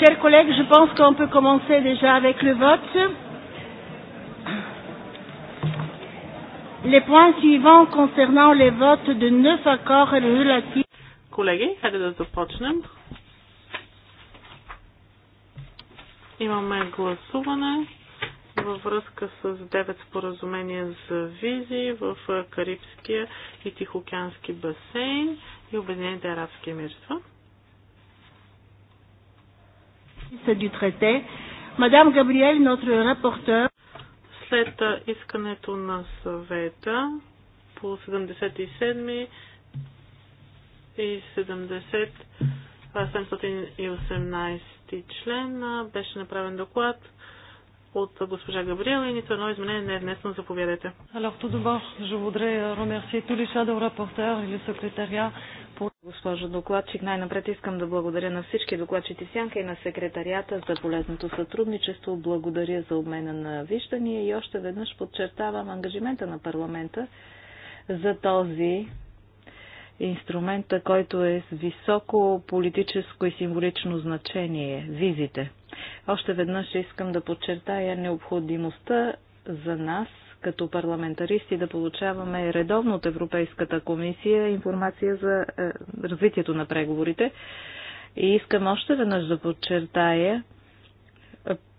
Chers collègues, je pense qu'on peut commencer déjà avec le vote. Les points suivants concernant les votes de neuf accords relatifs. Колеги, хайде да започнем. Имаме гласуване във връзка с 9 споразумения за визи в Карибския и Тихоокеански басейн и Обединените арабски емирства du traité. Madame Gabrielle, notre rapporteur. След искането на съвета по 77 и 70 718 член беше направен доклад от госпожа Габриела и нито едно изменение не е внесено. Заповядайте. Alors tout d'abord, je voudrais remercier tous les shadow rapporteurs et le secrétariat Госпожо докладчик, най-напред искам да благодаря на всички докладчици Сянка и на секретарията за полезното сътрудничество. Благодаря за обмена на виждания и още веднъж подчертавам ангажимента на парламента за този инструмент, който е с високо политическо и символично значение – визите. Още веднъж искам да подчертая необходимостта за нас – като парламентаристи да получаваме редовно от Европейската комисия информация за е, развитието на преговорите. И искам още веднъж да подчертая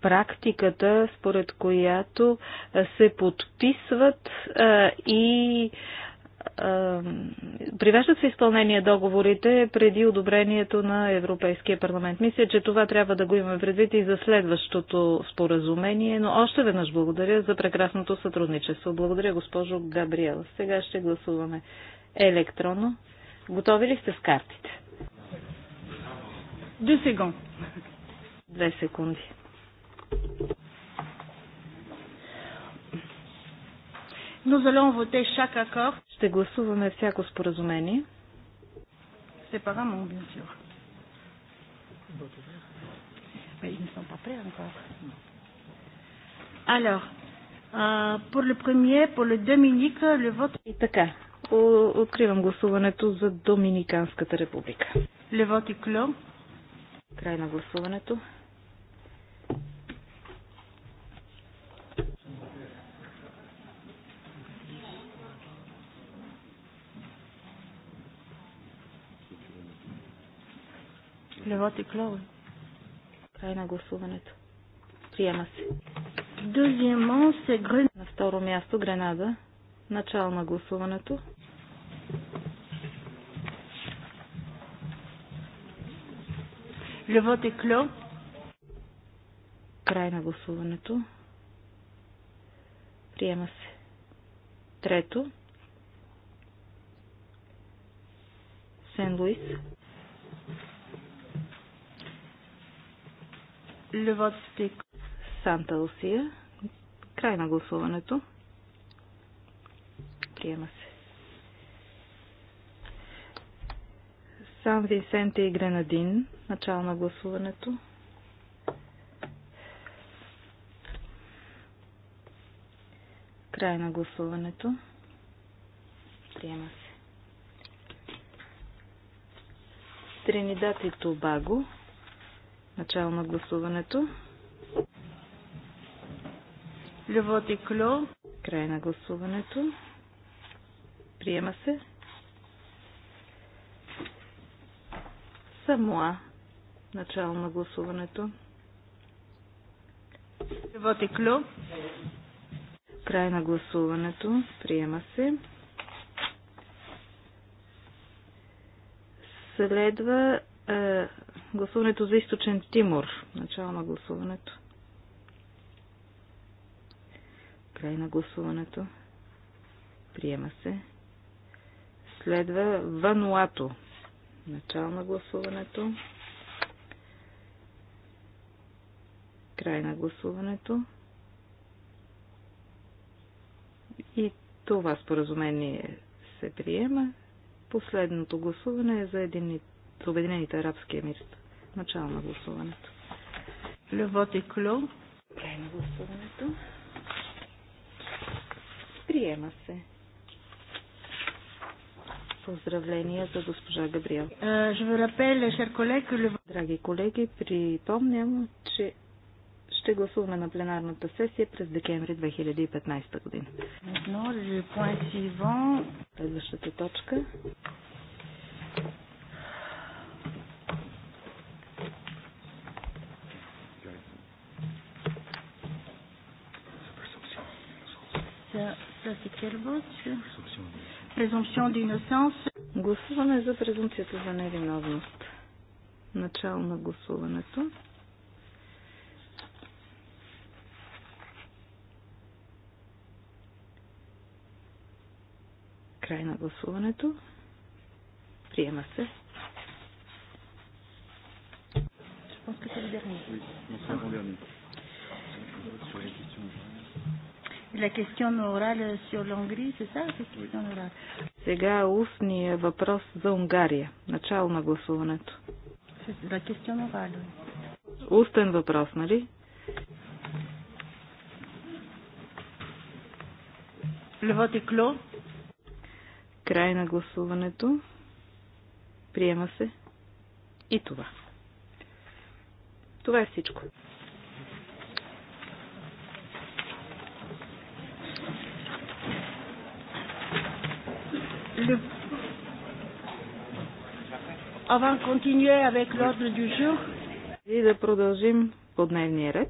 практиката, според която се подписват е, и привеждат се изпълнение договорите преди одобрението на Европейския парламент. Мисля, че това трябва да го имаме предвид и за следващото споразумение, но още веднъж благодаря за прекрасното сътрудничество. Благодаря, госпожо Габриел. Сега ще гласуваме електронно. Готови ли сте с картите? Две секунди. Две секунди. Nous allons voter chaque accord. Ще гласуваме всяко споразумение. Ще парам, бин сюр. Алор, по ле премьер, по ле Доминика, ле вот... И така, откривам гласуването за Доминиканската република. Ле вот и кло. Край на гласуването. и Le Край на гласуването. Приема се. Deuxièmement, се Гренада. На второ място Гренада. Начало на гласуването. Левот е est Край на гласуването. Приема се. Трето. Сен Луис. Левот Стик. Санта Лусия. Край на гласуването. Приема се. Сан Винсенте и Гренадин. Начало на гласуването. Край на гласуването. Приема се. Тринидад и Тобаго. Начало на гласуването. Левот и кло. Край на гласуването. Приема се. Самоа. Начало на гласуването. Левот и кло. Край на гласуването. Приема се. Следва е, гласуването за източен Тимор. Начало на гласуването. Край на гласуването. Приема се. Следва Вануато. Начало на гласуването. Край на гласуването. И това споразумение се приема. Последното гласуване е за Обединените арабски емирства. Начало на гласуването. Любот и клю. Край на гласуването. Приема се. Поздравления за госпожа Габриел. Е, Драги колеги, припомням, че ще гласуваме на пленарната сесия през декември 2015 година. Следващата точка. Гласуване за презумпцията за невиновност. Начало на гласуването. Край на гласуването. Приема се. Je pense que c'est le dernier. Oui, c'est le dernier. Sur les questions. La question orale sur l'Hongrie, c'est ça? Question orale. Сега устния въпрос за Унгария. Начало на гласуването. La question orale. Устен въпрос, нали? Левът е кло. Край на гласуването. Приема се и това. Това е всичко. Avant continuer avec l'ordre du jour. И да продължим по дневния ред.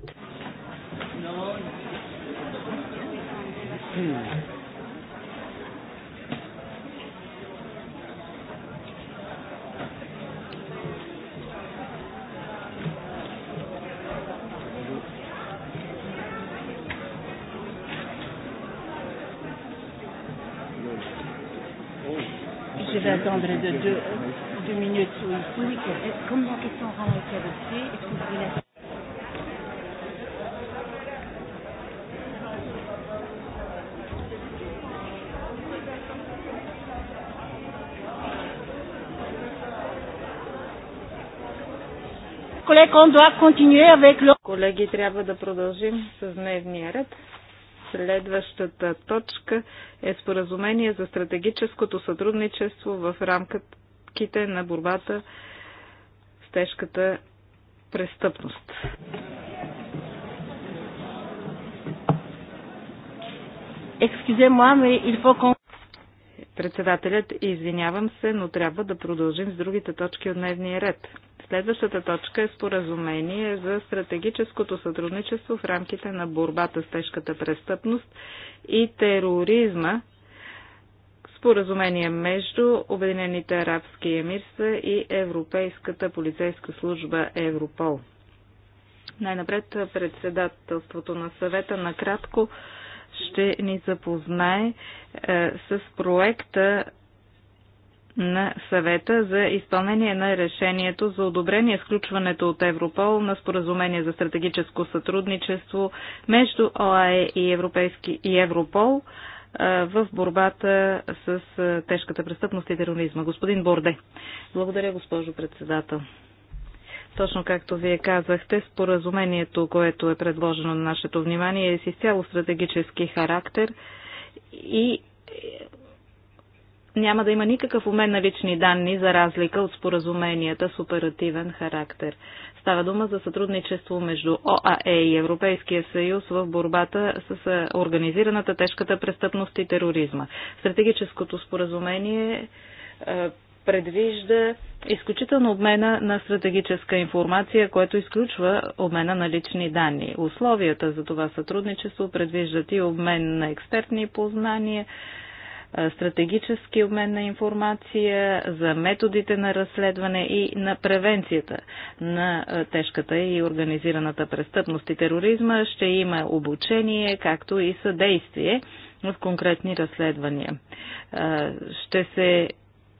No. attendre de deux Колеги, трябва да продължим с дневния ред. Следващата точка е споразумение за стратегическото сътрудничество в рамките на борбата с тежката престъпност. председателят, извинявам се, но трябва да продължим с другите точки от дневния ред. Следващата точка е споразумение за стратегическото сътрудничество в рамките на борбата с тежката престъпност и тероризма. Споразумение между Обединените арабски емирства и Европейската полицейска служба Европол. Най-напред председателството на съвета накратко ще ни запознае е, с проекта на съвета за изпълнение на решението за одобрение сключването от Европол на споразумение за стратегическо сътрудничество между ОАЕ и, Европейски, и Европол в борбата с тежката престъпност и тероризма. Господин Борде. Благодаря, госпожо председател. Точно както вие казахте, споразумението, което е предложено на нашето внимание, е с изцяло стратегически характер и няма да има никакъв умен на лични данни за разлика от споразуменията с оперативен характер. Става дума за сътрудничество между ОАЕ и Европейския съюз в борбата с организираната тежката престъпност и тероризма. Стратегическото споразумение предвижда изключително обмена на стратегическа информация, което изключва обмена на лични данни. Условията за това сътрудничество предвиждат и обмен на експертни познания, стратегически обмен на информация, за методите на разследване и на превенцията на тежката и организираната престъпност и тероризма. Ще има обучение, както и съдействие в конкретни разследвания. Ще се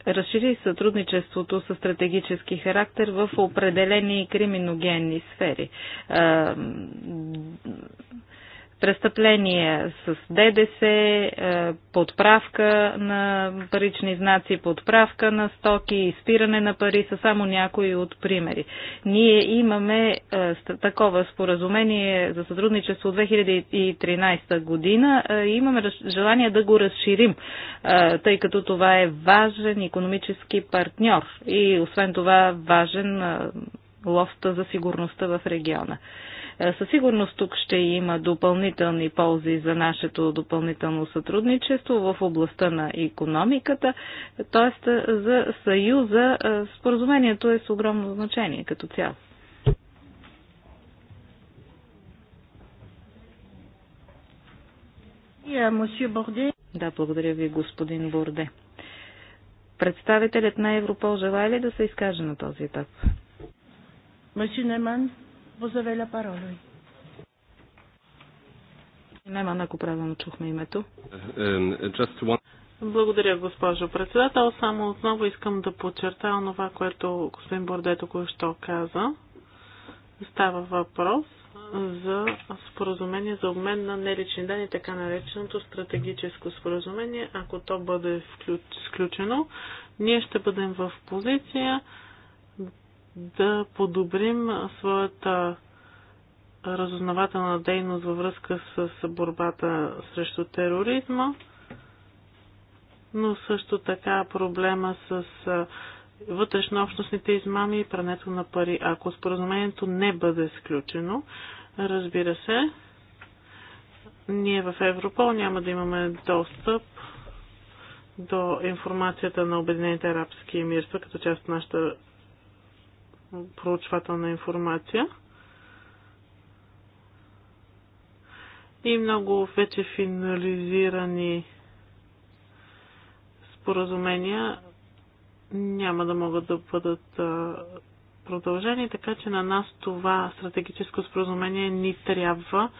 разшири сътрудничеството с стратегически характер в определени криминогенни сфери престъпления с ДДС, е, подправка на парични знаци, подправка на стоки, изпиране на пари са само някои от примери. Ние имаме е, такова споразумение за сътрудничество от 2013 година и е, имаме желание да го разширим, тъй като това е важен економически партньор и освен това важен лост за сигурността в региона. Е, със сигурност тук ще има допълнителни ползи за нашето допълнително сътрудничество в областта на економиката, т.е. за Съюза е, споразумението е с огромно значение като цяло. Е, да, благодаря ви, господин Борде. Представителят на Европол желая ли да се изкаже на този етап? Monsieur Неман. Vous avez la parole. Неман, ако правилно чухме името. Благодаря, госпожо председател. Само отново искам да подчертая това, което господин Бордето току-що каза. Става въпрос за споразумение за обмен на нелични данни, така нареченото стратегическо споразумение. Ако то бъде сключено, ние ще бъдем в позиция да подобрим своята разузнавателна дейност във връзка с борбата срещу тероризма, но също така проблема с вътрешнообщностните измами и прането на пари, ако споразумението не бъде сключено. Разбира се, ние в Европол няма да имаме достъп до информацията на Обединените арабски емирства като част от нашата проучвателна информация. И много вече финализирани споразумения няма да могат да бъдат продължени, така че на нас това стратегическо споразумение ни трябва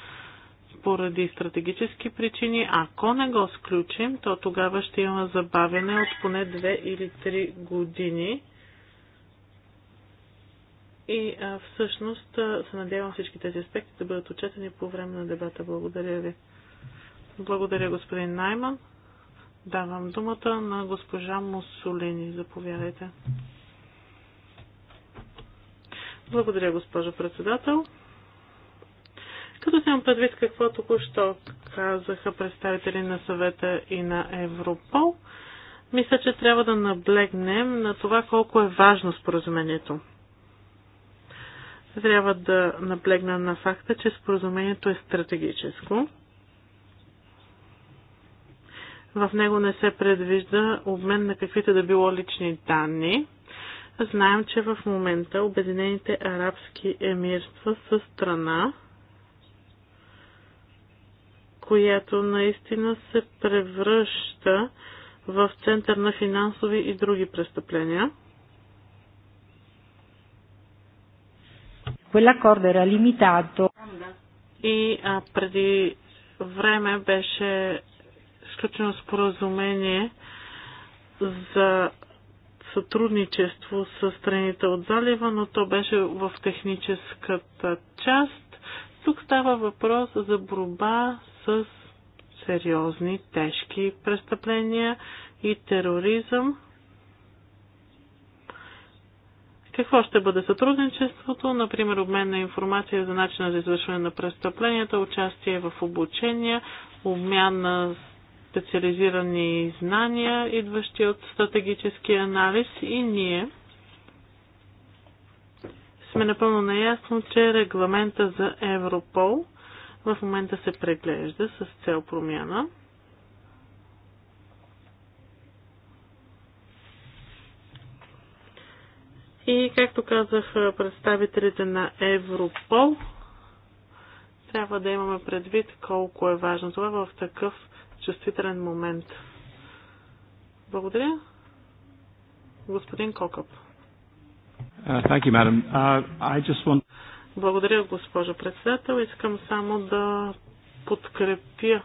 поради стратегически причини. Ако не го сключим, то тогава ще има забавяне от поне 2 или 3 години. И а, всъщност се надявам всички тези аспекти да бъдат отчетени по време на дебата. Благодаря ви. Благодаря, господин Найман. Давам думата на госпожа Мусолини. Заповядайте. Благодаря, госпожо председател. Като съм предвид какво току-що казаха представители на съвета и на Европол, мисля, че трябва да наблегнем на това колко е важно споразумението трябва да наблегна на факта, че споразумението е стратегическо. В него не се предвижда обмен на каквито да било лични данни. Знаем, че в момента Обединените арабски емирства са страна, която наистина се превръща в център на финансови и други престъпления – Quell'accordo era limitato. И а, преди време беше сключено споразумение за сътрудничество с страните от залива, но то беше в техническата част. Тук става въпрос за борба с сериозни, тежки престъпления и тероризъм. Какво ще бъде сътрудничеството? Например, обмен на информация за начина за извършване на престъпленията, участие в обучения, обмян на специализирани знания, идващи от стратегически анализ и ние сме напълно наясно, че регламента за Европол в момента се преглежда с цел промяна. И, както казах, представителите на Европол трябва да имаме предвид колко е важно това в такъв чувствителен момент. Благодаря. Господин Кокъп. Uh, you, uh, want... Благодаря, госпожо председател. Искам само да подкрепя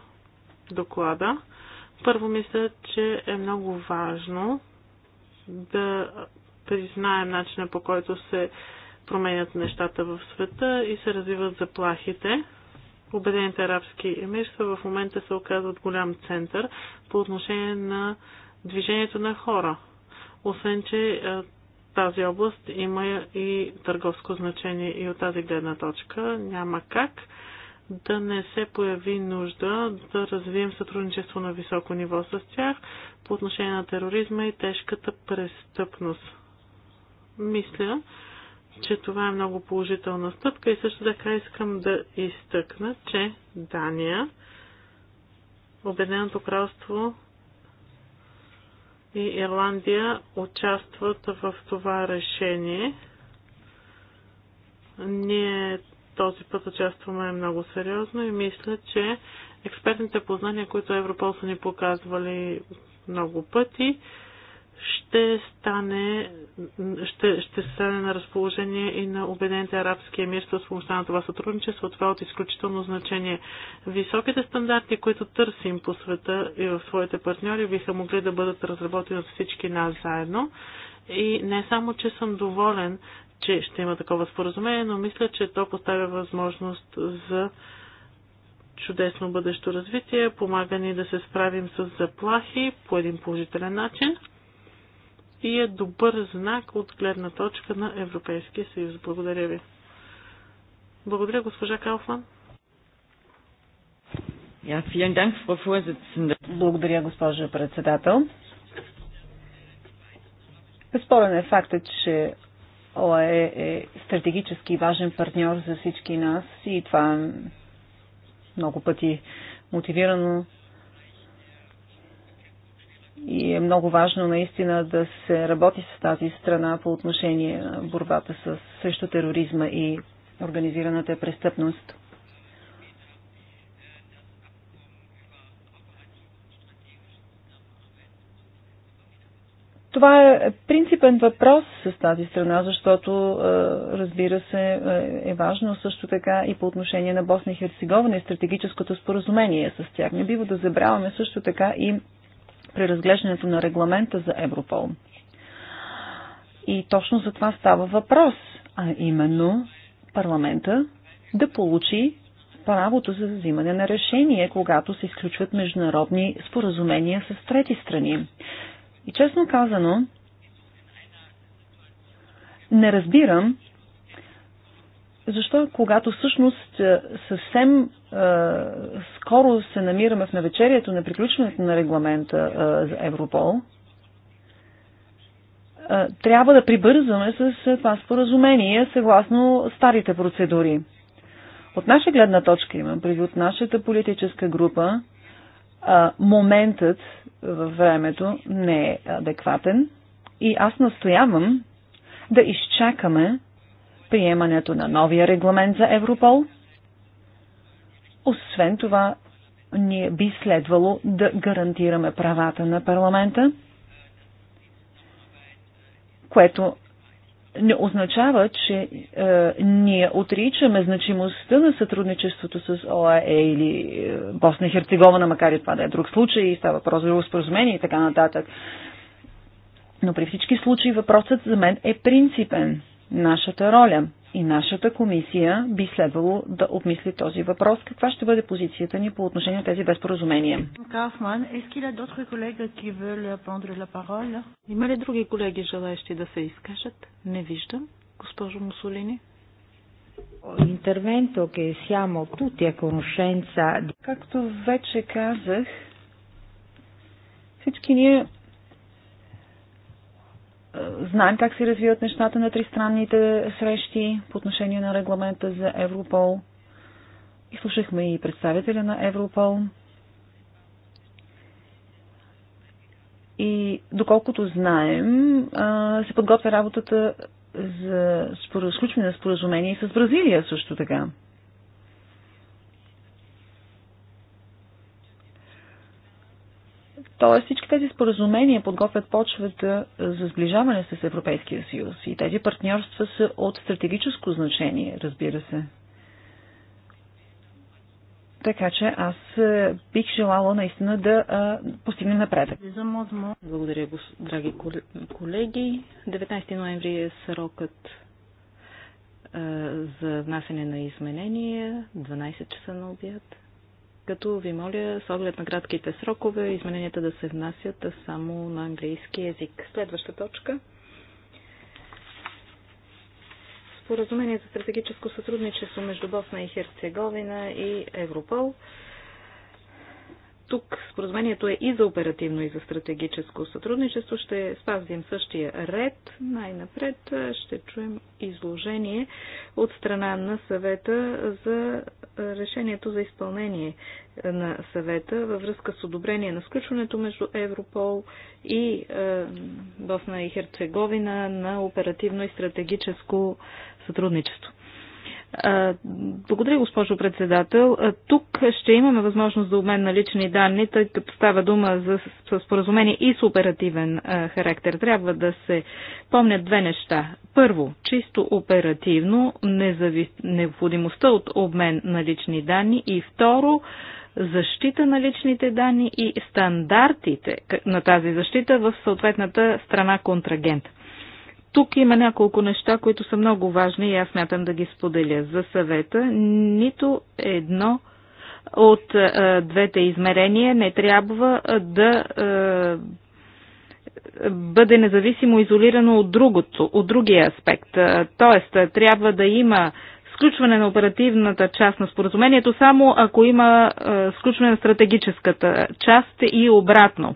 доклада. Първо мисля, че е много важно да признаем начина по който се променят нещата в света и се развиват заплахите. Обедените арабски емирства в момента се оказват голям център по отношение на движението на хора. Освен, че тази област има и търговско значение и от тази гледна точка няма как да не се появи нужда да развием сътрудничество на високо ниво с тях по отношение на тероризма и тежката престъпност. Мисля, че това е много положителна стъпка и също така искам да изтъкна, че Дания, Обединеното кралство и Ирландия участват в това решение. Ние този път участваме много сериозно и мисля, че експертните познания, които Европол са ни показвали много пъти, ще стане, ще, ще стане на разположение и на Обединените арабски емирства с помощта на това сътрудничество. Това е от изключително значение. Високите стандарти, които търсим по света и в своите партньори, биха могли да бъдат разработени от всички нас заедно. И не само, че съм доволен, че ще има такова споразумение, но мисля, че то поставя възможност за чудесно бъдещо развитие, помага ни да се справим с заплахи по един положителен начин и е добър знак от гледна точка на Европейския съюз. Благодаря ви. Благодаря, госпожа Кауфман. Благодаря, госпожо председател. Безспорен е фактът, че ОАЕ е стратегически важен партньор за всички нас и това е много пъти мотивирано и е много важно наистина да се работи с тази страна по отношение на борбата с, срещу тероризма и организираната престъпност. Това е принципен въпрос с тази страна, защото, е, разбира се, е, е важно също така и по отношение на Босна и Херцеговина и стратегическото споразумение с тях. Не бива да забравяме също така и при разглеждането на регламента за Европол. И точно за това става въпрос, а именно парламента да получи правото за взимане на решение, когато се изключват международни споразумения с трети страни. И честно казано, не разбирам защо, когато всъщност е, съвсем е, скоро се намираме в навечерието на приключването на регламента е, за Европол, е, трябва да прибързаме с това споразумение съгласно старите процедури. От наша гледна точка, имам от нашата политическа група, моментът във времето не е адекватен и аз настоявам да изчакаме приемането на новия регламент за Европол – освен това, ние би следвало да гарантираме правата на парламента, което не означава, че е, ние отричаме значимостта на сътрудничеството с ОАЕ или е, Босна и Херцеговина, макар и това да е друг случай, става въпрос за друго споразумение и така нататък. Но при всички случаи въпросът за мен е принципен. Нашата роля и нашата комисия би следвало да обмисли този въпрос. Каква ще бъде позицията ни по отношение на тези безпоразумения? пароля. Има ли други колеги желаящи да се изкажат? Не виждам. Госпожо Мусолини. Интервенто, е сямо tutti е conoscenza. Както вече казах, всички ние знаем как се развиват нещата на тристранните срещи по отношение на регламента за Европол. слушахме и представителя на Европол. И доколкото знаем, се подготвя работата за сключване на споразумение с Бразилия също така. Тоест всички тези споразумения подготвят почвата за сближаване с Европейския съюз и тези партньорства са от стратегическо значение, разбира се. Така че аз е, бих желала наистина да е, постигнем напредък. Благодаря, драги колеги. 19 ноември е срокът е, за внасене на изменения, 12 часа на обяд като ви моля с оглед на кратките срокове измененията да се внасят само на английски язик. Следваща точка. Споразумение за стратегическо сътрудничество между Босна и Херцеговина и Европол тук споразумението е и за оперативно, и за стратегическо сътрудничество. Ще спазим същия ред. Най-напред ще чуем изложение от страна на съвета за решението за изпълнение на съвета във връзка с одобрение на сключването между Европол и Босна и Херцеговина на оперативно и стратегическо сътрудничество. Благодаря, госпожо председател. Тук ще имаме възможност за обмен на лични данни, тъй като става дума за споразумение и с оперативен характер. Трябва да се помнят две неща. Първо, чисто оперативно, независ... необходимостта от обмен на лични данни и второ, защита на личните данни и стандартите на тази защита в съответната страна контрагент. Тук има няколко неща, които са много важни и аз смятам да ги споделя. За съвета нито едно от а, е, двете измерения не трябва е, да а, е, бъде независимо изолирано от, другото, от другия аспект. Тоест, трябва да има сключване на оперативната част на споразумението, само ако има сключване на стратегическата част и обратно.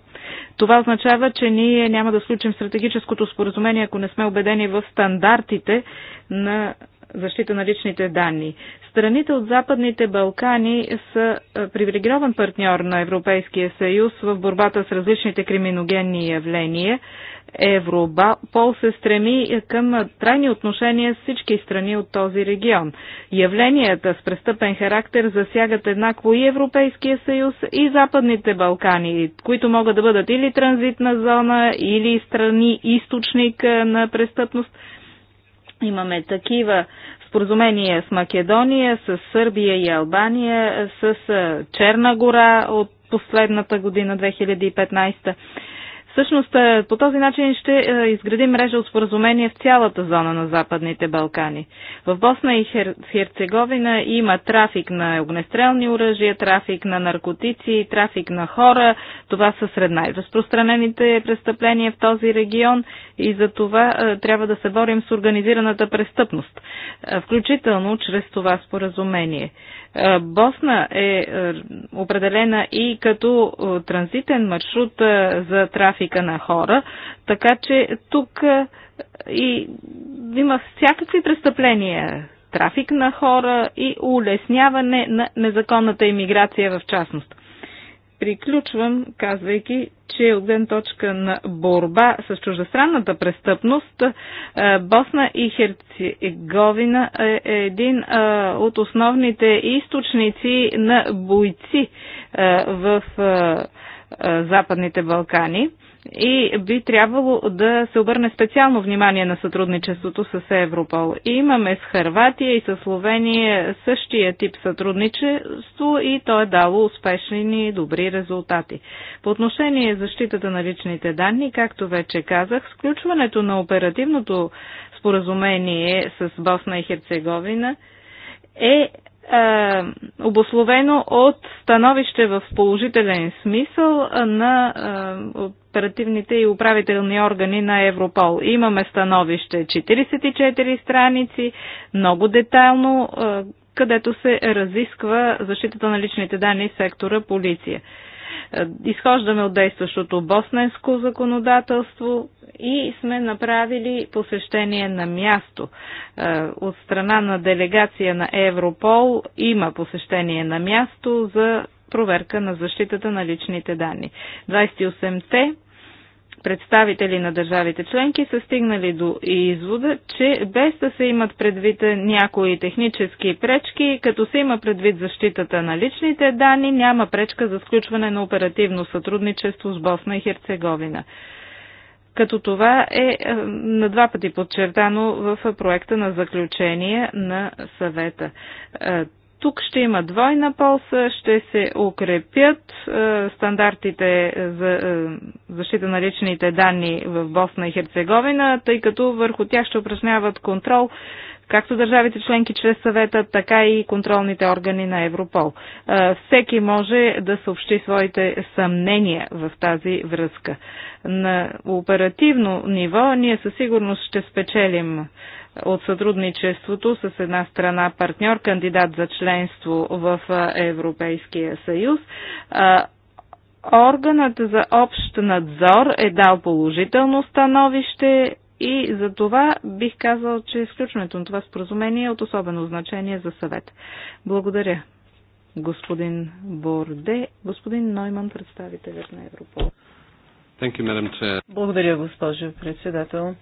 Това означава, че ние няма да случим стратегическото споразумение, ако не сме убедени в стандартите на защита на личните данни. Страните от Западните Балкани са е, привилегирован партньор на Европейския съюз в борбата с различните криминогенни явления. Европол се стреми към трайни отношения с всички страни от този регион. Явленията с престъпен характер засягат еднакво и Европейския съюз, и Западните Балкани, които могат да бъдат или транзитна зона, или страни източник е, на престъпност. Имаме такива споразумение с Македония, с Сърбия и Албания, с Черна гора от последната година 2015. Всъщност е, по този начин ще е, изгради мрежа от споразумение в цялата зона на Западните Балкани. В Босна и Хер... Херцеговина има трафик на огнестрелни оръжия, трафик на наркотици, трафик на хора. Това са сред най-разпространените престъпления в този регион и за това е, трябва да се борим с организираната престъпност, включително чрез това споразумение. Босна е определена и като транзитен маршрут за трафик трафика на хора. Така че тук е, и има всякакви престъпления. Трафик на хора и улесняване на незаконната иммиграция в частност. Приключвам, казвайки, че от ден точка на борба с чуждестранната престъпност, е, Босна и Херцеговина е един е, от основните източници на бойци в е, Западните Балкани и би трябвало да се обърне специално внимание на сътрудничеството с Европол. И имаме с Харватия и с Словения същия тип сътрудничество и то е дало успешни и добри резултати. По отношение защитата на личните данни, както вече казах, сключването на оперативното споразумение с Босна и Херцеговина е е, обословено от становище в положителен смисъл на е, оперативните и управителни органи на Европол. Имаме становище 44 страници, много детайлно, е, където се разисква защитата на личните данни в сектора полиция. Е, изхождаме от действащото босненско законодателство и сме направили посещение на място. Е, от страна на делегация на Европол има посещение на място за проверка на защитата на личните данни. 28-те представители на държавите членки са стигнали до извода, че без да се имат предвид някои технически пречки, като се има предвид защитата на личните данни, няма пречка за сключване на оперативно сътрудничество с Босна и Херцеговина. Като това е, е на два пъти подчертано в проекта на заключение на съвета. Е, тук ще има двойна полса, ще се укрепят е, стандартите за е, защита на личните данни в Босна и Херцеговина, тъй като върху тях ще упражняват контрол както държавите членки чрез съвета, така и контролните органи на Европол. Всеки може да съобщи своите съмнения в тази връзка. На оперативно ниво ние със сигурност ще спечелим от сътрудничеството с една страна партньор, кандидат за членство в Европейския съюз. Органът за общ надзор е дал положително становище и за това бих казал, че е изключването на това споразумение е от особено значение за съвет. Благодаря, господин Борде. Господин Нойман, представител на Европол. Благодаря, госпожо председател.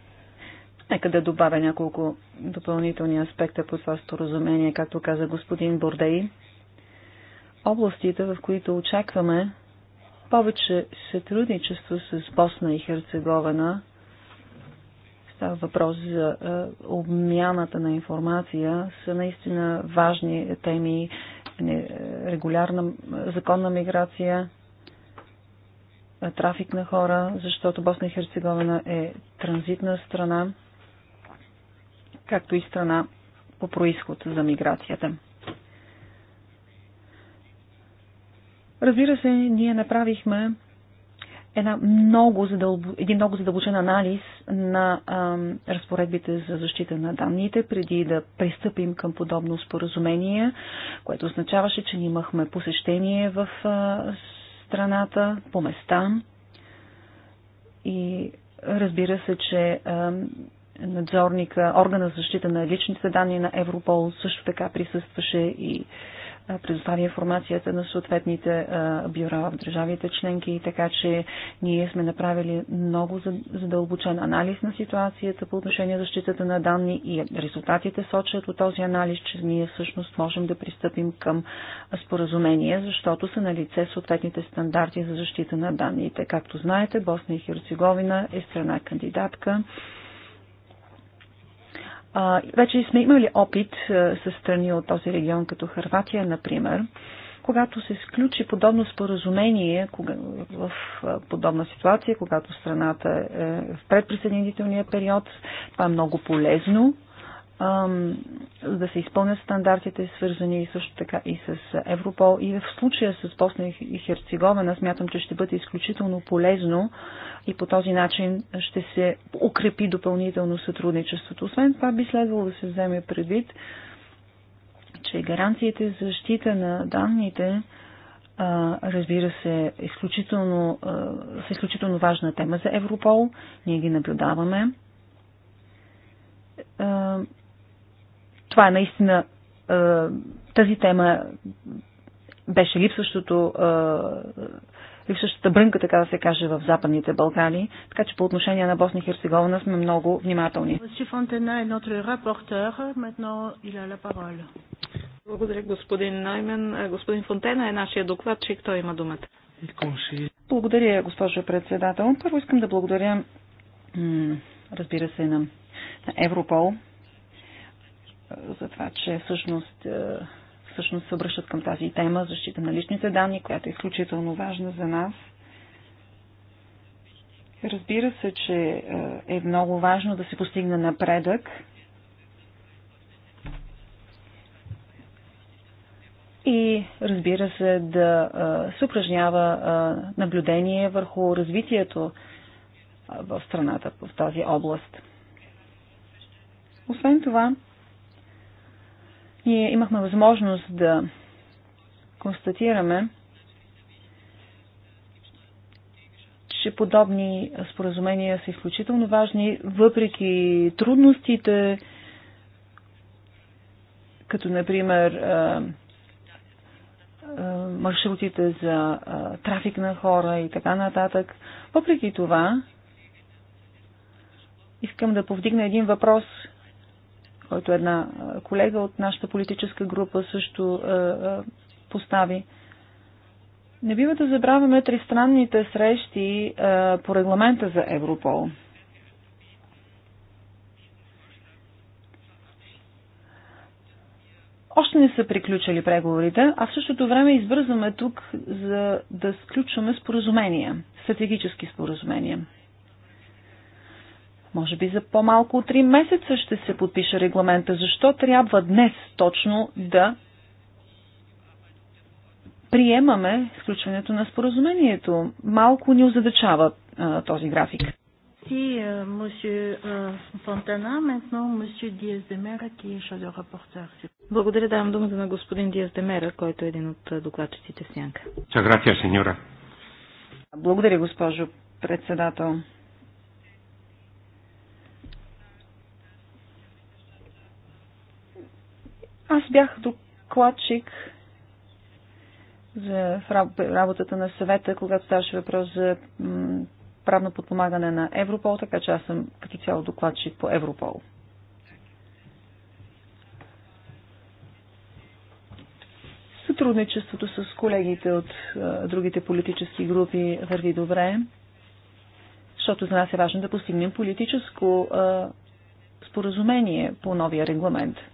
Нека да добавя няколко допълнителни аспекта по това споразумение, както каза господин Бордей. Областите, в които очакваме повече сътрудничество с Босна и Херцеговина, става въпрос за е, обмяната на информация, са наистина важни теми, е, регулярна законна миграция, е, трафик на хора, защото Босна и Херцеговина е транзитна страна, както и страна по происход за миграцията. Разбира се, ние направихме една много задълбо, един много задълбочен анализ на ам, разпоредбите за защита на данните, преди да пристъпим към подобно споразумение, което означаваше, че имахме посещение в а, страната, по места. И разбира се, че ам, надзорника, органа за защита на личните данни на Европол също така присъстваше и а, предостави информацията на съответните бюра в държавите членки, така че ние сме направили много задълбочен анализ на ситуацията по отношение защитата на данни и резултатите сочат от този анализ, че ние всъщност можем да пристъпим към споразумение, защото са на лице съответните стандарти за защита на данните. Както знаете, Босна и Херцеговина е страна кандидатка. А, вече сме имали опит със с страни от този регион, като Харватия, например, когато се сключи подобно споразумение кога, в а, подобна ситуация, когато страната е, е в предприсъединителния период, това е много полезно да се изпълнят стандартите, свързани също така и с Европол. И в случая с Босна и Херцеговина смятам, че ще бъде изключително полезно и по този начин ще се укрепи допълнително сътрудничеството. Освен това би следвало да се вземе предвид, че гаранциите за защита на данните разбира се, изключително, са изключително важна тема за Европол. Ние ги наблюдаваме това е наистина тази тема беше липсващото, липсващата брънка, така да се каже, в Западните Балкани. Така че по отношение на Босния и Херцеговина сме много внимателни. Благодаря, господин Наймен, Господин Фонтена е нашия докладчик. Той има думата. Благодаря, госпожо председател. Първо искам да благодаря, разбира се, на Европол за това, че всъщност, е, всъщност се обръщат към тази тема защита на личните данни, която е изключително важна за нас. Разбира се, че е, е много важно да се постигне напредък и разбира се да е, се упражнява наблюдение върху развитието в страната в тази област. Освен това, ние имахме възможност да констатираме, че подобни споразумения са изключително важни, въпреки трудностите, като например маршрутите за трафик на хора и така нататък. Въпреки това, искам да повдигна един въпрос, който една колега от нашата политическа група също постави. Не бива да забравяме тристранните срещи по регламента за Европол. Още не са приключили преговорите, а в същото време избързваме тук, за да сключваме споразумения, стратегически споразумения. Може би за по-малко от 3 месеца ще се подпише регламента. Защо трябва днес точно да приемаме сключването на споразумението? Малко ни озадачава а, този график. Merci, Monsieur е, е, Maintenant, Monsieur Демера, qui est rapporteur. Благодаря, давам думата на господин Диас Демера, който е един от е, докладчиците в Сянка. Благодаря, госпожо председател. Аз бях докладчик за работата на съвета, когато ставаше въпрос за правно подпомагане на Европол, така че аз съм като цяло докладчик по Европол. Сътрудничеството с колегите от а, другите политически групи върви добре, защото за нас е важно да постигнем политическо а, споразумение по новия регламент –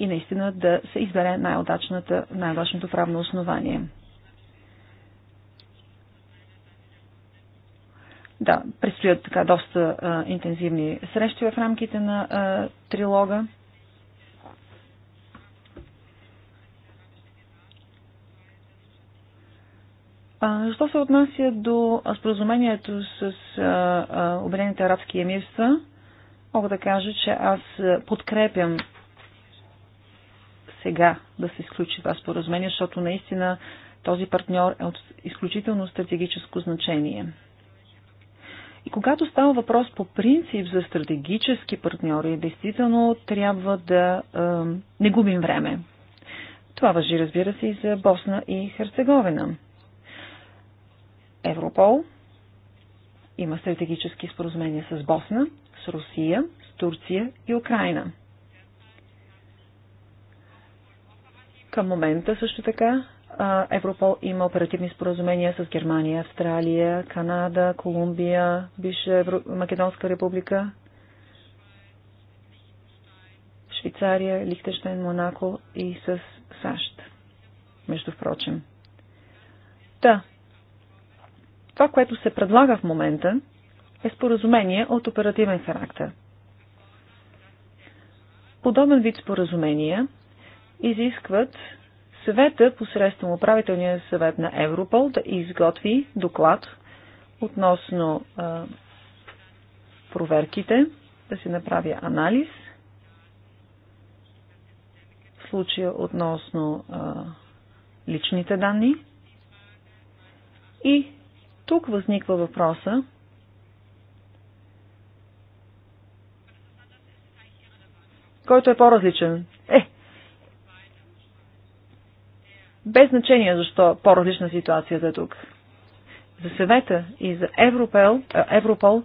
и наистина да се избере най-удачното най правно основание. Да, предстоят така доста а, интензивни срещи в рамките на а, трилога. що се отнася до споразумението с а, а, Обединените арабски емирства, мога да кажа, че аз подкрепям сега да се изключи това споразумение, защото наистина този партньор е от изключително стратегическо значение. И когато става въпрос по принцип за стратегически партньори, действително трябва да е, не губим време. Това въжи, разбира се, и за Босна и Херцеговина. Европол има стратегически споразумения с Босна, с Русия, с Турция и Украина. Към момента също така Европол има оперативни споразумения с Германия, Австралия, Канада, Колумбия, Бише Евро... Македонска република, Швейцария, Лихтенштейн, Монако и с САЩ, между впрочем. Да. Това, което се предлага в момента, е споразумение от оперативен характер. Подобен вид споразумения изискват съвета посредством управителния съвет на Европол да изготви доклад относно а, проверките, да се направи анализ, в случая относно а, личните данни. И тук възниква въпроса, който е по-различен без значение защо по-различна ситуацията е тук. За съвета и за Европел, е, Европол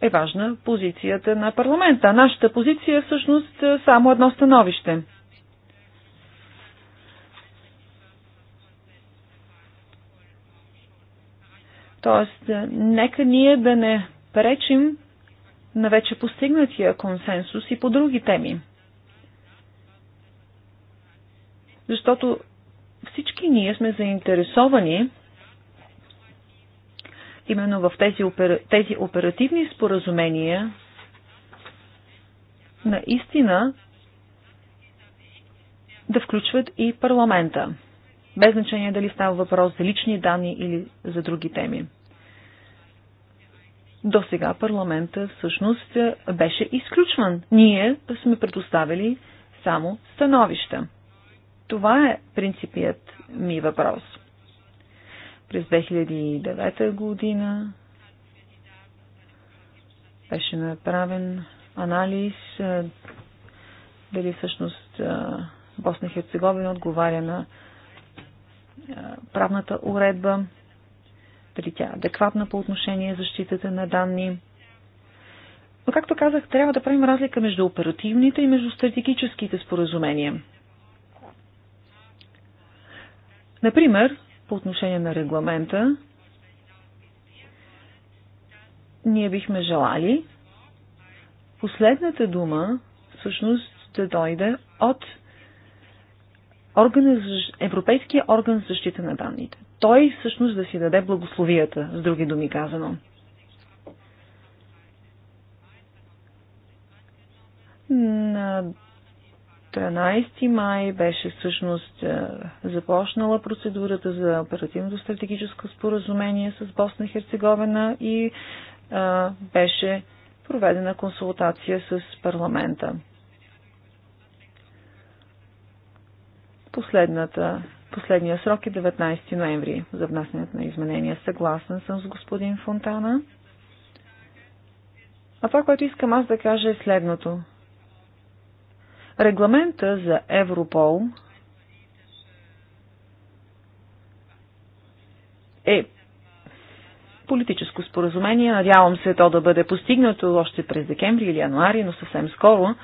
е важна позицията на парламента. Нашата позиция е всъщност е, само едно становище. Тоест, е, нека ние да не пречим на вече постигнатия консенсус и по други теми. защото всички ние сме заинтересовани именно в тези, опер... тези оперативни споразумения наистина да включват и парламента, без значение дали става въпрос за лични данни или за други теми. До сега парламента всъщност беше изключван. Ние сме предоставили само становища. Това е принципият ми въпрос. През 2009 година беше направен анализ дали всъщност Босна и Херцеговина отговаря на правната уредба, дали тя е адекватна по отношение защитата на данни. Но, както казах, трябва да правим разлика между оперативните и между стратегическите споразумения – Например, по отношение на регламента, ние бихме желали последната дума всъщност да дойде от органа, Европейския орган за защита на данните. Той всъщност да си даде благословията, с други думи казано. На 14 май беше всъщност е, започнала процедурата за оперативното стратегическо споразумение с Босна и Херцеговина и а, е, беше проведена консултация с парламента. Последната, последния срок е 19 ноември за внасянето на изменения. Съгласен съм с господин Фонтана. А това, което искам аз да кажа е следното. Регламента за Европол е политическо споразумение. Надявам се то да бъде постигнато още през декември или януари, но съвсем скоро.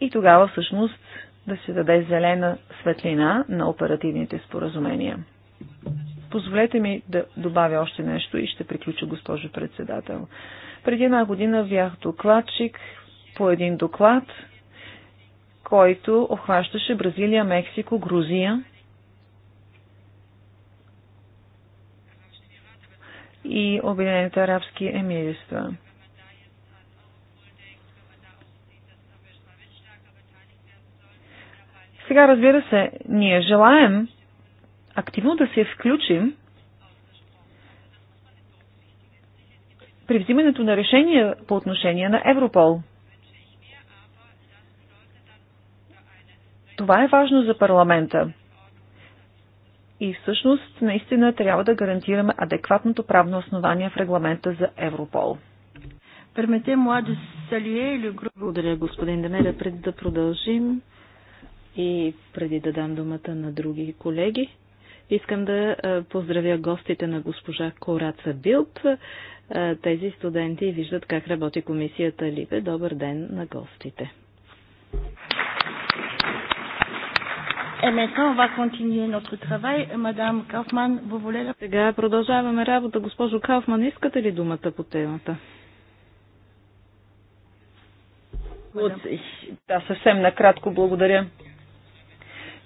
И тогава всъщност да се даде зелена светлина на оперативните споразумения. Позволете ми да добавя още нещо и ще приключа, госпожо председател. Преди една година бях докладчик по един доклад, който обхващаше Бразилия, Мексико, Грузия. и Обединените арабски емирства. Сега, разбира се, ние желаем активно да се включим при взимането на решения по отношение на Европол. Това е важно за парламента. И всъщност наистина трябва да гарантираме адекватното правно основание в регламента за Европол. Пермете или Благодаря, господин Демеля. Преди да продължим и преди да дам думата на други колеги, Искам да поздравя гостите на госпожа Кораца Билт. Тези студенти виждат как работи комисията Либе. Добър ден на гостите. Сега продължаваме работа. Госпожо Кауфман, искате ли думата по темата? Да, съвсем накратко благодаря.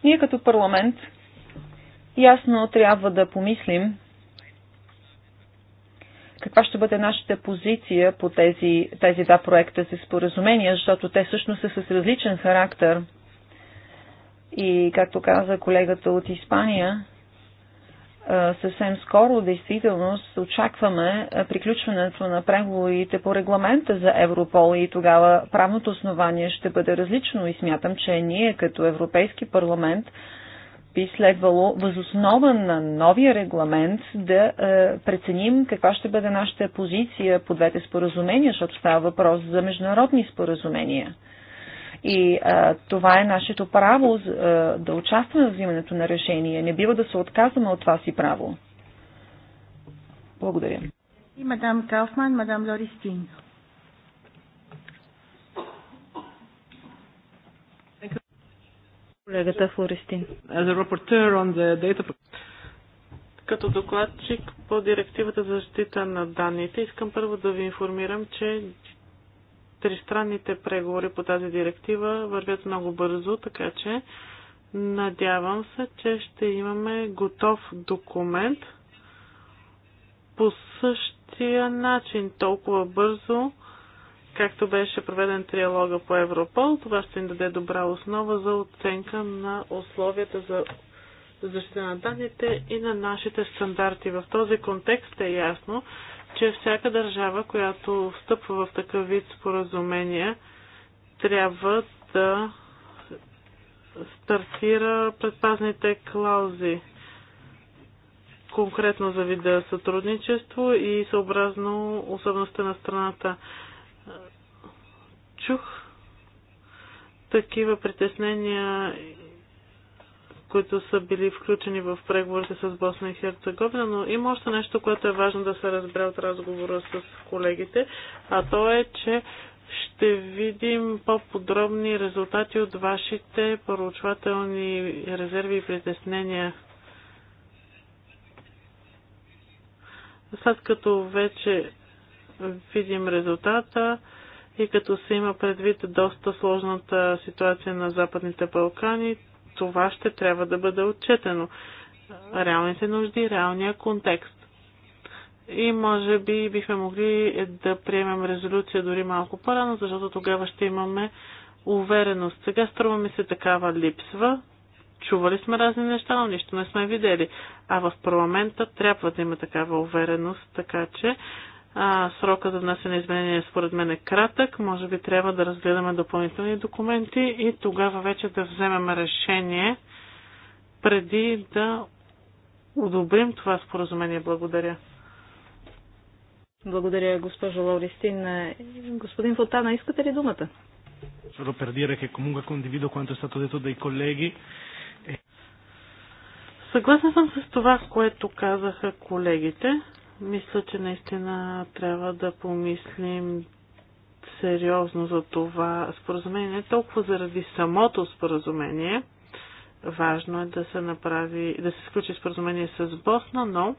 Ние като парламент Ясно трябва да помислим каква ще бъде нашата позиция по тези, тези два проекта за споразумения, защото те всъщност са с различен характер. И, както каза колегата от Испания, съвсем скоро, действително, очакваме приключването на преговорите по регламента за Европол и тогава правното основание ще бъде различно и смятам, че ние като Европейски парламент би следвало възоснова на новия регламент да е, преценим каква ще бъде нашата позиция по двете споразумения, защото става въпрос за международни споразумения. И е, това е нашето право е, да участваме в взимането на решение. Не бива да се отказваме от това си право. Благодаря. И мадам Кауфман, мадам Лористин. Колегата Флористин. Като докладчик по директивата за защита на данните, искам първо да ви информирам, че тристранните преговори по тази директива вървят много бързо, така че надявам се, че ще имаме готов документ по същия начин, толкова бързо, както беше проведен триалога по Европол, това ще им даде добра основа за оценка на условията за защита на данните и на нашите стандарти. В този контекст е ясно, че всяка държава, която встъпва в такъв вид споразумения, трябва да стартира предпазните клаузи конкретно за вида сътрудничество и съобразно особеността на страната чух такива притеснения, които са били включени в преговорите с Босна и Херцеговина, но има още нещо, което е важно да се разбере от разговора с колегите, а то е, че ще видим по-подробни резултати от вашите поручвателни резерви и притеснения. След като вече видим резултата, и като се има предвид доста сложната ситуация на Западните Балкани, това ще трябва да бъде отчетено. Реалните нужди, реалния контекст. И може би бихме могли да приемем резолюция дори малко по-рано, защото тогава ще имаме увереност. Сега струва ми се такава липсва. Чували сме разни неща, но нищо не сме видели. А в парламента трябва да има такава увереност, така че а, срока за внасяне изменения според мен е кратък. Може би трябва да разгледаме допълнителни документи и тогава вече да вземем решение преди да одобрим това споразумение. Благодаря. Благодаря, госпожо Лауристин. Господин Фотана, искате ли думата? Solo per dire che comunque condivido quanto è stato detto dai colleghi. съм с това, което казаха колегите. Мисля, че наистина трябва да помислим сериозно за това споразумение. Не толкова заради самото споразумение. Важно е да се направи, да се сключи споразумение с Босна, но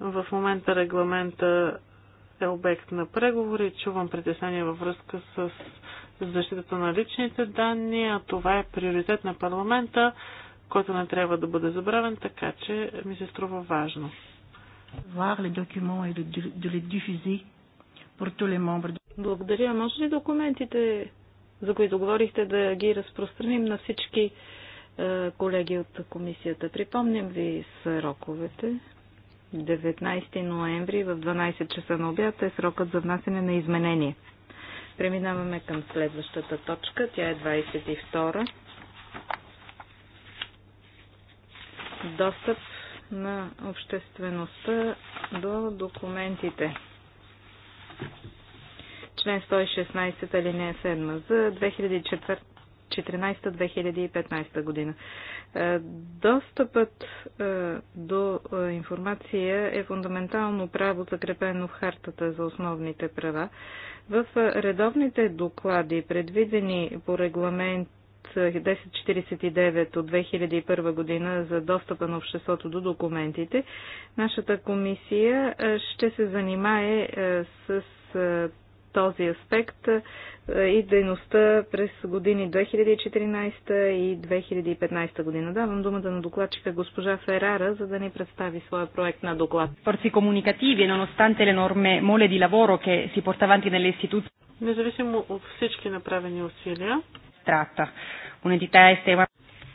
в момента регламента е обект на преговори. Чувам притеснение във връзка с защитата на личните данни, а това е приоритет на парламента който не трябва да бъде забравен, така че ми се струва важно. Благодаря. Може ли документите, за които говорихте, да ги разпространим на всички е, колеги от комисията? Припомням ви сроковете. 19 ноември в 12 часа на обяд е срокът за внасене на изменение. Преминаваме към следващата точка. Тя е 22 достъп на обществеността до документите. Член 116 алинея 7 за 2014-2015 година. Е, достъпът е, до е, информация е фундаментално право, закрепено в Хартата за основните права. В редовните доклади, предвидени по регламент 1049 от 2001 година за достъпа на обществото до документите, нашата комисия е, ще се занимае е, с е, този аспект и дейността през години 2014 и 2015 година. Давам думата на докладчика госпожа Ферара, за да ни представи своя проект на доклад. Forzi комуникативи, nonostante l'enorme mole di lavoro che si porta avanti nelle istituzioni. Независимо от всички направени усилия, tratta. е тема.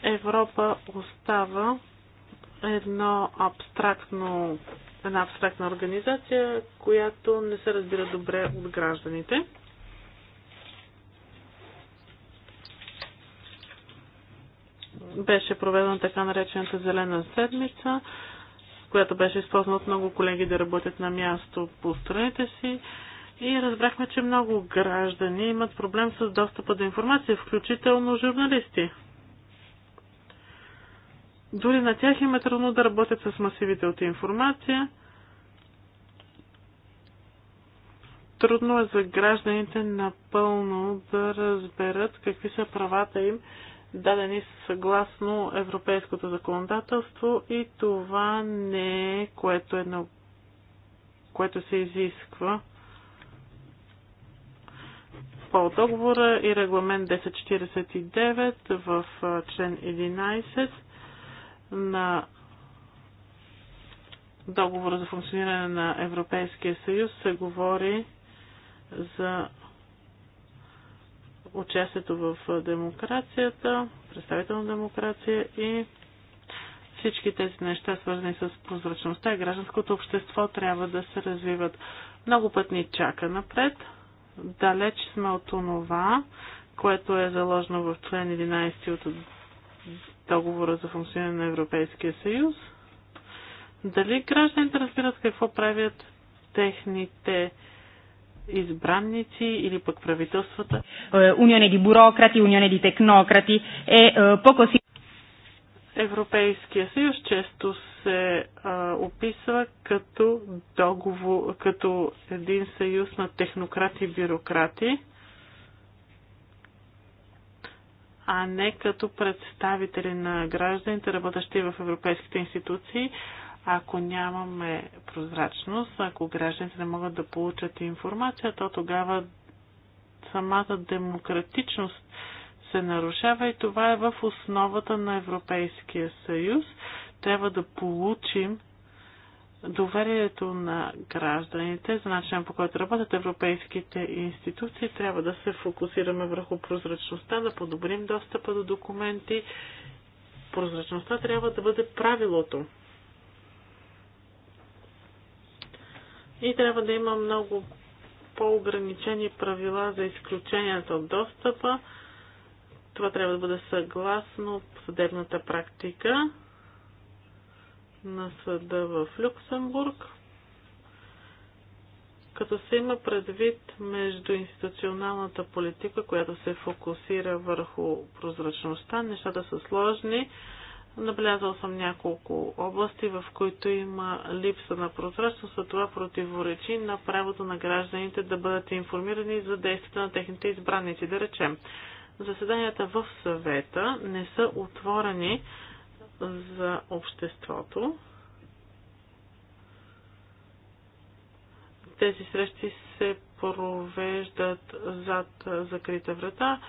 Европа остава едно абстрактно, една абстрактна организация, която не се разбира добре от гражданите. Беше проведена така наречената Зелена седмица, която беше използвана от много колеги да работят на място по страните си и разбрахме, че много граждани имат проблем с достъпа до информация, включително журналисти. Дори на тях им е трудно да работят с масивите от информация. Трудно е за гражданите напълно да разберат какви са правата им, дадени съгласно европейското законодателство и това не е което, е, което се изисква по договора и регламент 1049 в член 11 на договора за функциониране на Европейския съюз се говори за участието в демокрацията, представителна демокрация и всички тези неща, свързани с прозрачността и гражданското общество, трябва да се развиват. Много път ни чака напред далеч сме от онова, което е заложено в член 11 от договора за функциониране на Европейския съюз. Дали гражданите разбират какво правят техните избранници или пък правителствата? Е, Униone бюрократи, burocrati, технократи. di tecnocrati e Европейския съюз често се а, описва като, договор, като един съюз на технократи и бюрократи, а не като представители на гражданите, работещи в европейските институции. Ако нямаме прозрачност, ако гражданите не могат да получат информация, то тогава самата демократичност се нарушава и това е в основата на Европейския съюз. Трябва да получим доверието на гражданите за начинът по който работят европейските институции. Трябва да се фокусираме върху прозрачността, да подобрим достъпа до документи. Прозрачността трябва да бъде правилото. И трябва да има много по-ограничени правила за изключенията от достъпа това трябва да бъде съгласно съдебната практика на съда в Люксембург, като се има предвид между институционалната политика, която се фокусира върху прозрачността. Нещата са сложни. Наблязал съм няколко области, в които има липса на прозрачност, а това противоречи на правото на гражданите да бъдат информирани за действията на техните избраници, да речем заседанията в съвета не са отворени за обществото. Тези срещи се провеждат зад закрита врата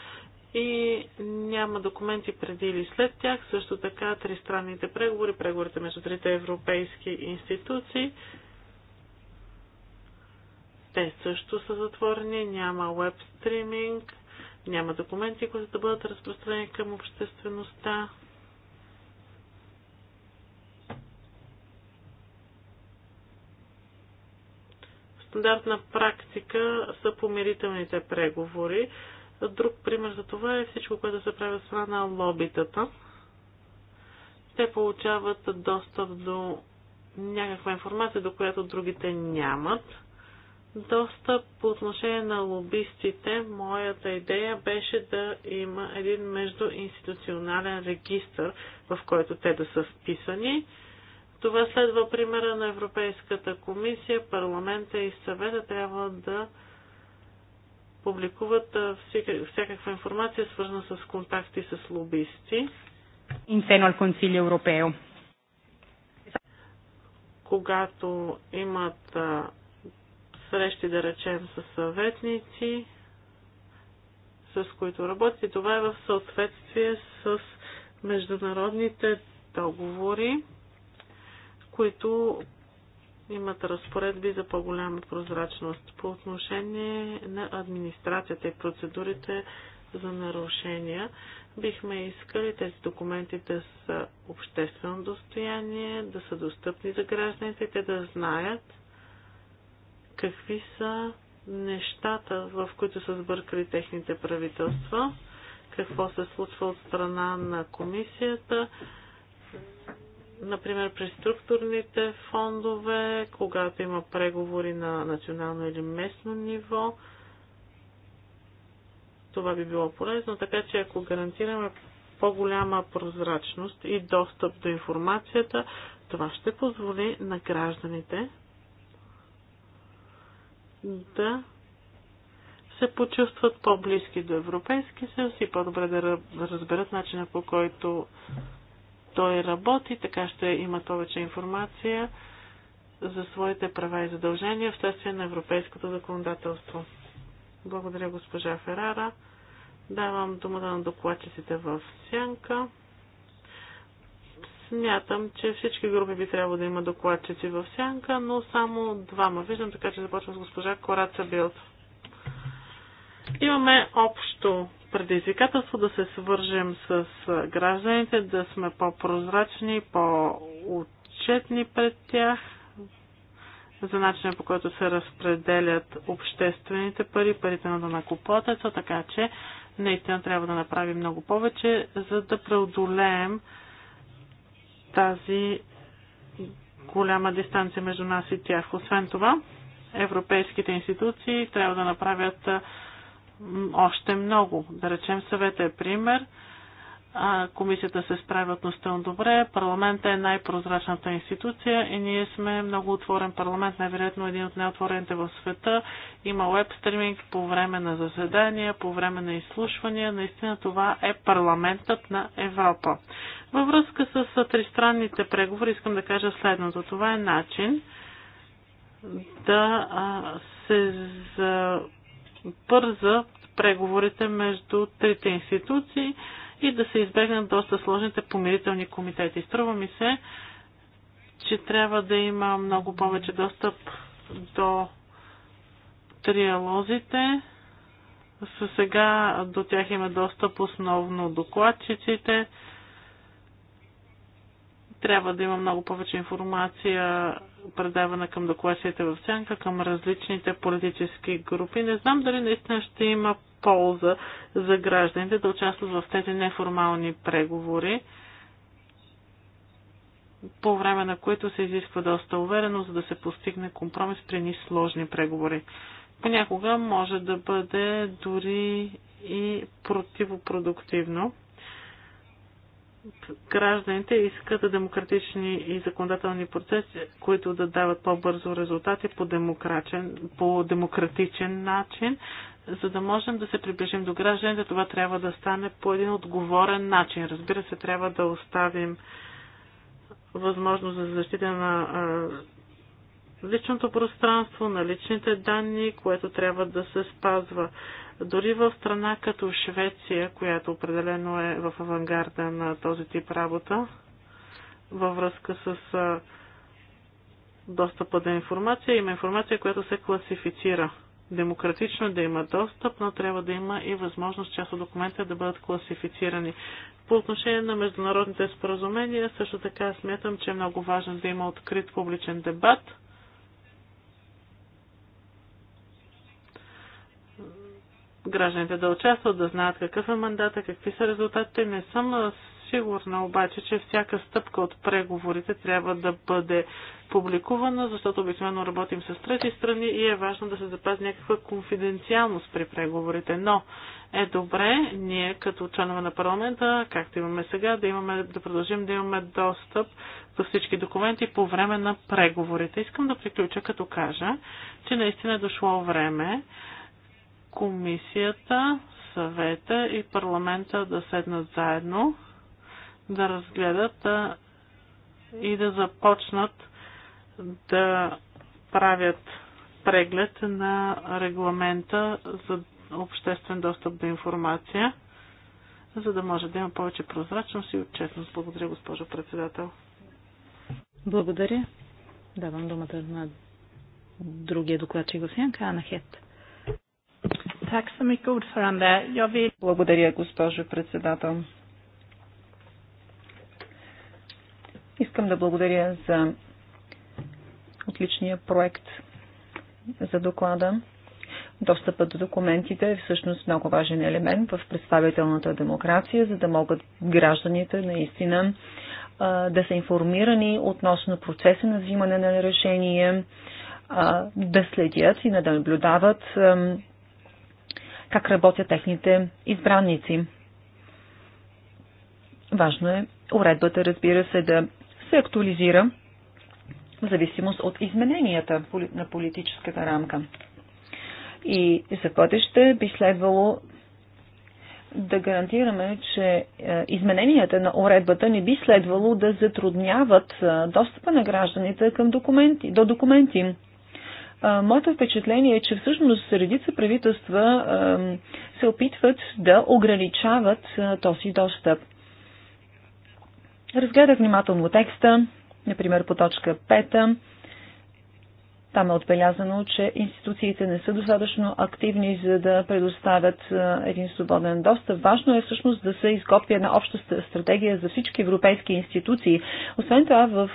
и няма документи преди или след тях. Също така тристранните преговори, преговорите между трите европейски институции, те също са затворени, няма веб стриминг, няма документи, които да бъдат разпространени към обществеността. Стандартна практика са помирителните преговори. Друг пример за това е всичко, което се прави от страна на лобитата. Те получават достъп до някаква информация, до която другите нямат достъп по отношение на лобистите, моята идея беше да има един междуинституционален регистр, в който те да са вписани. Това следва примера на Европейската комисия, парламента и съвета трябва да публикуват всякаква информация, свързана с контакти с лобисти. Инсено ал Консилио Европео. Когато имат срещи, да речем, с съветници, с които работи. Това е в съответствие с международните договори, които имат разпоредби за по-голяма прозрачност по отношение на администрацията и процедурите за нарушения. Бихме искали тези документи да са обществено достояние, да са достъпни за гражданите, те да знаят какви са нещата, в които са сбъркали техните правителства, какво се случва от страна на комисията, например при структурните фондове, когато има преговори на национално или местно ниво. Това би било полезно, така че ако гарантираме по-голяма прозрачност и достъп до информацията, това ще позволи на гражданите да се почувстват по-близки до Европейски съюз и по-добре да разберат начина по който той работи, така ще има повече информация за своите права и задължения вследствие на европейското законодателство. Благодаря госпожа Ферара. Давам думата на докладчиците в сянка. Смятам, че всички групи би трябвало да има докладчици в сянка, но само двама. Виждам така, че започвам с госпожа Кораца Билт. Имаме общо предизвикателство да се свържем с гражданите, да сме по-прозрачни, по-отчетни пред тях, за начина по който се разпределят обществените пари, парите на данакоплатеца, така че наистина трябва да направим много повече, за да преодолеем тази голяма дистанция между нас и тях. Освен това, европейските институции трябва да направят още много. Да речем съвета е пример а, комисията се справя относително добре, парламента е най-прозрачната институция и ние сме много отворен парламент, най-вероятно един от най-отворените в света. Има веб стриминг по време на заседания, по време на изслушвания. Наистина това е парламентът на Европа. Във връзка с тристранните преговори искам да кажа следното. Това е начин да а, се забърза преговорите между трите институции и да се избегнат доста сложните помирителни комитети. Струва ми се, че трябва да има много повече достъп до триалозите. За сега до тях има достъп основно докладчиците. Трябва да има много повече информация предавана към докладчиците в сянка, към различните политически групи. Не знам дали наистина ще има полза за гражданите да участват в тези неформални преговори, по време на които се изисква доста уверено, за да се постигне компромис при ни сложни преговори. Понякога може да бъде дори и противопродуктивно гражданите искат демократични и законодателни процеси, които да дават по-бързо резултати по демократичен, по демократичен начин, за да можем да се приближим до гражданите, това трябва да стане по един отговорен начин. Разбира се, трябва да оставим възможност за защита на личното пространство, на личните данни, което трябва да се спазва. Дори в страна като Швеция, която определено е в авангарда на този тип работа, във връзка с достъпа до информация, има информация, която се класифицира демократично да има достъп, но трябва да има и възможност част от документите да бъдат класифицирани. По отношение на международните споразумения, също така смятам, че е много важно да има открит публичен дебат. Гражданите да участват, да знаят какъв е мандата, какви са резултатите. Не съм сигурна обаче, че всяка стъпка от преговорите трябва да бъде публикувана, защото обикновено работим с трети страни и е важно да се запази някаква конфиденциалност при преговорите. Но е добре ние като членове на парламента, както имаме сега, да, имаме, да продължим да имаме достъп до всички документи по време на преговорите. Искам да приключа като кажа, че наистина е дошло време комисията, съвета и парламента да седнат заедно да разгледат а, и да започнат да правят преглед на регламента за обществен достъп до информация, за да може да има повече прозрачност и отчетност. Благодаря, госпожо председател. Благодаря. Давам думата на другия докладчик в сянка, Ана Хет. Благодаря, госпожо председател. Искам да благодаря за отличния проект за доклада. Достъпът до документите е всъщност много важен елемент в представителната демокрация, за да могат гражданите наистина да са информирани относно процеса на взимане на решение, да следят и да наблюдават как работят техните избранници. Важно е уредбата, разбира се, да се актуализира в зависимост от измененията на политическата рамка. И за бъдеще би следвало да гарантираме, че е, измененията на уредбата не би следвало да затрудняват е, достъпа на гражданите към документи, до документи. Е, моето впечатление е, че всъщност редица правителства се опитват да ограничават този достъп. Разгледах внимателно текста, например по точка 5. Там е отбелязано, че институциите не са достатъчно активни, за да предоставят един свободен достъп. Важно е всъщност да се изготви една обща стратегия за всички европейски институции. Освен това, в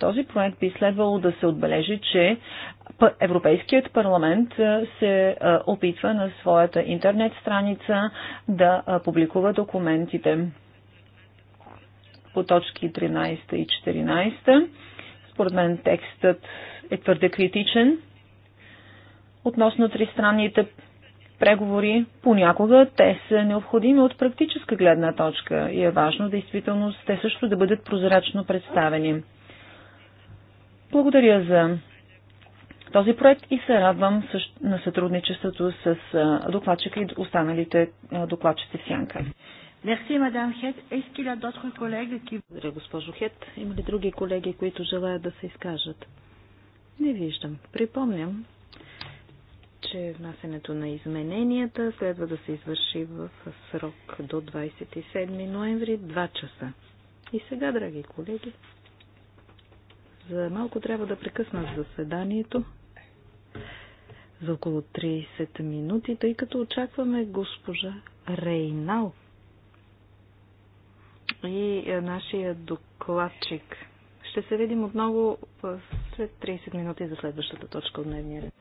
този проект би следвало да се отбележи, че Европейският парламент се опитва на своята интернет страница да публикува документите по точки 13 и 14. Според мен текстът е твърде критичен. Относно тристранните преговори, понякога те са необходими от практическа гледна точка и е важно действително те също да бъдат прозрачно представени. Благодаря за този проект и се радвам на сътрудничеството с докладчика и останалите докладчици в Сянка. Мерси, мадам Хет. Ескиля дотро колега ки... Благодаря, госпожо Хет. Има ли други колеги, които желаят да се изкажат? Не виждам. Припомням, че внасенето на измененията следва да се извърши в срок до 27 ноември 2 часа. И сега, драги колеги, за малко трябва да прекъсна заседанието за около 30 минути, тъй като очакваме госпожа Рейнал и нашия докладчик. Ще се видим отново след 30 минути за следващата точка от дневния ред.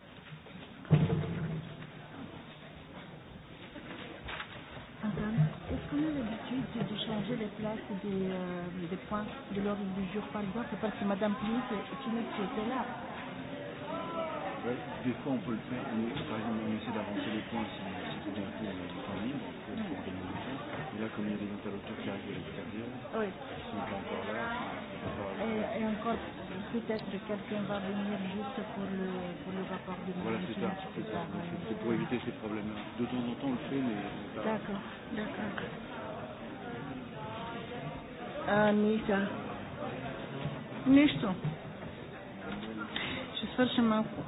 de changer les places des, euh, des points de l'ordre du jour, par exemple, parce que Madame Plus est une qui était là. Oui, des fois, on peut le faire, mais par exemple, on essaie d'avancer les points si, c'est bien pour les familles est libre pour organiser. Là, comme il y a des interlocuteurs qui arrivent de l'extérieur, oui. ils sont pas encore là. Et, et encore, peut-être quelqu'un va venir juste pour le, pour le rapport de Voilà, c'est ça. C'est ça. C'est pour éviter ces problèmes-là. De temps en temps, on le fait, mais. D'accord, d'accord. Anita. Je Ще ma. малко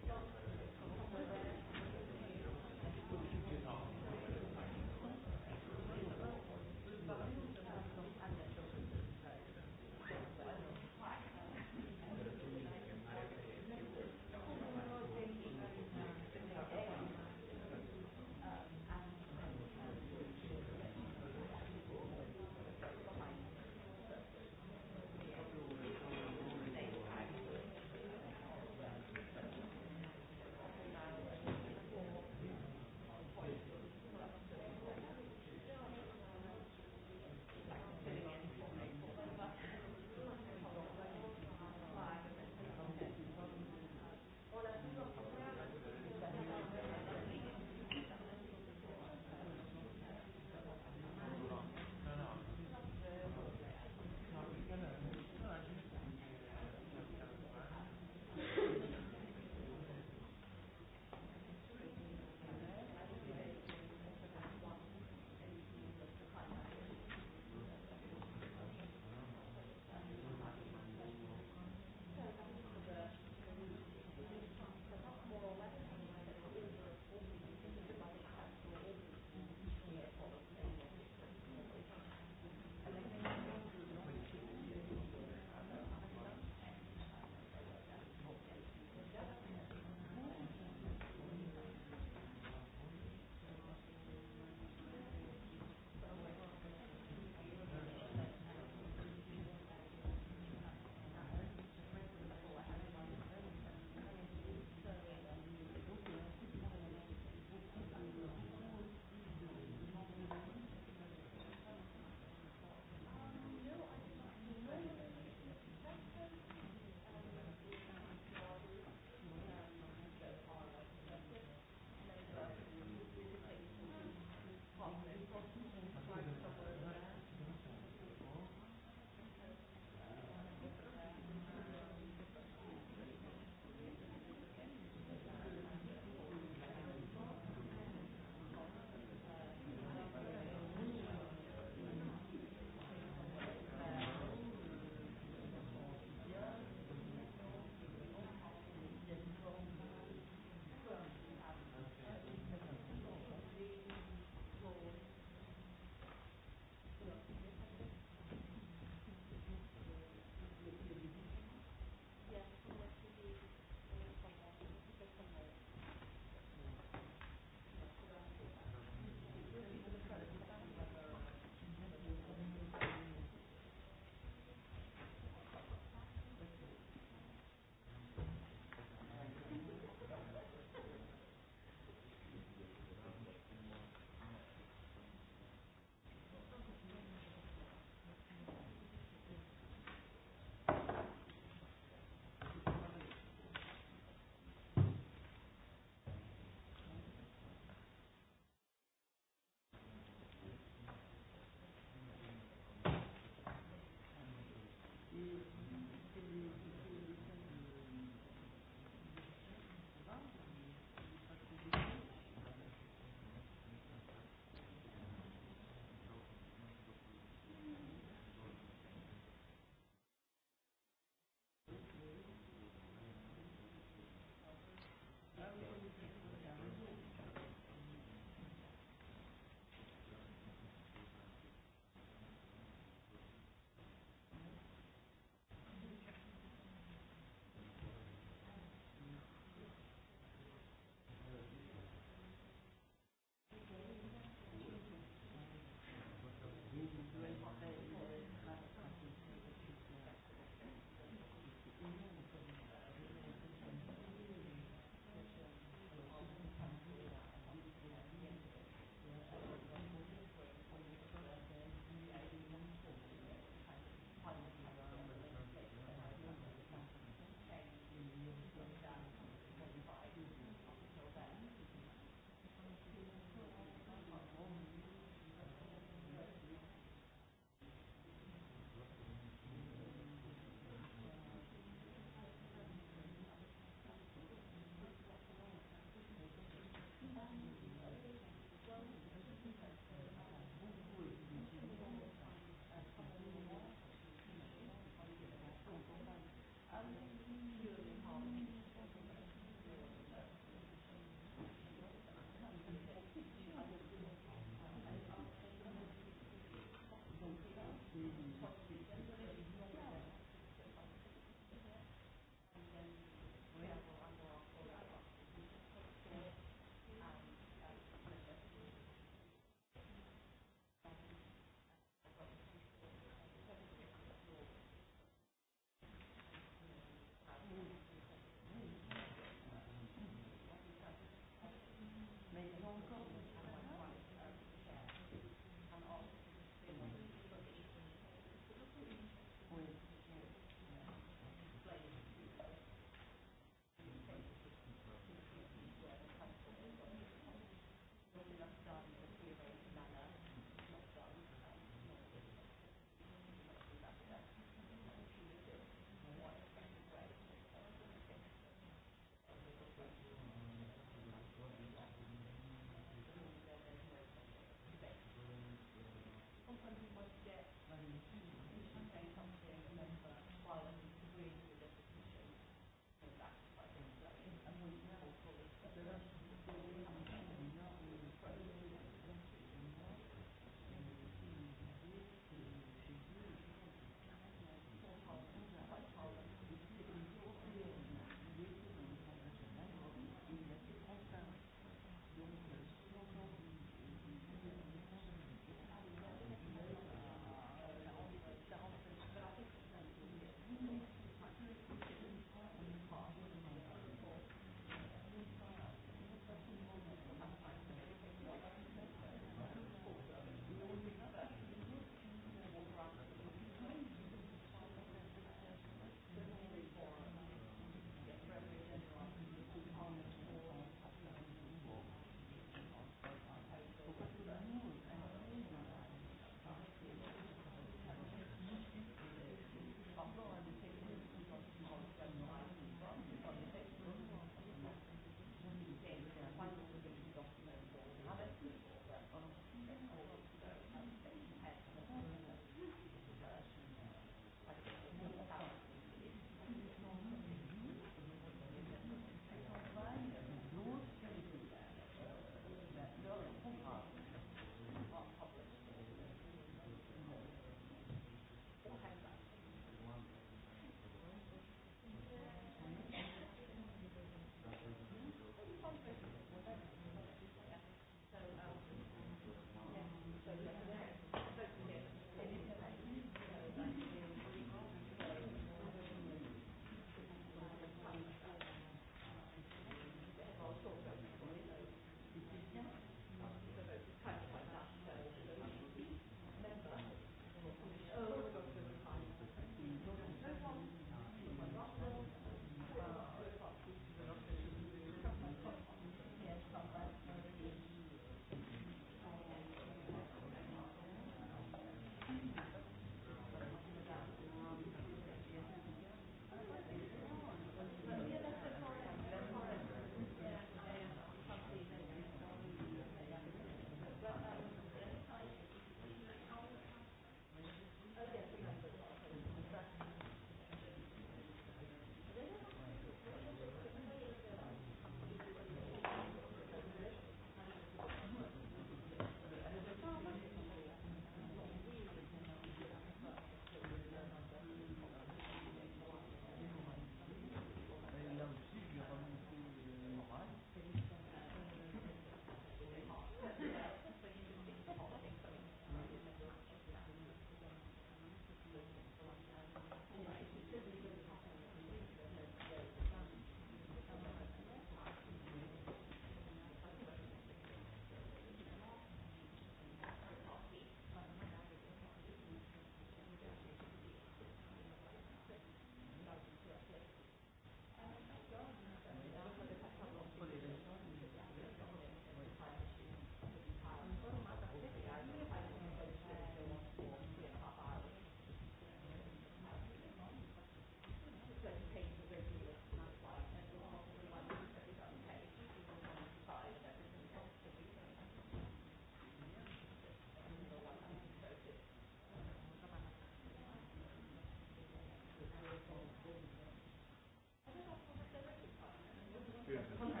Спасибо.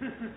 Thank you.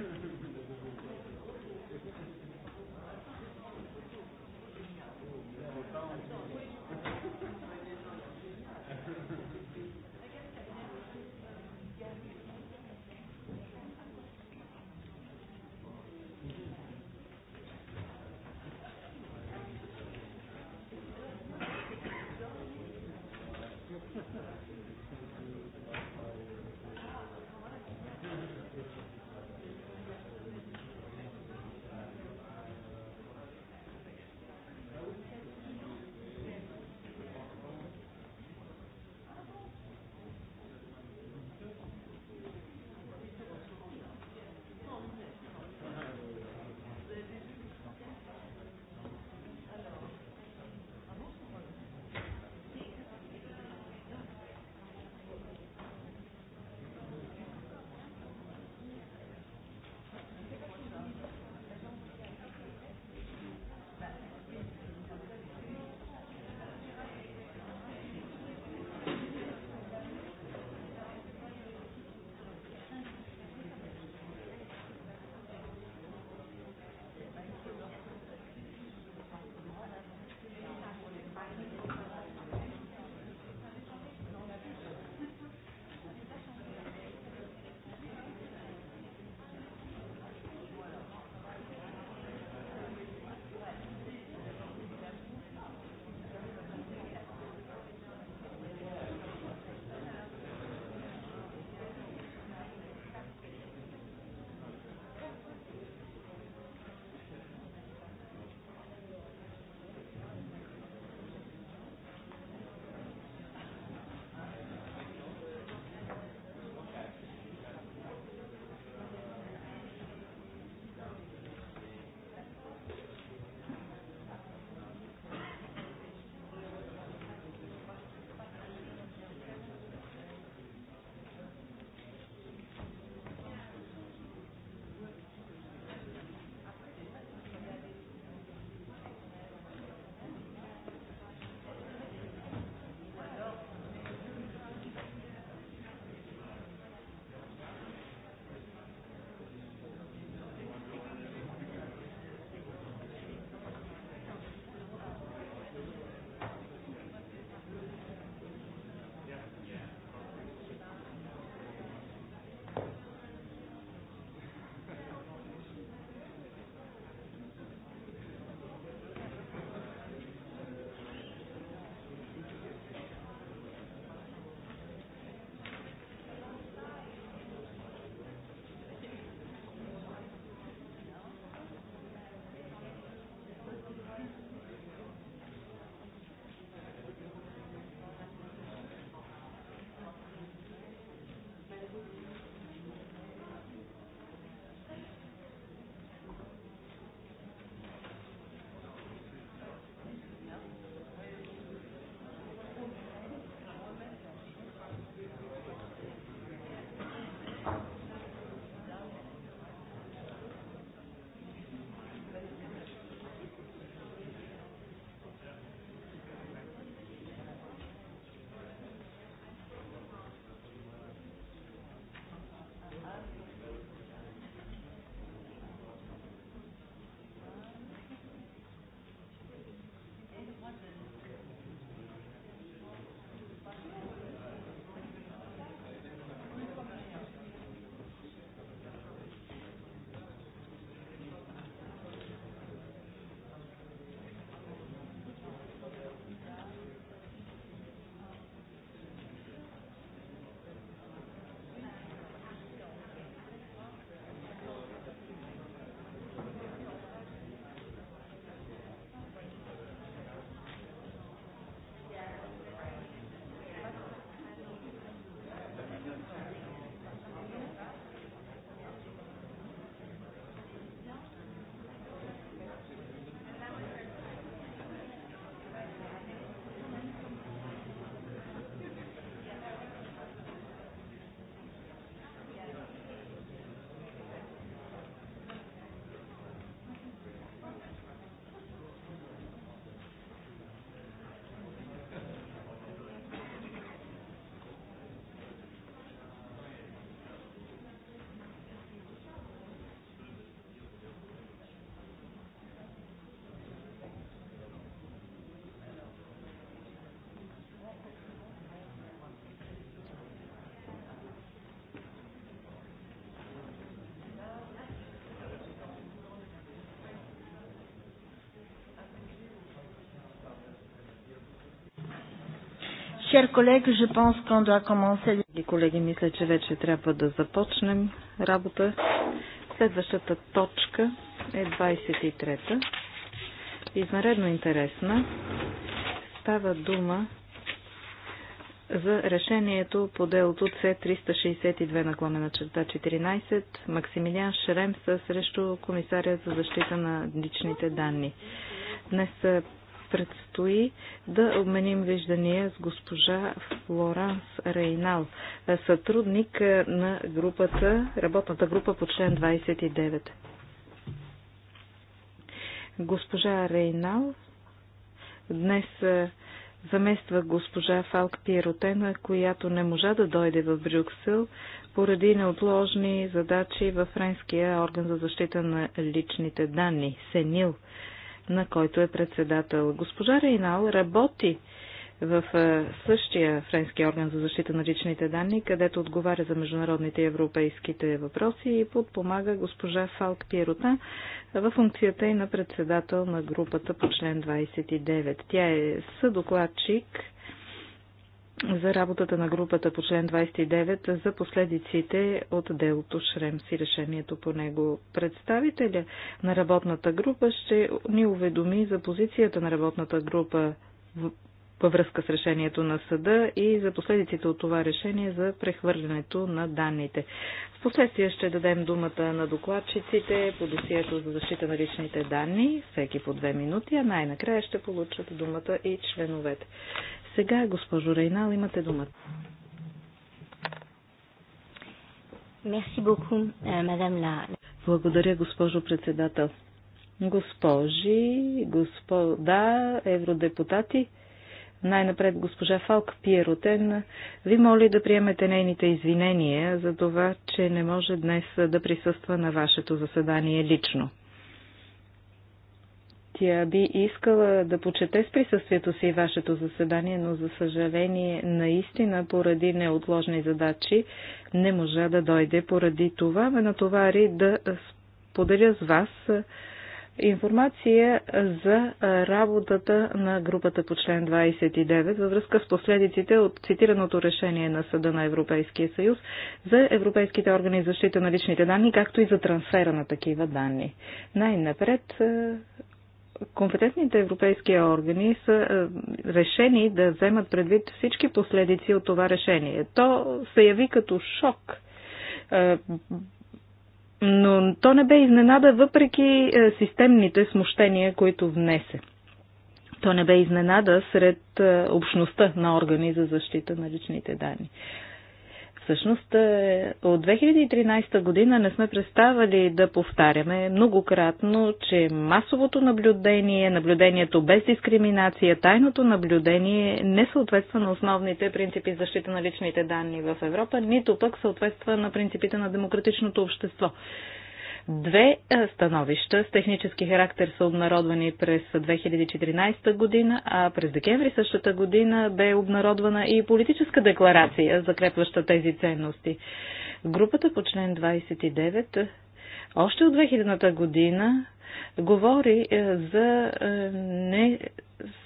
Чер колега, je pense колеги, мисля, че вече трябва да започнем работа. Следващата точка е 23-та. Изнаредно интересна. Става дума за решението по делото С-362 наклона на черта 14 Максимилиан Шремса срещу комисаря за защита на личните данни. Днес пред предстои да обменим виждания с госпожа Флоранс Рейнал, сътрудник на групата, работната група по член 29. Госпожа Рейнал днес замества госпожа Фалк Пиеротена, която не можа да дойде в Брюксел поради неотложни задачи във френския орган за защита на личните данни – СЕНИЛ – на който е председател. Госпожа Рейнал работи в е, същия френски орган за защита на личните данни, където отговаря за международните и европейските въпроси и подпомага госпожа Фалк Пирота в функцията и на председател на групата по член 29. Тя е съдокладчик за работата на групата по член 29 за последиците от делото Шремс и решението по него. Представителя на работната група ще ни уведоми за позицията на работната група във връзка с решението на съда и за последиците от това решение за прехвърлянето на данните. В последствие ще дадем думата на докладчиците по досието за защита на личните данни, всеки по две минути, а най-накрая ще получат думата и членовете. Сега, госпожо Рейнал, имате думата. Мерси боку, мадам ла. Благодаря, госпожо председател. Госпожи, господа, евродепутати, най-напред госпожа Фалк Пиеротен, ви моли да приемете нейните извинения за това, че не може днес да присъства на вашето заседание лично. Тя би искала да почете с присъствието си вашето заседание, но за съжаление наистина поради неотложни задачи не можа да дойде. Поради това ме натовари да споделя с вас информация за работата на групата по член 29 във връзка с последиците от цитираното решение на Съда на Европейския съюз за европейските органи за защита на личните данни, както и за трансфера на такива данни. Най-напред компетентните европейски органи са е, решени да вземат предвид всички последици от това решение. То се яви като шок. Е, но то не бе изненада въпреки е, системните смущения, които внесе. То не бе изненада сред общността на органи за защита на личните данни. Всъщност е, от 2013 година не сме представали да повтаряме многократно, че масовото наблюдение, наблюдението без дискриминация, тайното наблюдение не съответства на основните принципи за защита на личните данни в Европа, нито пък съответства на принципите на демократичното общество. Две е, становища с технически характер са обнародвани през 2014 година, а през декември същата година бе обнародвана и политическа декларация, закрепваща тези ценности. Групата по член 29 е, още от 2000 година говори е, за не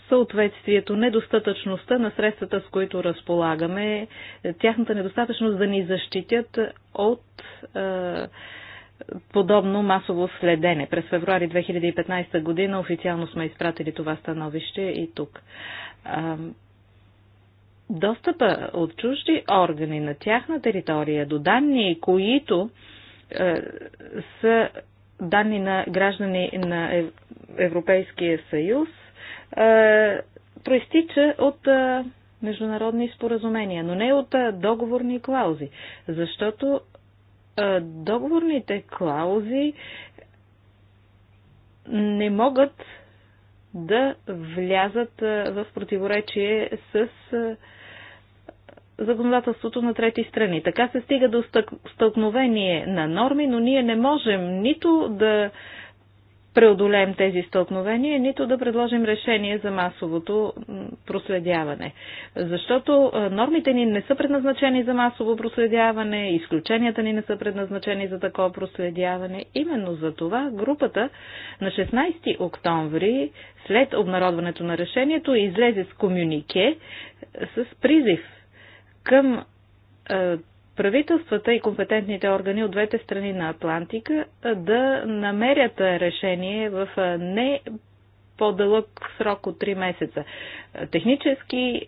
съответствието, недостатъчността на средствата, с които разполагаме, тяхната недостатъчност да ни защитят от подобно масово следене. През февруари 2015 година официално сме изпратили това становище и тук. Достъпа от чужди органи на тяхна територия до данни, които е, са данни на граждани на Европейския съюз, е, проистича от е, международни споразумения, но не от е, договорни клаузи, защото договорните клаузи не могат да влязат в противоречие с законодателството на трети страни. Така се стига до стълкновение на норми, но ние не можем нито да преодолеем тези стълкновения, нито да предложим решение за масовото проследяване. Защото нормите ни не са предназначени за масово проследяване, изключенията ни не са предназначени за такова проследяване. Именно за това групата на 16 октомври, след обнародването на решението, излезе с комюнике с призив към правителствата и компетентните органи от двете страни на Атлантика да намерят решение в не по-дълъг срок от 3 месеца. Технически,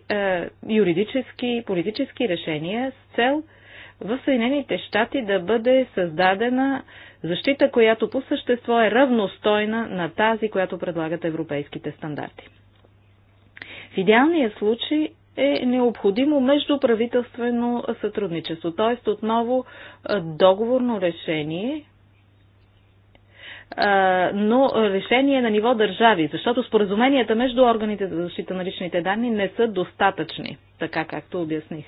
юридически, политически решения с цел в Съединените щати да бъде създадена защита, която по същество е равностойна на тази, която предлагат европейските стандарти. В идеалния случай е необходимо междуправителствено сътрудничество, т.е. отново договорно решение, но решение на ниво държави, защото споразуменията между органите за защита на личните данни не са достатъчни, така както обясних.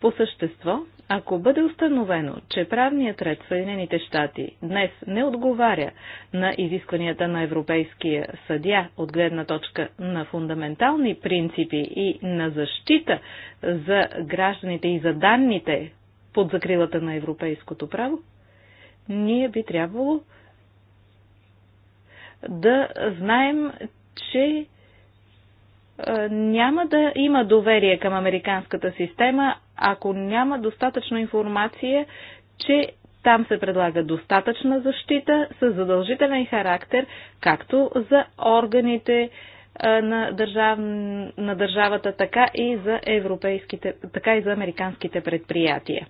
По същество, ако бъде установено, че правният ред в Съединените щати днес не отговаря на изискванията на европейския съдя от гледна точка на фундаментални принципи и на защита за гражданите и за данните под закрилата на европейското право, ние би трябвало да знаем, че е, няма да има доверие към американската система, ако няма достатъчно информация, че там се предлага достатъчна защита с задължителен характер, както за органите е, на, държав... на държавата, така и за европейските, така и за американските предприятия.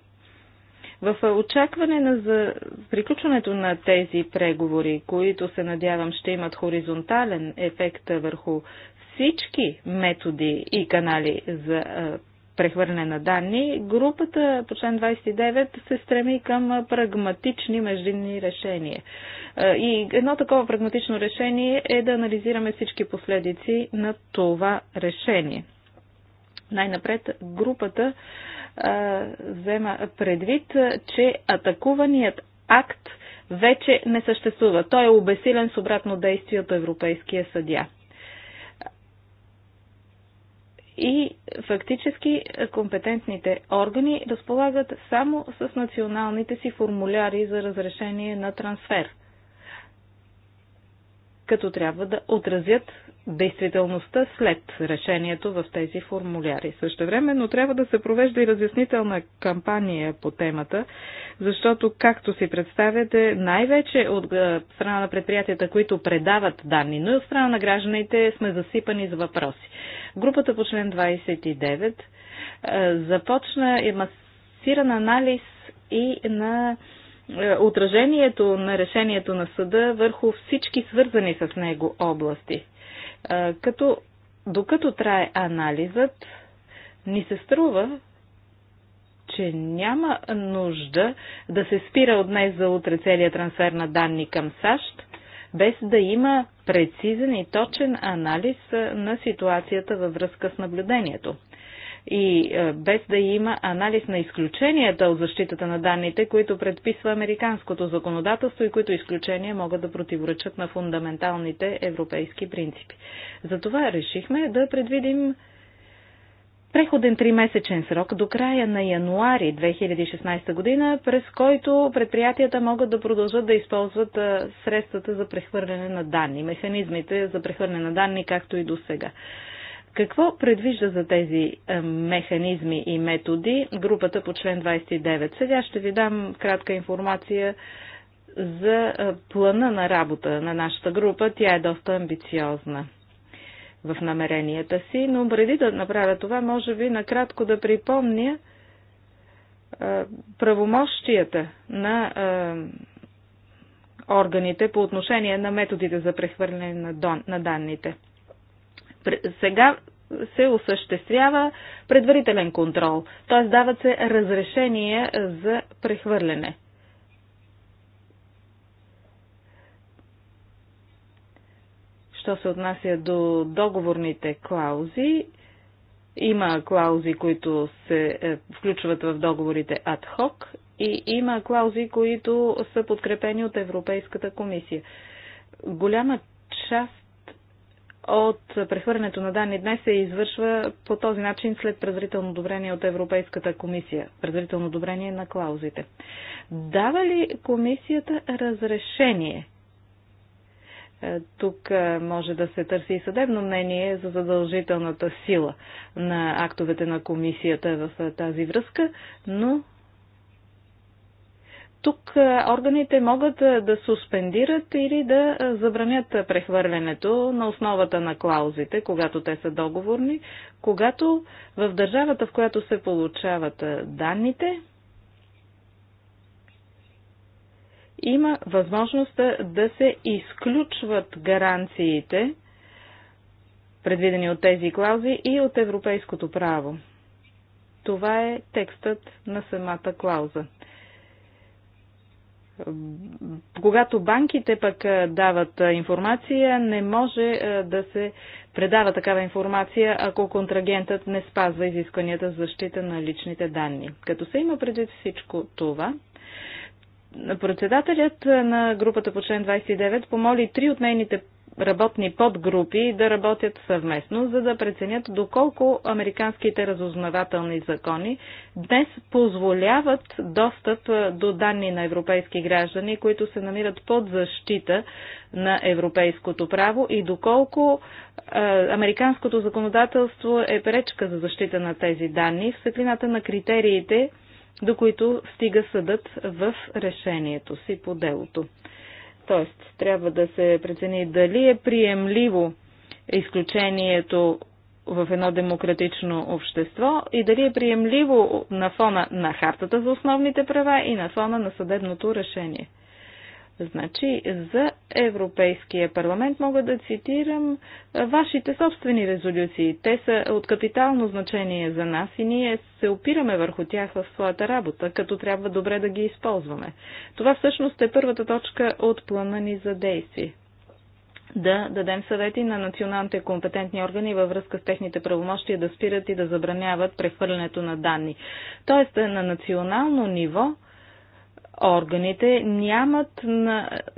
В очакване на за приключването на тези преговори, които се надявам ще имат хоризонтален ефект върху всички методи и канали за прехвърляне на данни, групата по член 29 се стреми към прагматични междинни решения. И едно такова прагматично решение е да анализираме всички последици на това решение. Най-напред групата а, взема предвид, че атакуваният акт вече не съществува. Той е обесилен с обратно действие от Европейския съдя и фактически компетентните органи разполагат само с националните си формуляри за разрешение на трансфер, като трябва да отразят действителността след решението в тези формуляри. Също време, но трябва да се провежда и разяснителна кампания по темата, защото, както си представяте, най-вече от страна на предприятията, които предават данни, но и от страна на гражданите сме засипани с въпроси. Групата по член 29 започна и масиран анализ и на отражението на решението на съда върху всички свързани с него области. Като докато трае анализът, ни се струва, че няма нужда да се спира от днес за утре целият трансфер на данни към САЩ, без да има прецизен и точен анализ на ситуацията във връзка с наблюдението. И без да има анализ на изключенията от защитата на данните, които предписва американското законодателство и които изключения могат да противоречат на фундаменталните европейски принципи. Затова решихме да предвидим преходен тримесечен срок до края на януари 2016 година, през който предприятията могат да продължат да използват средствата за прехвърляне на данни, механизмите за прехвърляне на данни, както и до сега. Какво предвижда за тези механизми и методи групата по член 29? Сега ще ви дам кратка информация за плана на работа на нашата група. Тя е доста амбициозна в намеренията си, но преди да направя това, може би накратко да припомня правомощията на органите по отношение на методите за прехвърляне на, дон, на данните. Сега се осъществява предварителен контрол, т.е. дават се разрешения за прехвърляне. Що се отнася до договорните клаузи, има клаузи, които се е, включват в договорите адхок и има клаузи, които са подкрепени от Европейската комисия. Голяма част от прехвърлянето на данни днес се извършва по този начин след предварително одобрение от Европейската комисия, предварително одобрение на клаузите. Дава ли комисията разрешение е, тук е, може да се търси и съдебно мнение за задължителната сила на актовете на комисията в е, тази връзка, но тук органите могат да суспендират или да забранят прехвърлянето на основата на клаузите, когато те са договорни, когато в държавата, в която се получават данните, има възможността да се изключват гаранциите, предвидени от тези клаузи и от европейското право. Това е текстът на самата клауза. Когато банките пък дават информация, не може да се предава такава информация, ако контрагентът не спазва изискванията за защита на личните данни. Като се има преди всичко това, Председателят на групата по член 29 помоли три от нейните работни подгрупи да работят съвместно, за да преценят доколко американските разузнавателни закони днес позволяват достъп до данни на европейски граждани, които се намират под защита на европейското право и доколко е, американското законодателство е пречка за защита на тези данни в светлината на критериите, до които стига съдът в решението си по делото. Тоест, трябва да се прецени дали е приемливо изключението в едно демократично общество и дали е приемливо на фона на хартата за основните права и на фона на съдебното решение. Значи за Европейския парламент мога да цитирам вашите собствени резолюции. Те са от капитално значение за нас и ние се опираме върху тях в своята работа, като трябва добре да ги използваме. Това всъщност е първата точка от плана ни за действие да дадем съвети на националните компетентни органи във връзка с техните правомощия да спират и да забраняват прехвърлянето на данни. Тоест на национално ниво органите нямат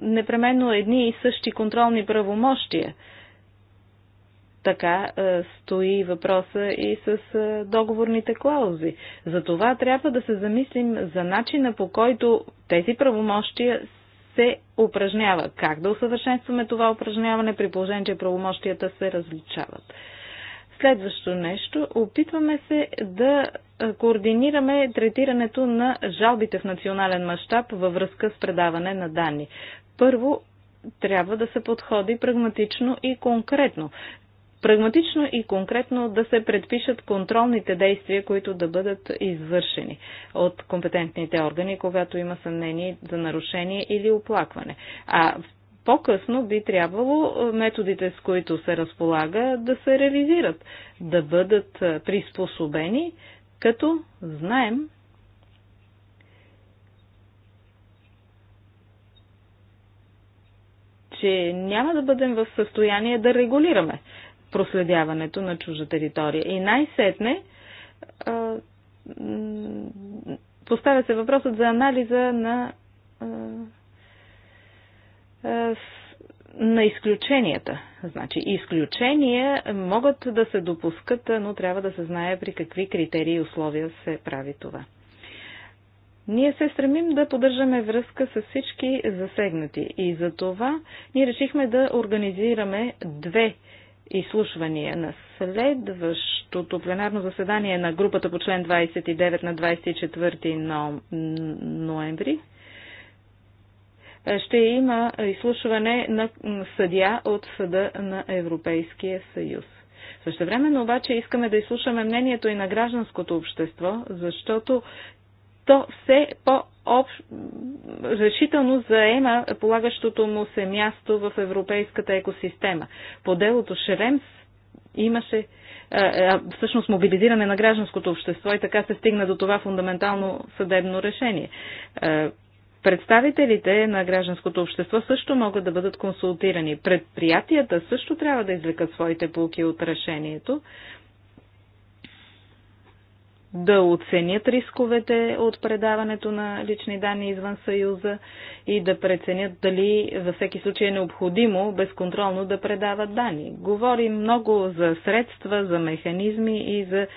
непременно едни и същи контролни правомощия. Така е, стои въпроса и с е, договорните клаузи. За това трябва да се замислим за начина по който тези правомощия се упражнява. Как да усъвършенстваме това упражняване при положение, че правомощията се различават. Следващо нещо, опитваме се да координираме третирането на жалбите в национален мащаб във връзка с предаване на данни. Първо, трябва да се подходи прагматично и конкретно. Прагматично и конкретно да се предпишат контролните действия, които да бъдат извършени от компетентните органи, когато има съмнение за нарушение или оплакване. А в по-късно би трябвало е, методите, с които се разполага, да се реализират, да бъдат е, приспособени, като знаем, че няма да бъдем в състояние да регулираме проследяването на чужа територия. И най-сетне е, поставя се въпросът за анализа на е, на изключенията. Значи, изключения могат да се допускат, но трябва да се знае при какви критерии и условия се прави това. Ние се стремим да поддържаме връзка с всички засегнати и за това ние решихме да организираме две изслушвания на следващото пленарно заседание на групата по член 29 на 24 ноември ще има изслушване на съдя от Съда на Европейския съюз. Същевременно обаче искаме да изслушаме мнението и на гражданското общество, защото то все по-решително заема полагащото му се място в европейската екосистема. По делото Шеремс имаше всъщност мобилизиране на гражданското общество и така се стигна до това фундаментално съдебно решение. Представителите на гражданското общество също могат да бъдат консултирани. Предприятията също трябва да извлекат своите полки от решението, да оценят рисковете от предаването на лични данни извън Съюза и да преценят дали във всеки случай е необходимо безконтролно да предават данни. Говорим много за средства, за механизми и за е,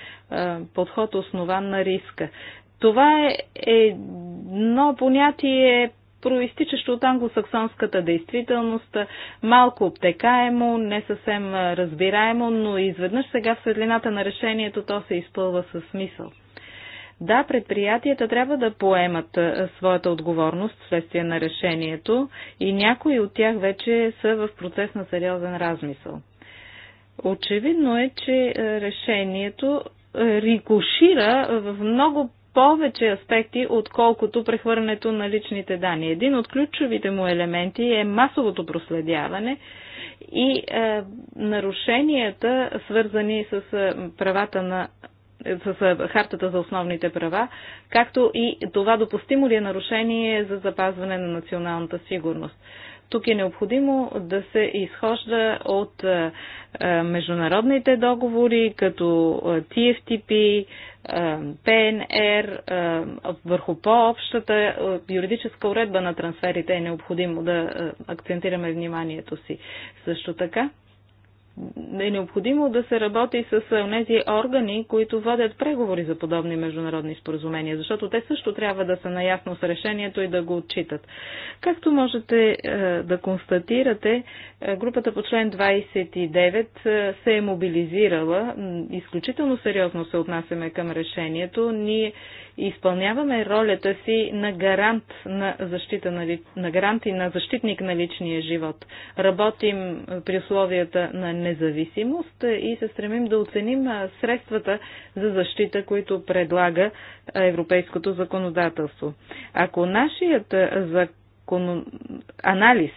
подход основан на риска. Това е едно понятие, проистичащо от англосаксонската действителност, малко обтекаемо, не съвсем разбираемо, но изведнъж сега в светлината на решението то се изпълва със смисъл. Да, предприятията трябва да поемат своята отговорност вследствие на решението и някои от тях вече са в процес на сериозен размисъл. Очевидно е, че решението рикошира в много повече аспекти, отколкото прехвърнето на личните данни. Един от ключовите му елементи е масовото проследяване и е, нарушенията, свързани с е, правата на с е, хартата за основните права, както и това допустимо ли е нарушение за запазване на националната сигурност. Тук е необходимо да се изхожда от е, е, международните договори, като TFTP, ПНР, върху по-общата е, юридическа уредба на трансферите е необходимо да е, акцентираме вниманието си. Също така, е необходимо да се работи с тези е, органи, които водят преговори за подобни международни споразумения, защото те също трябва да са наясно с решението и да го отчитат. Както можете е, да констатирате, е, групата по член 29 се е мобилизирала. Изключително сериозно се отнасяме към решението. Ние изпълняваме ролята си на гарант на, защита на, на гарант и на защитник на личния живот. Работим при условията на независимост и се стремим да оценим средствата за защита, които предлага европейското законодателство. Ако нашият закон... анализ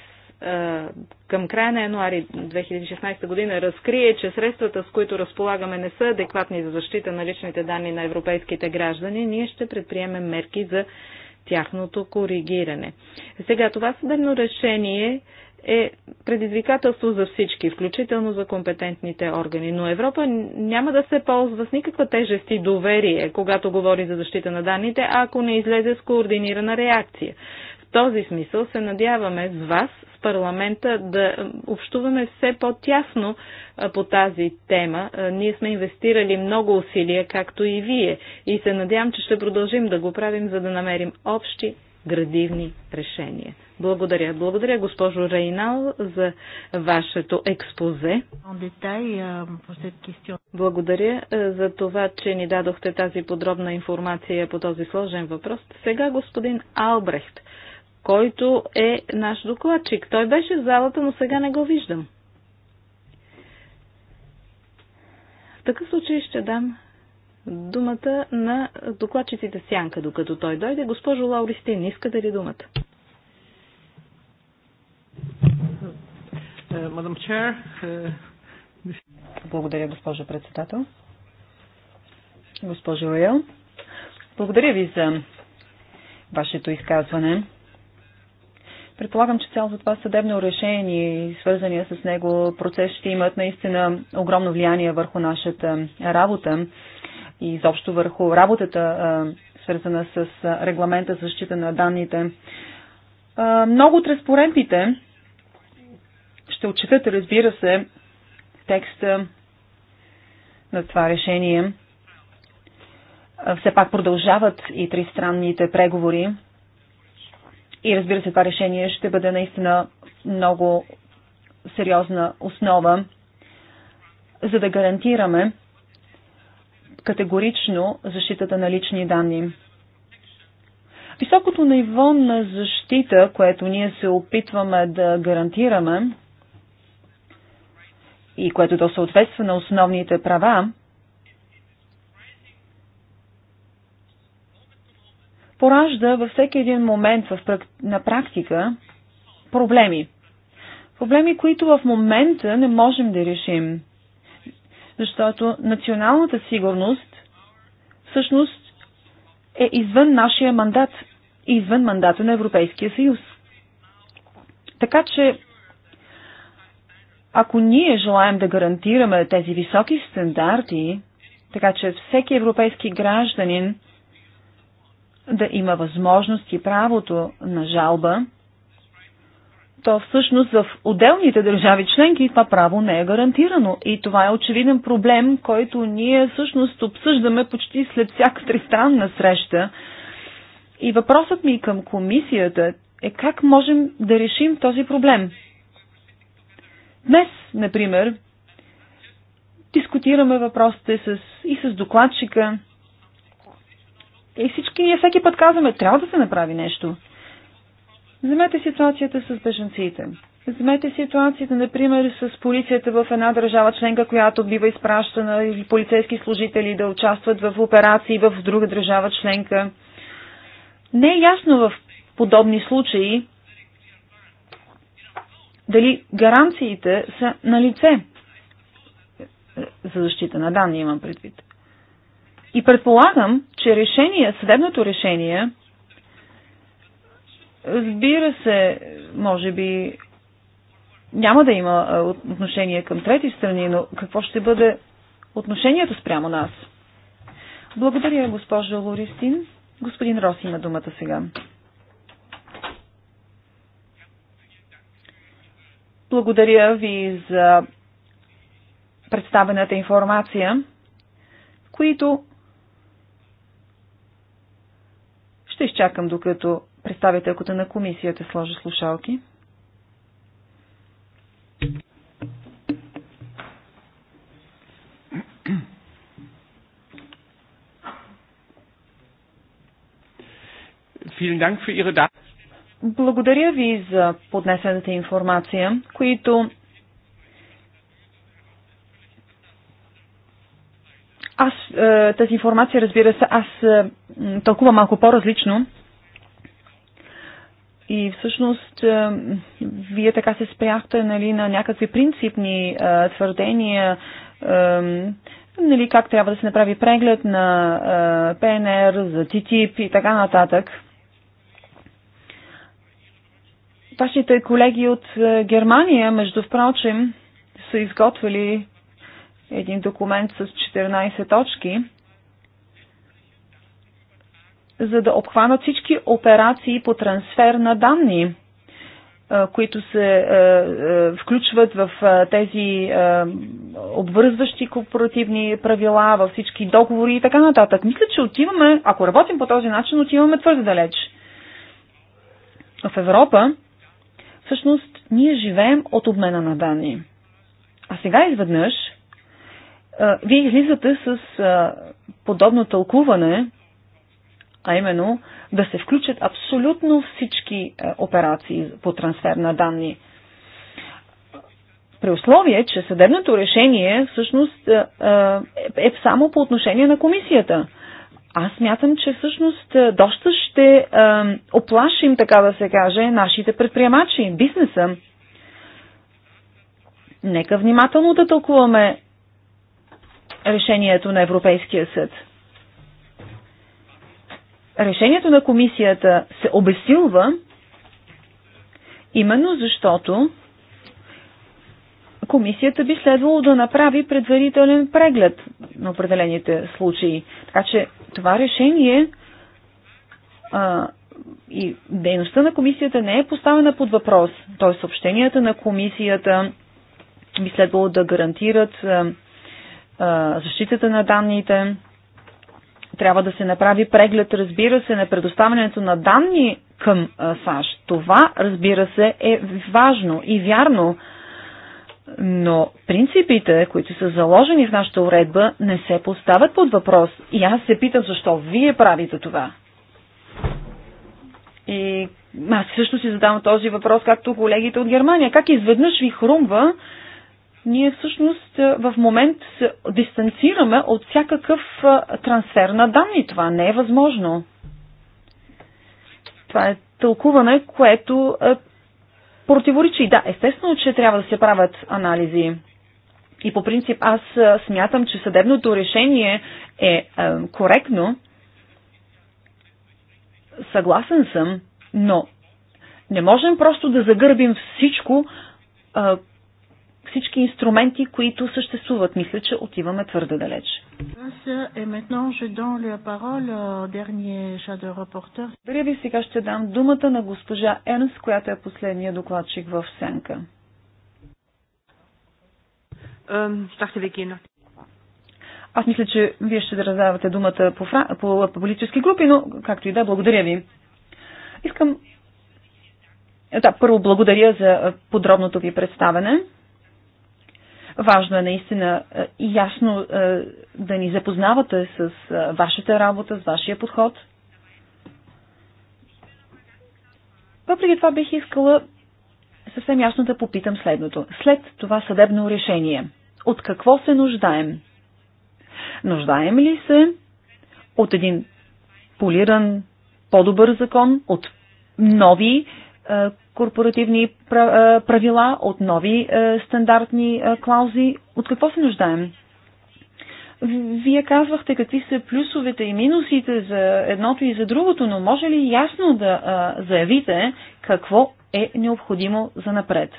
е, към края на януари 2016 година разкрие, че средствата, с които разполагаме, не са адекватни за защита на личните данни на европейските граждани, ние ще предприемем мерки за тяхното коригиране. Сега това съдебно решение е предизвикателство за всички, включително за компетентните органи. Но Европа няма да се ползва с никаква тежест и доверие, когато говори за защита на данните, ако не излезе с координирана реакция. В този смисъл се надяваме с вас, с парламента, да общуваме все по-тясно по тази тема. Ние сме инвестирали много усилия, както и вие, и се надявам, че ще продължим да го правим, за да намерим общи градивни решения. Благодаря. Благодаря, госпожо Рейнал, за вашето експозе. Euh, Благодаря за това, че ни дадохте тази подробна информация по този сложен въпрос. Сега господин Албрехт който е наш докладчик. Той беше в залата, но сега не го виждам. В такъв случай ще дам думата на докладчиците Сянка, докато той дойде. Госпожо Лауристин, да ли думата? Е, мадам Чер. Е, благодаря, госпожо председател. Госпожо Роял, благодаря ви за вашето изказване. Предполагам, че цялото това съдебно решение и свързания с него процес ще имат наистина огромно влияние върху нашата работа и изобщо върху работата, свързана с регламента за защита на данните. Много от разпоредбите ще отчитат, разбира се, текста на това решение. Все пак продължават и тристранните преговори и разбира се, това решение ще бъде наистина много сериозна основа, за да гарантираме категорично защитата на лични данни. Високото ниво на защита, което ние се опитваме да гарантираме и което да съответства на основните права, поражда във всеки един момент в, на практика проблеми. Проблеми, които в момента не можем да решим. Защото националната сигурност всъщност е извън нашия мандат и извън мандата на Европейския съюз. Така че, ако ние желаем да гарантираме тези високи стандарти, така че всеки европейски гражданин да има възможност и правото на жалба, то всъщност в отделните държави членки това право не е гарантирано. И това е очевиден проблем, който ние всъщност обсъждаме почти след всяка тристранна среща. И въпросът ми към комисията е как можем да решим този проблем. Днес, например, дискутираме въпросите с, и с докладчика, и всички, ние всеки път казваме, трябва да се направи нещо. Вземете ситуацията с беженците. Вземете ситуацията, например, с полицията в една държава членка, която бива изпращана или полицейски служители да участват в операции в друга държава членка. Не е ясно в подобни случаи дали гаранциите са на лице за защита на данни, имам предвид. И предполагам, че решение, съдебното решение, разбира се, може би няма да има отношение към трети страни, но какво ще бъде отношението спрямо нас? Благодаря, госпожо Лористин. Господин Рос има думата сега. Благодаря ви за представената информация, които Ще изчакам докато представителката на комисията сложи слушалки. Благодаря ви за поднесената информация, които Аз е, тази информация, разбира се, аз е, тълкувам малко по-различно. И всъщност е, вие така се спряхте нали, на някакви принципни твърдения, нали, как трябва да се направи преглед на ПНР, за ТТИП и така нататък. Вашите колеги от Германия, между впрочем, са изготвили един документ с 14 точки, за да обхванат всички операции по трансфер на данни, е, които се е, е, включват в тези обвързващи корпоративни правила, във всички договори и така нататък. Мисля, че отиваме, ако работим по този начин, отиваме твърде далеч. В Европа, всъщност, ние живеем от обмена на данни. А сега изведнъж вие излизате с подобно тълкуване, а именно да се включат абсолютно всички операции по трансфер на данни. При условие, че съдебното решение всъщност е само по отношение на комисията. Аз мятам, че всъщност доста ще оплашим, така да се каже, нашите предприемачи, бизнеса. Нека внимателно да тълкуваме решението на Европейския съд. Решението на комисията се обесилва именно защото комисията би следвало да направи предварителен преглед на определените случаи. Така че това решение а, и дейността на комисията не е поставена под въпрос. Тоест съобщенията на комисията би следвало да гарантират а, защитата на данните. Трябва да се направи преглед, разбира се, на предоставянето на данни към САЩ. Това, разбира се, е важно и вярно, но принципите, които са заложени в нашата уредба, не се поставят под въпрос. И аз се питам защо вие правите това. И аз също си задавам този въпрос, както колегите от Германия. Как изведнъж ви хрумва, ние всъщност е, в момент се дистанцираме от всякакъв е, трансфер на данни. Това не е възможно. Това е тълкуване, което е противоречи. Да, естествено, че трябва да се правят анализи. И по принцип аз е, смятам, че съдебното решение е, е коректно. Съгласен съм, но не можем просто да загърбим всичко, всички инструменти, които съществуват. Мисля, че отиваме твърде далеч. Е, благодаря ви, сега ще дам думата на госпожа Енс, която е последния докладчик в Сенка. Аз мисля, че вие ще раздавате думата по, фра... по политически групи, но както и да, благодаря ви. Искам е, да, първо благодаря за подробното ви представене. Важно е наистина е, и ясно е, да ни запознавате с е, вашата работа, с вашия подход. Въпреки това бих искала съвсем ясно да попитам следното. След това съдебно решение, от какво се нуждаем? Нуждаем ли се от един полиран, по-добър закон, от нови корпоративни правила, от нови стандартни клаузи. От какво се нуждаем? Вие казвахте какви са плюсовете и минусите за едното и за другото, но може ли ясно да заявите какво е необходимо за напред?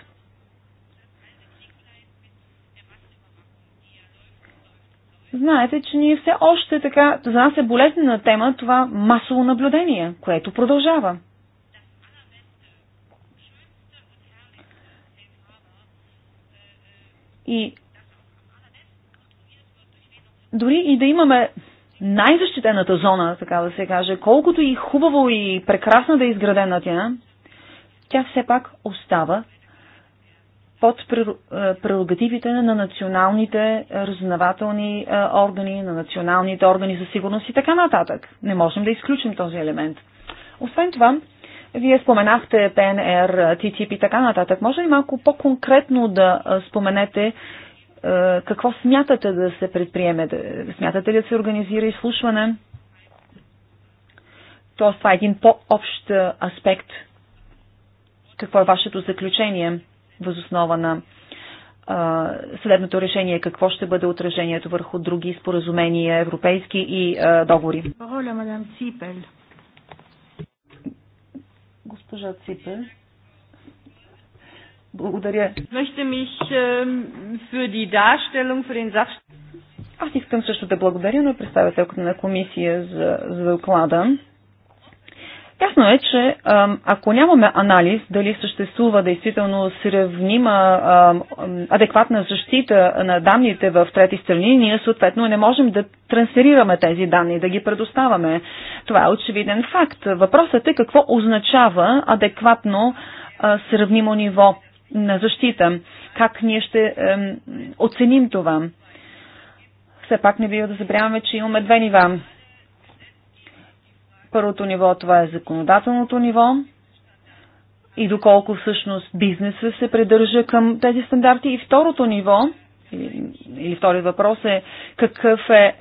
Знаете, че ние все още така, за нас е болезнена тема това масово наблюдение, което продължава. И дори и да имаме най-защитената зона, така да се каже, колкото и хубаво и прекрасна да е изградена тя, тя все пак остава под е, прерогативите на националните разузнавателни е, органи, на националните органи за сигурност и така нататък. Не можем да изключим този елемент. Освен това, вие споменахте ПНР, ТТИП и така нататък. Може ли малко по-конкретно да споменете какво смятате да се предприеме? Смятате ли да се организира изслушване? Тоест, това е един по-общ аспект. Какво е вашето заключение възоснова на следното решение? Какво ще бъде отражението върху други споразумения, европейски и договори? Пароля, мадам Ципель. Госпожа Ципе. Благодаря. Möchte mich für ähm, für die Darstellung, den Sach... Аз искам също да благодаря на представителката на комисия за, за доклада. Ясно е, че ако нямаме анализ дали съществува действително сравнима адекватна защита на данните в трети страни, ние съответно не можем да трансферираме тези данни, да ги предоставаме. Това е очевиден факт. Въпросът е какво означава адекватно сравнимо ниво на защита. Как ние ще оценим това? Все пак не бива да забравяме, че имаме две нива Първото ниво това е законодателното ниво и доколко всъщност бизнеса се придържа към тези стандарти. И второто ниво, или, вторият въпрос е, какъв е, е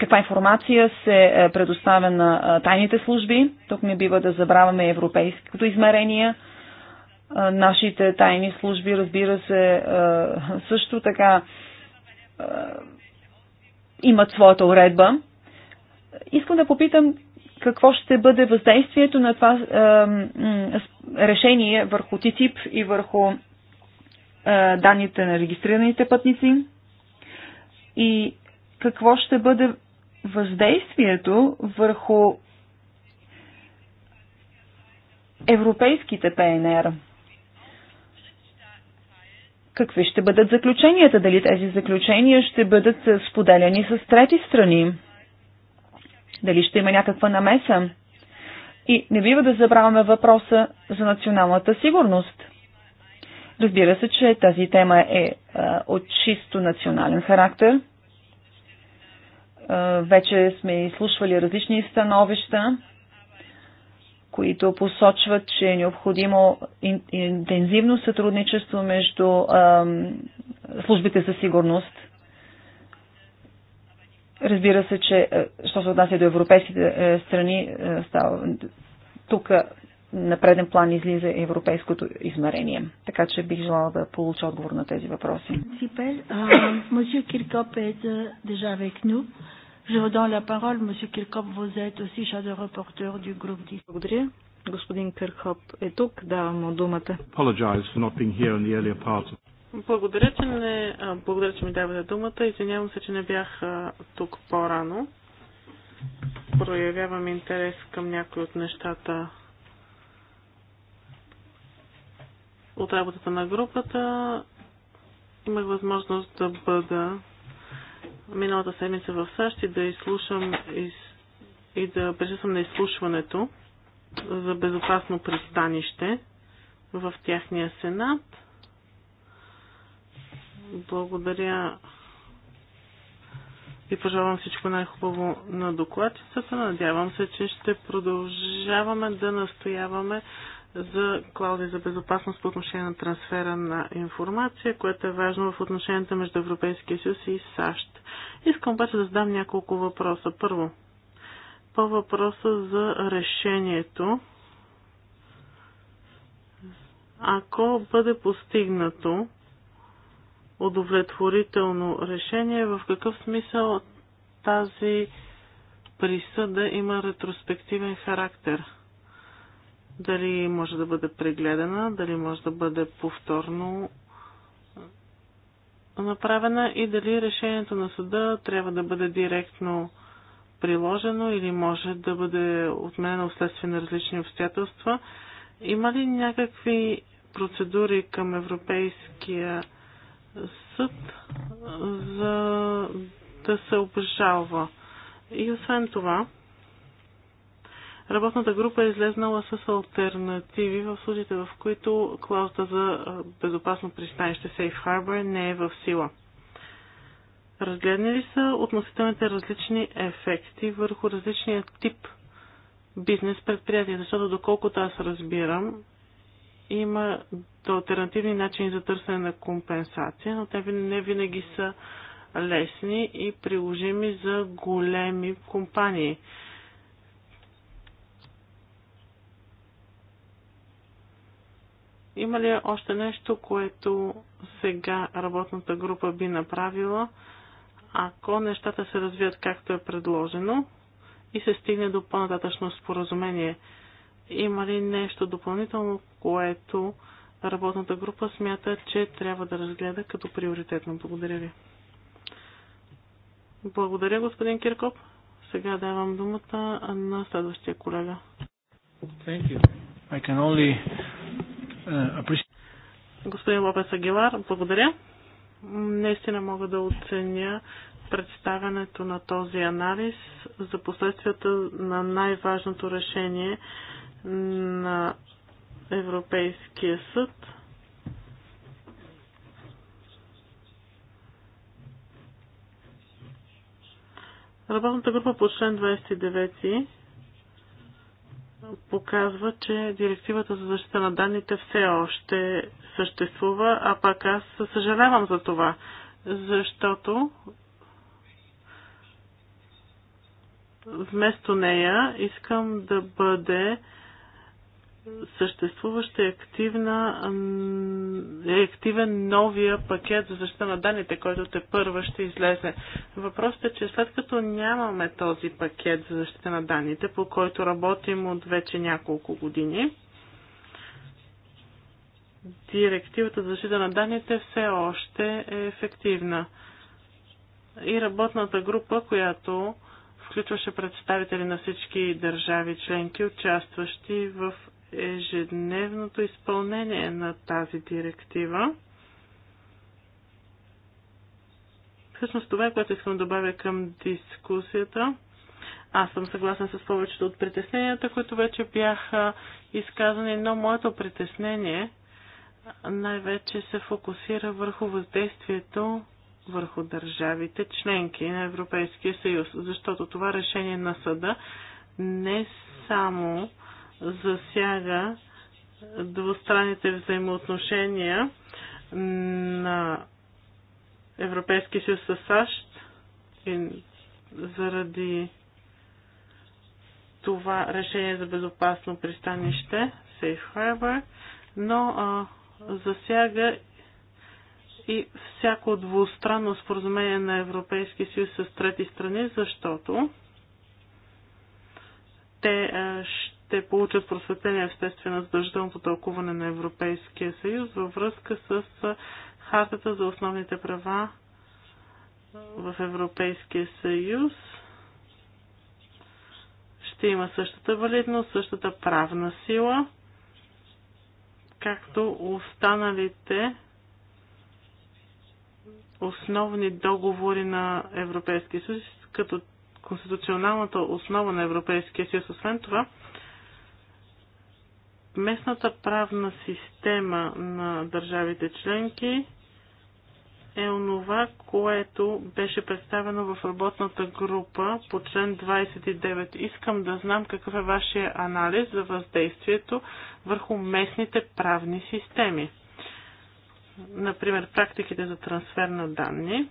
каква информация се е, предоставя на е, тайните служби. Тук не бива да забравяме европейското измерение. нашите тайни служби, разбира се, също така имат своята уредба. Искам да попитам какво ще бъде въздействието на това решение върху ТИТИП и върху данните на регистрираните пътници и какво ще бъде въздействието върху европейските ПНР. Какви ще бъдат заключенията? Дали тези заключения ще бъдат споделяни с трети страни? Дали ще има някаква намеса? И не бива да забравяме въпроса за националната сигурност. Разбира се, че тази тема е а, от чисто национален характер. А, вече сме изслушвали различни становища, които посочват, че е необходимо интензивно сътрудничество между а, службите за сигурност Разбира се, че е, що се отнася до европейските е, страни, е, става, тук на преден план излиза европейското измерение. Така че бих желала да получа отговор на тези въпроси. Je vous donne la parole, vous êtes aussi reporter du groupe 10. Благодаря. Господин Кърхоп е тук, давам му думата. Благодаря, че, не, благодаря, че ми давате думата. Извинявам се, че не бях тук по-рано. Проявявам интерес към някои от нещата от работата на групата. Имах възможност да бъда миналата седмица в САЩ и да изслушам из... и да присъствам на изслушването за безопасно пристанище в тяхния сенат. Благодаря и пожелавам всичко най-хубаво на докладчицата. Надявам се, че ще продължаваме да настояваме за клаузи за безопасност по отношение на трансфера на информация, което е важно в отношенията между Европейския съюз и САЩ. Искам обаче да задам няколко въпроса. Първо, по въпроса за решението, ако бъде постигнато удовлетворително решение, в какъв смисъл тази присъда има ретроспективен характер. Дали може да бъде прегледана, дали може да бъде повторно направена и дали решението на съда трябва да бъде директно приложено или може да бъде отменено вследствие на различни обстоятелства. Има ли някакви процедури към Европейския съд, за да се обжалва. И освен това, работната група е излезнала с альтернативи в случаите, в които клаузата за безопасно пристанище Safe Harbor не е в сила. Разгледани са относителните различни ефекти върху различния тип бизнес предприятия, защото доколкото аз разбирам, има альтернативни начини за търсене на компенсация, но те не винаги са лесни и приложими за големи компании. Има ли още нещо, което сега работната група би направила, ако нещата се развият както е предложено и се стигне до по-нататъчно споразумение? Има ли нещо допълнително, което работната група смята, че трябва да разгледа като приоритетно. Благодаря ви. Благодаря, господин Киркоп. Сега давам думата на следващия колега. Thank you. I can only, uh, appreciate... Господин Лопес Агилар, благодаря. Наистина мога да оценя представянето на този анализ за последствията на най-важното решение на Европейския съд Работната група по член 29 показва, че директивата за защита на данните все още съществува, а пак аз съжалявам за това, защото вместо нея искам да бъде съществуваща е активна, е активен новия пакет за защита на данните, който те първа ще излезе. Въпросът е, че след като нямаме този пакет за защита на данните, по който работим от вече няколко години, директивата за защита на данните все още е ефективна. И работната група, която включваше представители на всички държави членки, участващи в ежедневното изпълнение на тази директива. Всъщност това е, което искам да добавя към дискусията. Аз съм съгласен с повечето от притесненията, които вече бяха изказани, но моето притеснение най-вече се фокусира върху въздействието върху държавите членки на Европейския съюз, защото това решение на съда не само засяга двустранните взаимоотношения на Европейския съюз с САЩ и заради това решение за безопасно пристанище, Safe Harbor, но а, засяга и всяко двустранно споразумение на Европейския съюз с трети страни, защото те ще те получат просветление вследствие на задължителното тълкуване на Европейския съюз във връзка с Хартата за основните права в Европейския съюз. Ще има същата валидност, същата правна сила, както останалите основни договори на Европейския съюз, като конституционалната основа на Европейския съюз. Освен това, местната правна система на държавите членки е онова, което беше представено в работната група по член 29. Искам да знам какъв е вашия анализ за въздействието върху местните правни системи. Например, практиките за трансфер на данни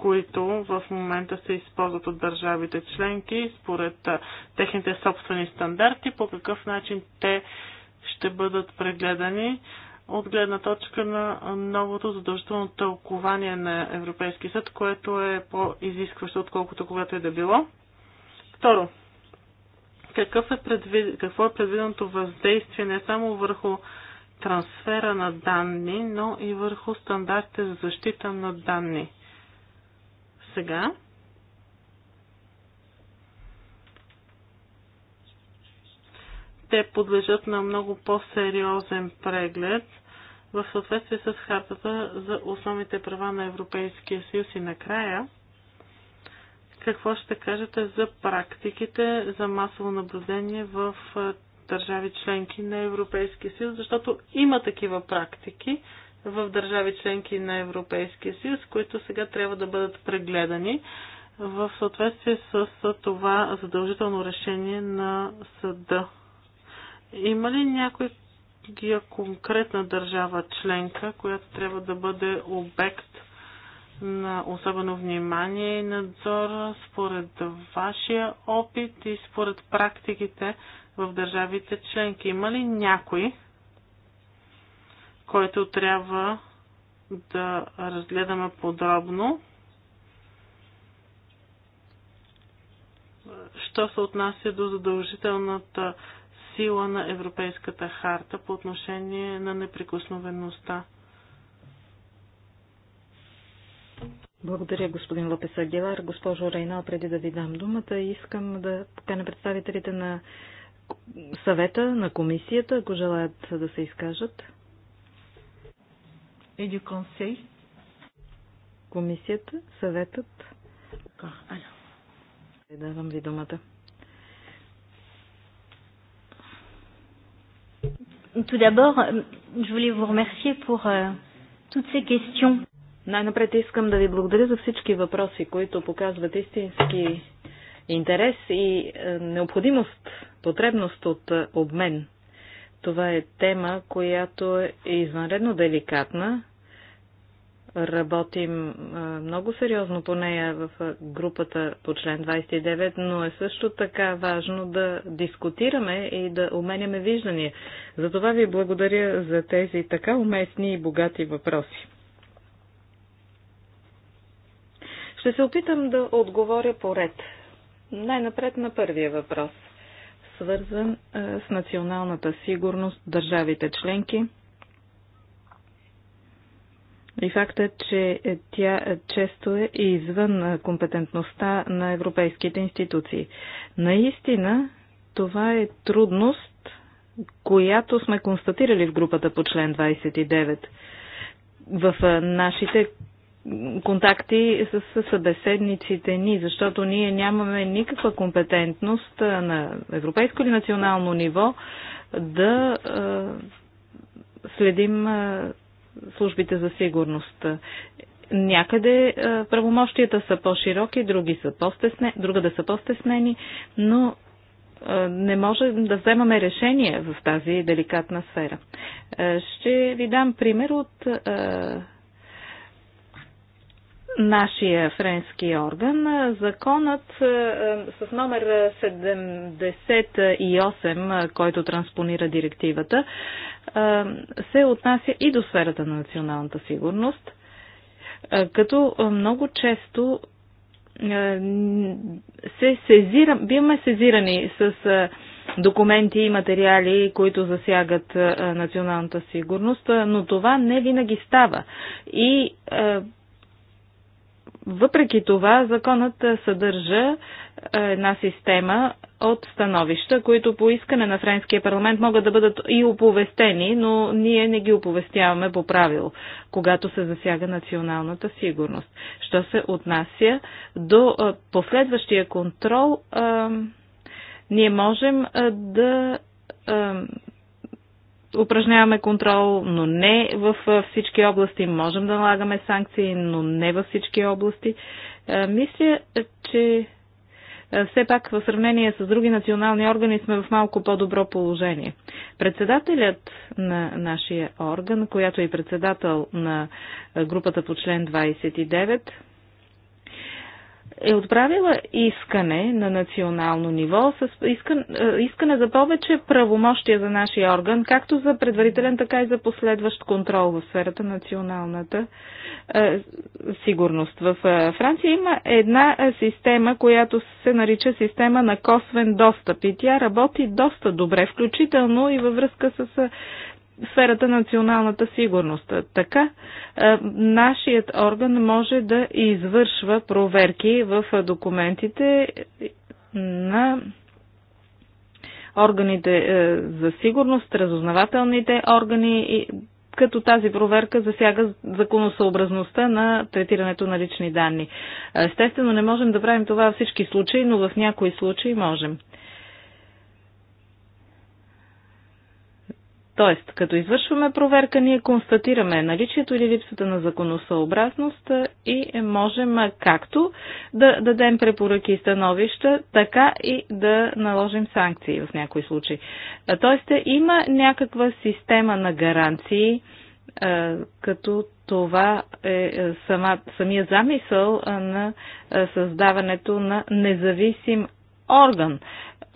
които в момента се използват от държавите членки според техните собствени стандарти, по какъв начин те ще бъдат прегледани от гледна точка на новото задължително тълкование на Европейски съд, което е по-изискващо, отколкото когато е да било. Второ, какъв е предвид... какво е предвиденото въздействие не само върху трансфера на данни, но и върху стандартите за защита на данни сега. Те подлежат на много по-сериозен преглед в съответствие с хартата за основните права на Европейския съюз и накрая какво ще кажете за практиките за масово наблюдение в държави членки на Европейския съюз, защото има такива практики, в държави членки на Европейския съюз, които сега трябва да бъдат прегледани в съответствие с това задължително решение на съда. Има ли някой конкретна държава членка, която трябва да бъде обект на особено внимание и надзор според вашия опит и според практиките в държавите членки? Има ли някой? който трябва да разгледаме подробно. Що се отнася до задължителната сила на Европейската харта по отношение на неприкосновеността. Благодаря, господин Лопес Агилар. Госпожо Рейнал, преди да ви дам думата, искам да покана представителите на съвета, на комисията, ако желаят да се изкажат et du Conseil Комисията, съветът. Е, давам ви думата. Tout d'abord, je voulais vous remercier pour euh, toutes ces questions. Най-напред искам да ви благодаря за всички въпроси, които показват истински интерес и е, необходимост, потребност от е, обмен. Това е тема, която е извънредно деликатна Работим много сериозно по нея в групата по член 29, но е също така важно да дискутираме и да уменяме виждания. Затова ви благодаря за тези така уместни и богати въпроси. Ще се опитам да отговоря по ред. Най-напред на първия въпрос, свързан с националната сигурност държавите членки – и факта, че тя често е извън компетентността на европейските институции. Наистина, това е трудност, която сме констатирали в групата по член 29 в нашите контакти с събеседниците ни, защото ние нямаме никаква компетентност на европейско или национално ниво да следим службите за сигурност. Някъде е, правомощията са по-широки, други са по друга да са по-стеснени, но е, не може да вземаме решение в тази деликатна сфера. Е, ще ви дам пример от нашия френски орган. Законът е, е, с номер 78, е, който транспонира директивата, се отнася и до сферата на националната сигурност, като много често се сезира, биваме сезирани с документи и материали, които засягат националната сигурност, но това не винаги става. И въпреки това, законът съдържа една система от становища, които по искане на Френския парламент могат да бъдат и оповестени, но ние не ги оповестяваме по правило, когато се засяга националната сигурност. Що се отнася до последващия контрол, ние можем да упражняваме контрол, но не във всички области. Можем да налагаме санкции, но не във всички области. Мисля, че все пак в сравнение с други национални органи сме в малко по-добро положение. Председателят на нашия орган, която е председател на групата по член 29, е отправила искане на национално ниво с искане, искане за повече правомощия за нашия орган, както за предварителен, така и за последващ контрол в сферата националната е, сигурност. В е, Франция има една е, система, която се нарича система на косвен достъп и тя работи доста добре, включително и във връзка с е, сферата на националната сигурност. Така, е, нашият орган може да извършва проверки в документите на органите е, за сигурност, разузнавателните органи, като тази проверка засяга законосъобразността на третирането на лични данни. Естествено, не можем да правим това във всички случаи, но в някои случаи можем. Тоест, като извършваме проверка, ние констатираме наличието или липсата на законосъобразност и можем както да дадем препоръки и становища, така и да наложим санкции в някои случаи. Тоест, има някаква система на гаранции, като това е, е сама, самия замисъл на създаването на независим орган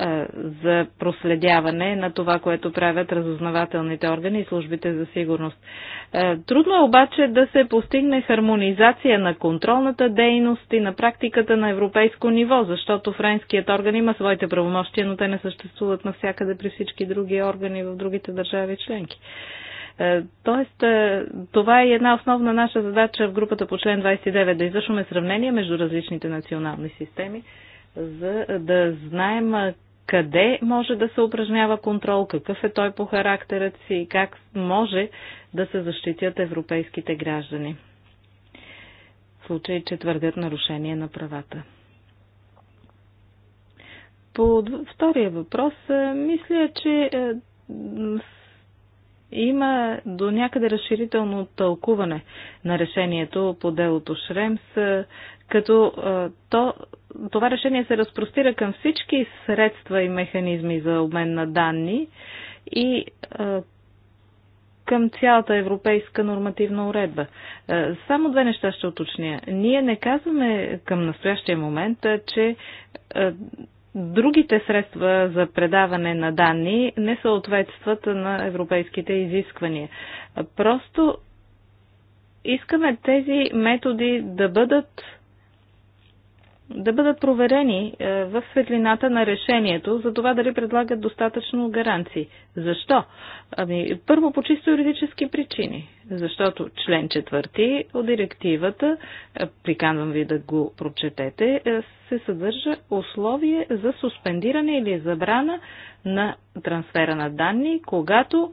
е, за проследяване на това, което правят разузнавателните органи и службите за сигурност. Е, трудно е обаче да се постигне хармонизация на контролната дейност и на практиката на европейско ниво, защото френският орган има своите правомощия, но те не съществуват навсякъде при всички други органи в другите държави членки. Е, тоест, това е една основна наша задача в групата по член 29 да извършваме сравнение между различните национални системи за да знаем къде може да се упражнява контрол, какъв е той по характерът си и как може да се защитят европейските граждани в случай, че твърдят нарушение на правата. По втория въпрос, мисля, че има до някъде разширително тълкуване на решението по делото Шремс, е, като е, то, това решение се разпростира към всички средства и механизми за обмен на данни и е, към цялата европейска нормативна уредба. Само две неща ще уточня. Ние не казваме към настоящия момент, че Другите средства за предаване на данни не съответстват на европейските изисквания. Просто искаме тези методи да бъдат да бъдат проверени е, в светлината на решението за това дали предлагат достатъчно гаранции. Защо? Ами, първо по чисто юридически причини. Защото член четвърти от директивата, е, приканвам ви да го прочетете, е, се съдържа условие за суспендиране или забрана на трансфера на данни, когато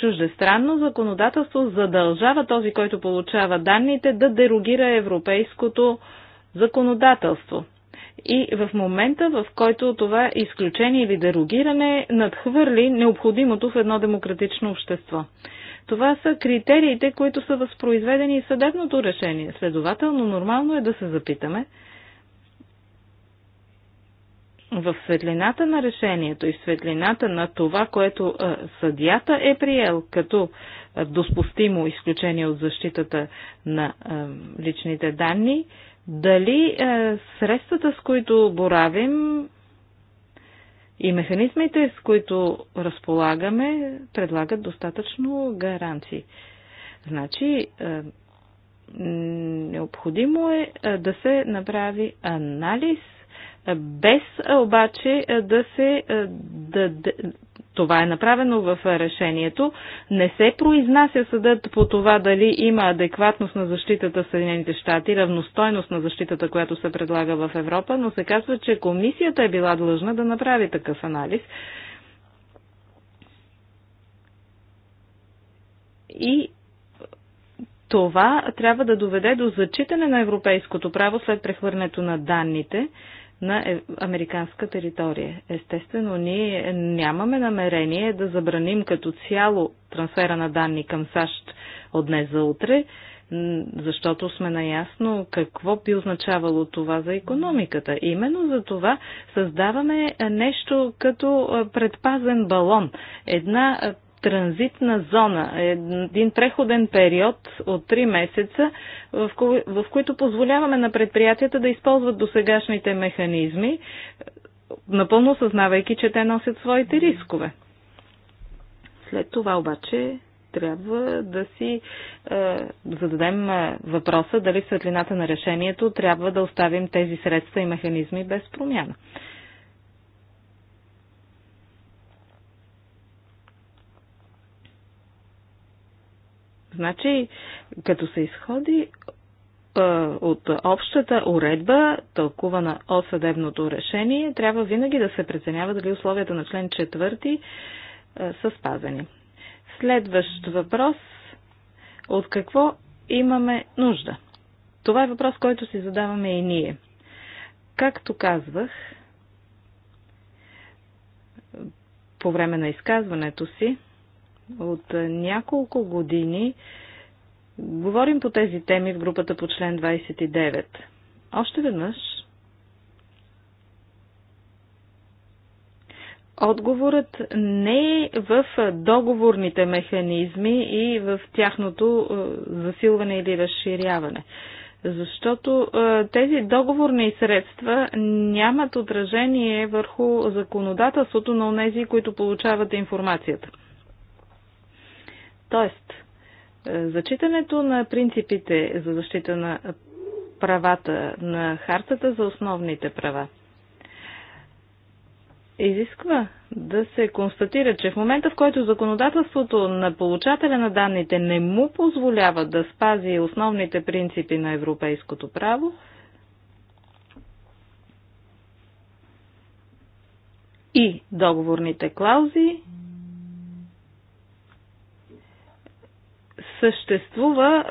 чуждестранно законодателство задължава този, който получава данните, да дерогира европейското законодателство. И в момента, в който това изключение или дерогиране надхвърли необходимото в едно демократично общество. Това са критериите, които са възпроизведени и съдебното решение. Следователно, нормално е да се запитаме в светлината на решението и в светлината на това, което съдята е приел като а, допустимо изключение от защитата на личните данни, дали е, средствата, с които боравим и механизмите, с които разполагаме, предлагат достатъчно гаранции. Значи, е, необходимо е, е да се направи анализ е, без е, обаче да се да, това е направено в решението. Не се произнася съдът по това дали има адекватност на защитата в Съединените щати, равностойност на защитата, която се предлага в Европа, но се казва, че комисията е била длъжна да направи такъв анализ. И това трябва да доведе до зачитане на европейското право след прехвърнето на данните, на е, американска територия. Естествено, ние нямаме намерение да забраним като цяло трансфера на данни към САЩ от днес за утре, защото сме наясно какво би означавало това за економиката. Именно за това създаваме нещо като предпазен балон, една транзитна зона, един преходен период от 3 месеца, в, ко... в които позволяваме на предприятията да използват досегашните механизми, напълно съзнавайки, че те носят своите рискове. След това обаче трябва да си е, зададем е, въпроса дали в светлината на решението трябва да оставим тези средства и механизми без промяна. Е, Значи, като се изходи от общата уредба, тълкувана от съдебното решение, трябва винаги да се преценява дали условията на член 4 са спазени. Следващ въпрос – от какво имаме нужда? Това е въпрос, който си задаваме и ние. Както казвах по време на изказването си, от е, няколко години говорим по тези теми в групата по член 29. Още веднъж. Отговорът не е в е, договорните механизми и в тяхното е, засилване или разширяване защото тези договорни средства нямат отражение върху законодателството на онези, които получават информацията. Тоест, е, зачитането на принципите за защита на правата, на хартата за основните права, изисква да се констатира, че в момента, в който законодателството на получателя на данните не му позволява да спази основните принципи на европейското право, и договорните клаузи, съществува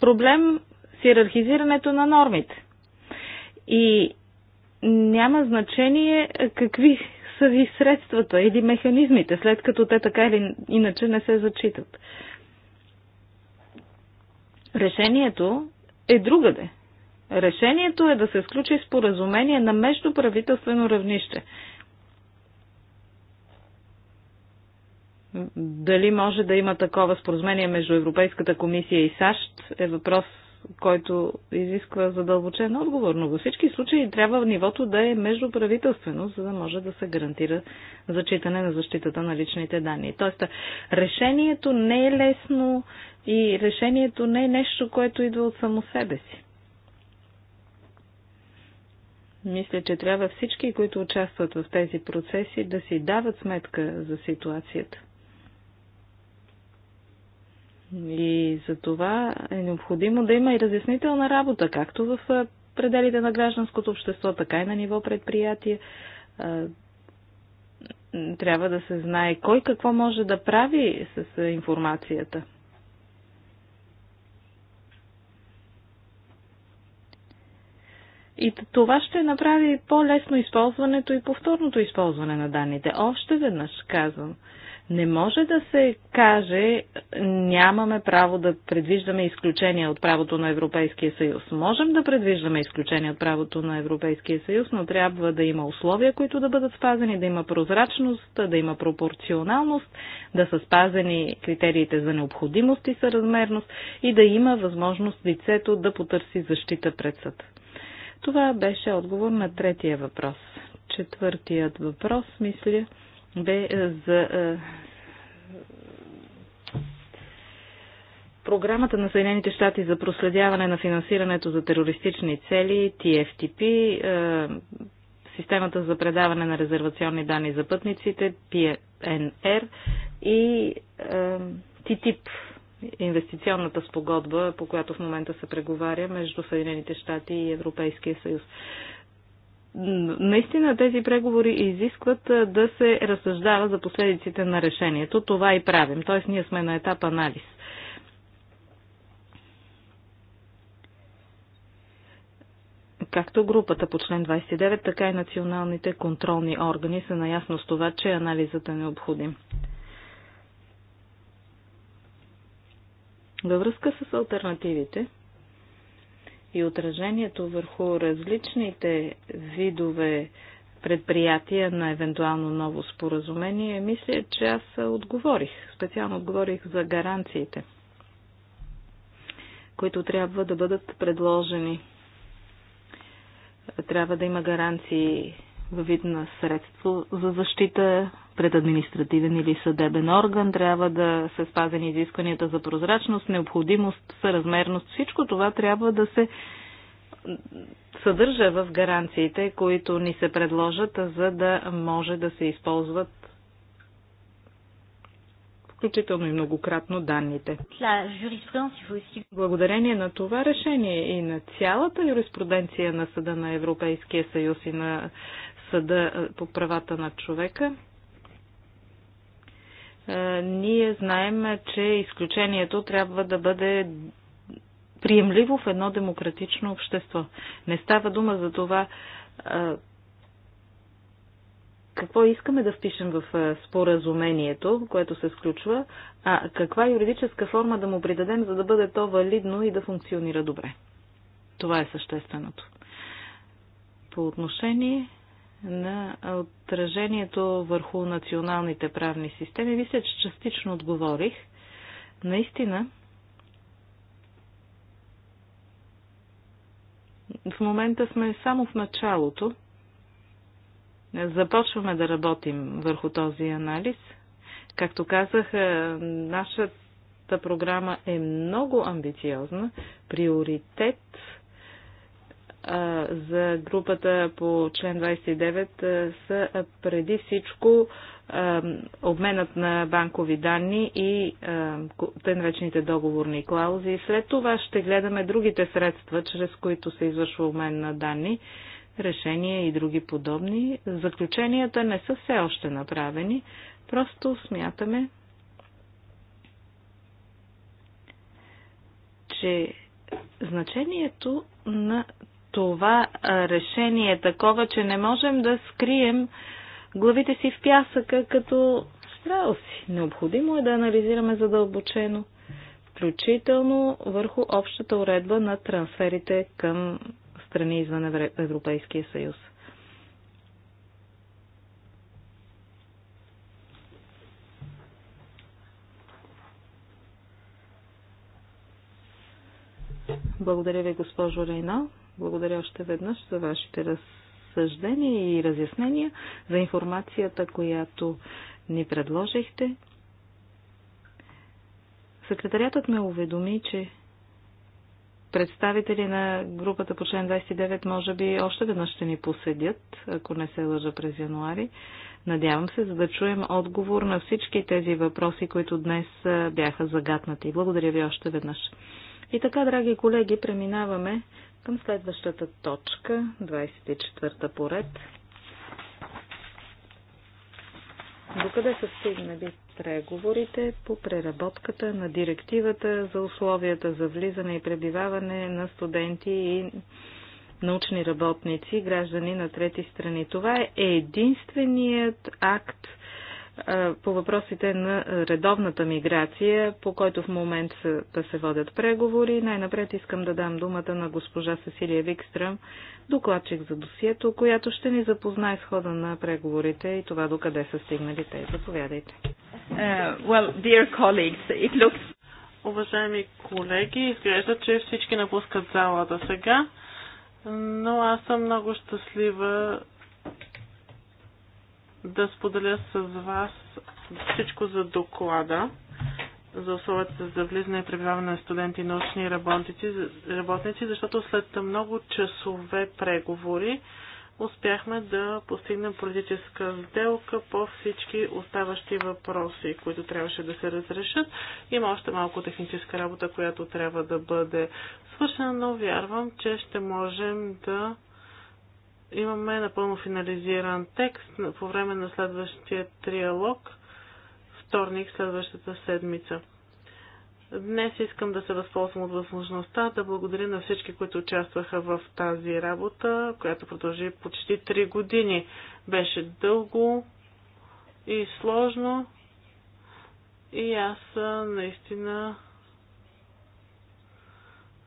проблем с иерархизирането на нормите. И няма значение какви са ви средствата или механизмите, след като те така или иначе не се зачитат. Решението е другаде. Решението е да се сключи споразумение на междуправителствено равнище – Дали може да има такова споразумение между Европейската комисия и САЩ е въпрос, който изисква задълбочен отговор, но във всички случаи трябва нивото да е междуправителствено, за да може да се гарантира зачитане на защитата на личните данни. Тоест, решението не е лесно и решението не е нещо, което идва от само себе си. Мисля, че трябва всички, които участват в тези процеси, да си дават сметка за ситуацията. И за това е необходимо да има и разяснителна работа, както в пределите на гражданското общество, така и на ниво предприятие. Трябва да се знае кой какво може да прави с информацията. И това ще направи по-лесно използването и повторното използване на данните. Още веднъж казвам – не може да се каже, нямаме право да предвиждаме изключения от правото на Европейския съюз. Можем да предвиждаме изключения от правото на Европейския съюз, но трябва да има условия, които да бъдат спазени, да има прозрачност, да има пропорционалност, да са спазени критериите за необходимост и съразмерност и да има възможност лицето да потърси защита пред съд. Това беше отговор на третия въпрос. Четвъртият въпрос, мисля, бе е, за е, Програмата на Съединените щати за проследяване на финансирането за терористични цели, TFTP, е, системата за предаване на резервационни данни за пътниците, PNR и TTIP, инвестиционната спогодба, по която в момента се преговаря между Съединените щати и Европейския съюз наистина тези преговори изискват да се разсъждава за последиците на решението. Това и правим. Т.е. ние сме на етап анализ. Както групата по член 29, така и националните контролни органи са наясно с това, че анализът е необходим. Във връзка с альтернативите, и отражението върху различните видове предприятия на евентуално ново споразумение, мисля, че аз отговорих. Специално отговорих за гаранциите, които трябва да бъдат предложени. Трябва да има гаранции във вид на средство за защита пред административен или съдебен орган, трябва да са спазени изискванията за прозрачност, необходимост, съразмерност. Всичко това трябва да се съдържа в гаранциите, които ни се предложат, за да може да се използват включително и многократно данните. Благодарение на това решение и на цялата юриспруденция на Съда на Европейския съюз и на Съда по правата на човека, е, ние знаем, че изключението трябва да бъде приемливо в едно демократично общество. Не става дума за това е, какво искаме да впишем в е, споразумението, което се сключва, а каква юридическа форма да му придадем, за да бъде то валидно и да функционира добре. Това е същественото. По отношение на отражението върху националните правни системи. Мисля, че частично отговорих. Наистина, в момента сме само в началото. Започваме да работим върху този анализ. Както казах, е, нашата програма е много амбициозна. Приоритет за групата по член 29 са преди всичко обменът на банкови данни и тъй наречените договорни клаузи. След това ще гледаме другите средства, чрез които се извършва обмен на данни, решения и други подобни. Заключенията не са все още направени, просто смятаме, че значението на това решение е такова, че не можем да скрием главите си в пясъка като страуси. Необходимо е да анализираме задълбочено, включително върху общата уредба на трансферите към страни извън Европейския съюз. Благодаря ви, госпожо Рейна. Благодаря още веднъж за вашите разсъждения и разяснения, за информацията, която ни предложихте. Секретариатът ме уведоми, че представители на групата по член 29 може би още веднъж ще ни поседят, ако не се лъжа през януари. Надявам се, за да чуем отговор на всички тези въпроси, които днес бяха загатнати. Благодаря ви още веднъж. И така, драги колеги, преминаваме към следващата точка, 24-та поред. Докъде са стигнали преговорите по преработката на директивата за условията за влизане и пребиваване на студенти и научни работници, граждани на трети страни. Това е единственият акт, по въпросите на редовната миграция, по който в момент да се водят преговори. Най-напред искам да дам думата на госпожа Сесилия Викстрам, докладчик за досието, която ще ни запознае с хода на преговорите и това докъде са стигнали те. Заповядайте. Uh, well, dear colleagues, it looks... Уважаеми колеги, изглежда, че всички напускат залата сега, но аз съм много щастлива да споделя с вас всичко за доклада за условията за влизане и пребиваване на студенти и научни работници, работници, защото след много часове преговори успяхме да постигнем политическа сделка по всички оставащи въпроси, които трябваше да се разрешат. Има още малко техническа работа, която трябва да бъде свършена, но вярвам, че ще можем да имаме напълно финализиран текст по време на следващия триалог, вторник следващата седмица. Днес искам да се възползвам от възможността да благодаря на всички, които участваха в тази работа, която продължи почти 3 години. Беше дълго и сложно и аз наистина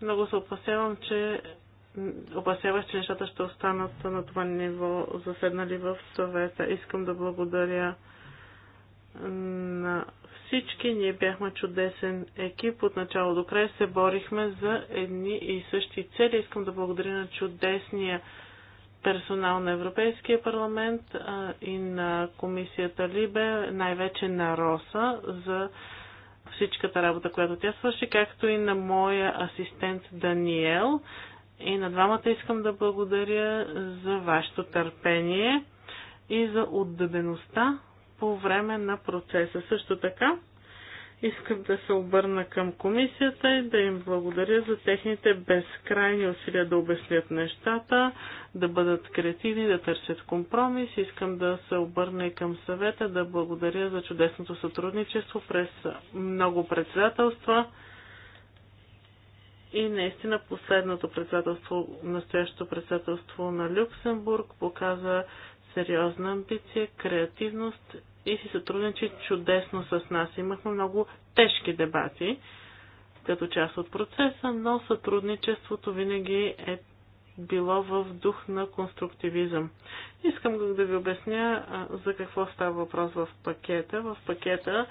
много се опасявам, че опасявах, че нещата ще останат на това ниво, заседнали в съвета. Искам да благодаря на всички. Ние бяхме чудесен екип. От начало до край се борихме за едни и същи цели. Искам да благодаря на чудесния персонал на Европейския парламент а, и на комисията Либе, най-вече на Роса, за всичката работа, която тя свърши, както и на моя асистент Даниел и на двамата искам да благодаря за вашето търпение и за отдадеността по време на процеса. Също така, искам да се обърна към комисията и да им благодаря за техните безкрайни усилия да обяснят нещата, да бъдат креативни, да търсят компромис. Искам да се обърна и към съвета, да благодаря за чудесното сътрудничество през много председателства. И наистина последното председателство, настоящото председателство на Люксембург показа сериозна амбиция, креативност и си сътрудничи чудесно с нас. Имахме много тежки дебати като част от процеса, но сътрудничеството винаги е било в дух на конструктивизъм. Искам да ви обясня за какво става въпрос в пакета. В пакета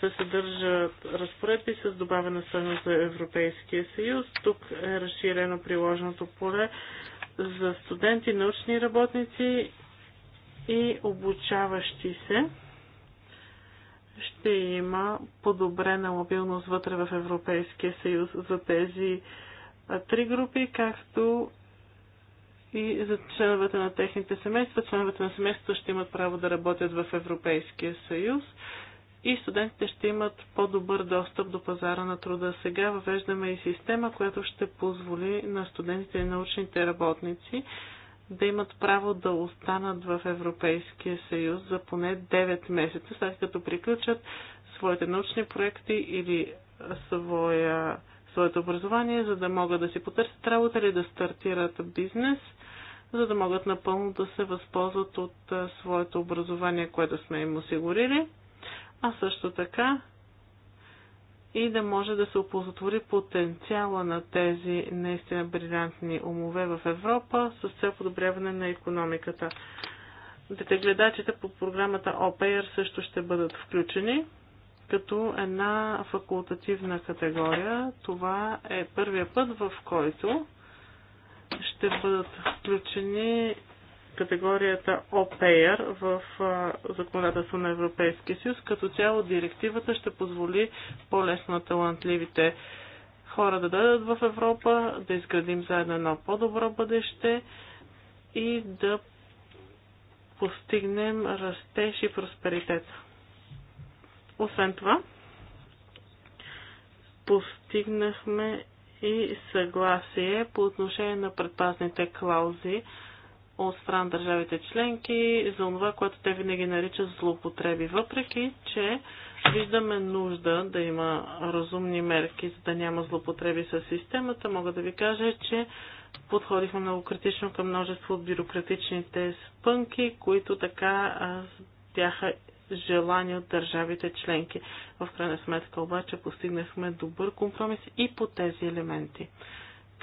се съдържат разпоредби с добавена стойност за Европейския съюз. Тук е разширено приложеното поле за студенти, научни работници и обучаващи се. Ще има подобрена мобилност вътре в Европейския съюз за тези три групи, както и за членовете на техните семейства. Членовете на семейства ще имат право да работят в Европейския съюз и студентите ще имат по-добър достъп до пазара на труда. Сега въвеждаме и система, която ще позволи на студентите и научните работници да имат право да останат в Европейския съюз за поне 9 месеца, след като приключат своите научни проекти или своя, своето образование, за да могат да си потърсят работа или да стартират бизнес, за да могат напълно да се възползват от своето образование, което сме им осигурили а също така и да може да се опозотвори потенциала на тези наистина брилянтни умове в Европа с цел подобряване на економиката. Детегледачите по програмата ОПЕР също ще бъдат включени като една факултативна категория. Това е първия път, в който ще бъдат включени категорията ОПЕР в законодателство на Европейския съюз. Като цяло директивата ще позволи по-лесно на талантливите хора да дадат в Европа, да изградим заедно едно по-добро бъдеще и да постигнем растеж и просперитет. Освен това, постигнахме и съгласие по отношение на предпазните клаузи от страна държавите членки за това, което те винаги наричат злоупотреби. Въпреки, че виждаме нужда да има разумни мерки, за да няма злоупотреби с системата, мога да ви кажа, че подходихме много критично към множество от бюрократичните спънки, които така бяха желани от държавите членки. В крайна сметка обаче постигнахме добър компромис и по тези елементи.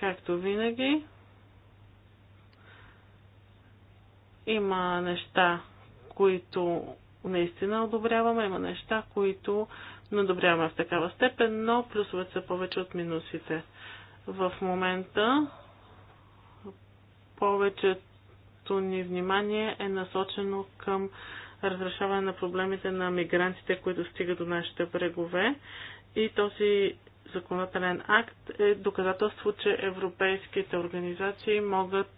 Както винаги, Има неща, които наистина одобряваме, има неща, които не одобряваме в такава степен, но плюсовете са повече от минусите. В момента повечето ни внимание е насочено към разрешаване на проблемите на мигрантите, които стигат до нашите брегове. И този законодателен акт е доказателство, че европейските организации могат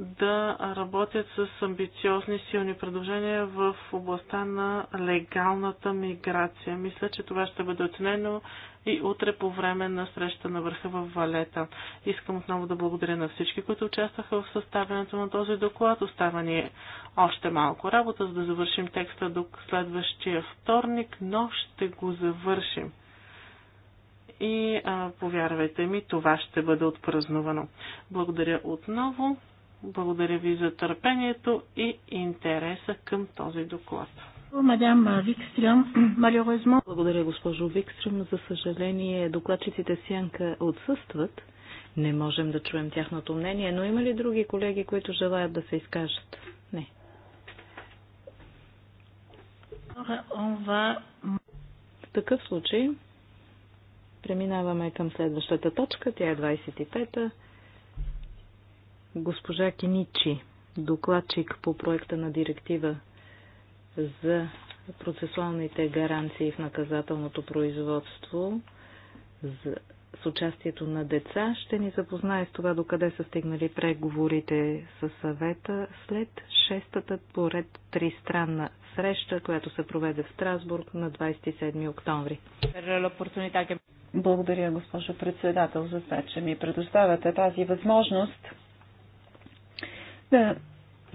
да работят с амбициозни силни предложения в областта на легалната миграция. Мисля, че това ще бъде оценено и утре по време на среща на върха в Валета. Искам отново да благодаря на всички, които участваха в съставянето на този доклад. Остава ни още малко работа, за да завършим текста до следващия вторник, но ще го завършим и а, повярвайте ми, това ще бъде отпразнувано. Благодаря отново. Благодаря ви за търпението и интереса към този доклад. Мадам Викстрем, малюрезмо. Благодаря, госпожо Викстрем. За съжаление, докладчиците Сянка отсъстват. Не можем да чуем тяхното мнение, но има ли други колеги, които желаят да се изкажат? Не. В такъв случай преминаваме към следващата точка. Тя е 25-та. Госпожа Киничи, докладчик по проекта на директива за процесуалните гаранции в наказателното производство за, с участието на деца, ще ни запознае с това докъде са стигнали преговорите с съвета след шестата поред тристранна среща, която се проведе в Страсбург на 27 октомври. Благодаря, госпожо председател, за това, че ми предоставяте тази възможност да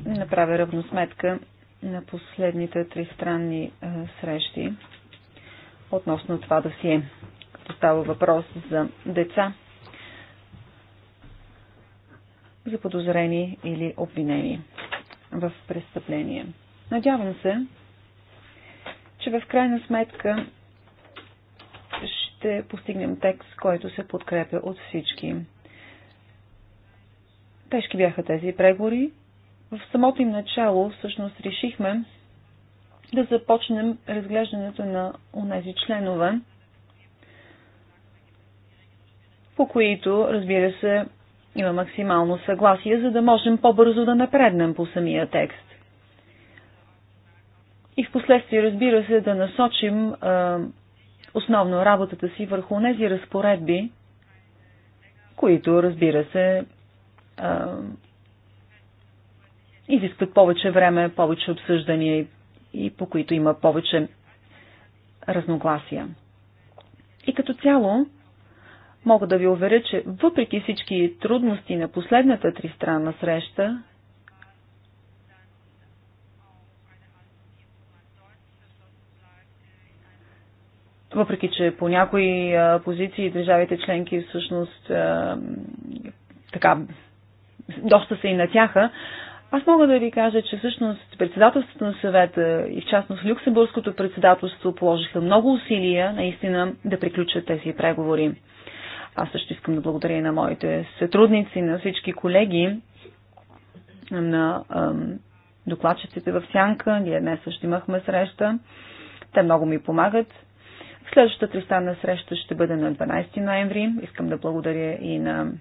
направя равносметка на последните тристранни а, срещи относно това да си е, като става въпрос за деца, за подозрени или обвинени в престъпление. Надявам се, че в крайна сметка ще постигнем текст, който се подкрепя от всички. Тежки бяха тези преговори. В самото им начало всъщност решихме да започнем разглеждането на онези членове, по които, разбира се, има максимално съгласие, за да можем по-бързо да напреднем по самия текст. И в последствие, разбира се, да насочим а, основно работата си върху тези разпоредби, които, разбира се, изискват повече време, повече обсъждания и, и по които има повече разногласия. И като цяло, мога да ви уверя, че въпреки всички трудности на последната тристранна среща, въпреки че по някои позиции държавите членки всъщност така доста се и натяха. Аз мога да ви кажа, че всъщност председателството на съвета и в частност Люксембургското председателство положиха много усилия наистина да приключат тези преговори. Аз също искам да благодаря и на моите сътрудници, на всички колеги, на ам, докладчиците в Сянка. Ние днес също имахме среща. Те много ми помагат. Следващата тристанна среща ще бъде на 12 ноември. Искам да благодаря и на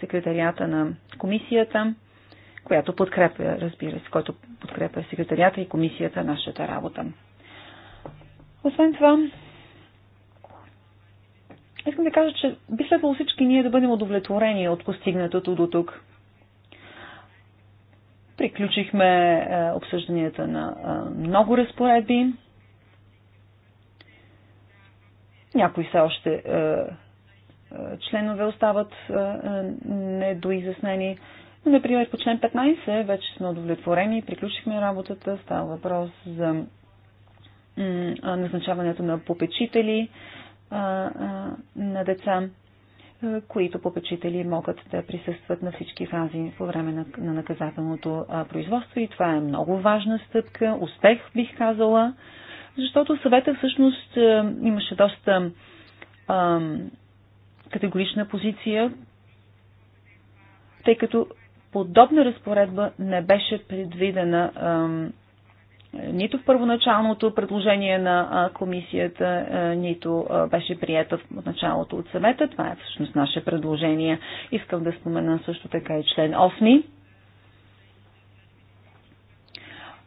секретарията на комисията, която подкрепя, разбира се, който подкрепя секретарията и комисията нашата работа. Освен това, искам да кажа, че би следвало всички ние да бъдем удовлетворени от постигнатото до тук. Приключихме е, обсъжданията на е, много разпоредби. Някои все още е, членове остават е, е, недоизяснени. Например, по член 15 вече сме удовлетворени, приключихме работата, става въпрос за назначаването на попечители на деца, е, които попечители могат да присъстват на всички фази по време на, наказателното производство и това е много важна стъпка, успех бих казала, защото съвета всъщност имаше доста категорична позиция, тъй като подобна разпоредба не беше предвидена нито в първоначалното предложение на комисията, нито беше приета в началото от съвета. Това е всъщност наше предложение. Искам да спомена също така и член 8.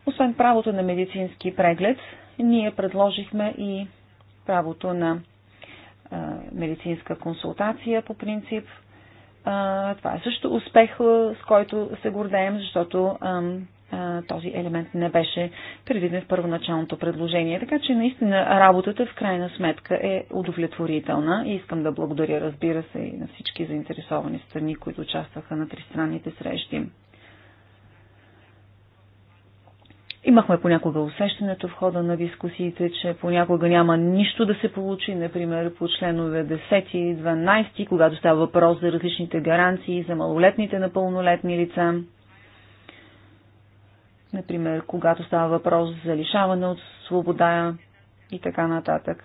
Освен правото на медицински преглед, ние предложихме и правото на медицинска консултация по принцип. Това е също успех, с който се гордеем, защото този елемент не беше предвиден в първоначалното предложение. Така че наистина работата в крайна сметка е удовлетворителна и искам да благодаря, разбира се, и на всички заинтересовани страни, които участваха на тристранните срещи. Имахме понякога усещането в хода на дискусиите, че понякога няма нищо да се получи, например по членове 10 и 12, когато става въпрос за различните гаранции за малолетните на пълнолетни лица. Например, когато става въпрос за лишаване от свобода и така нататък.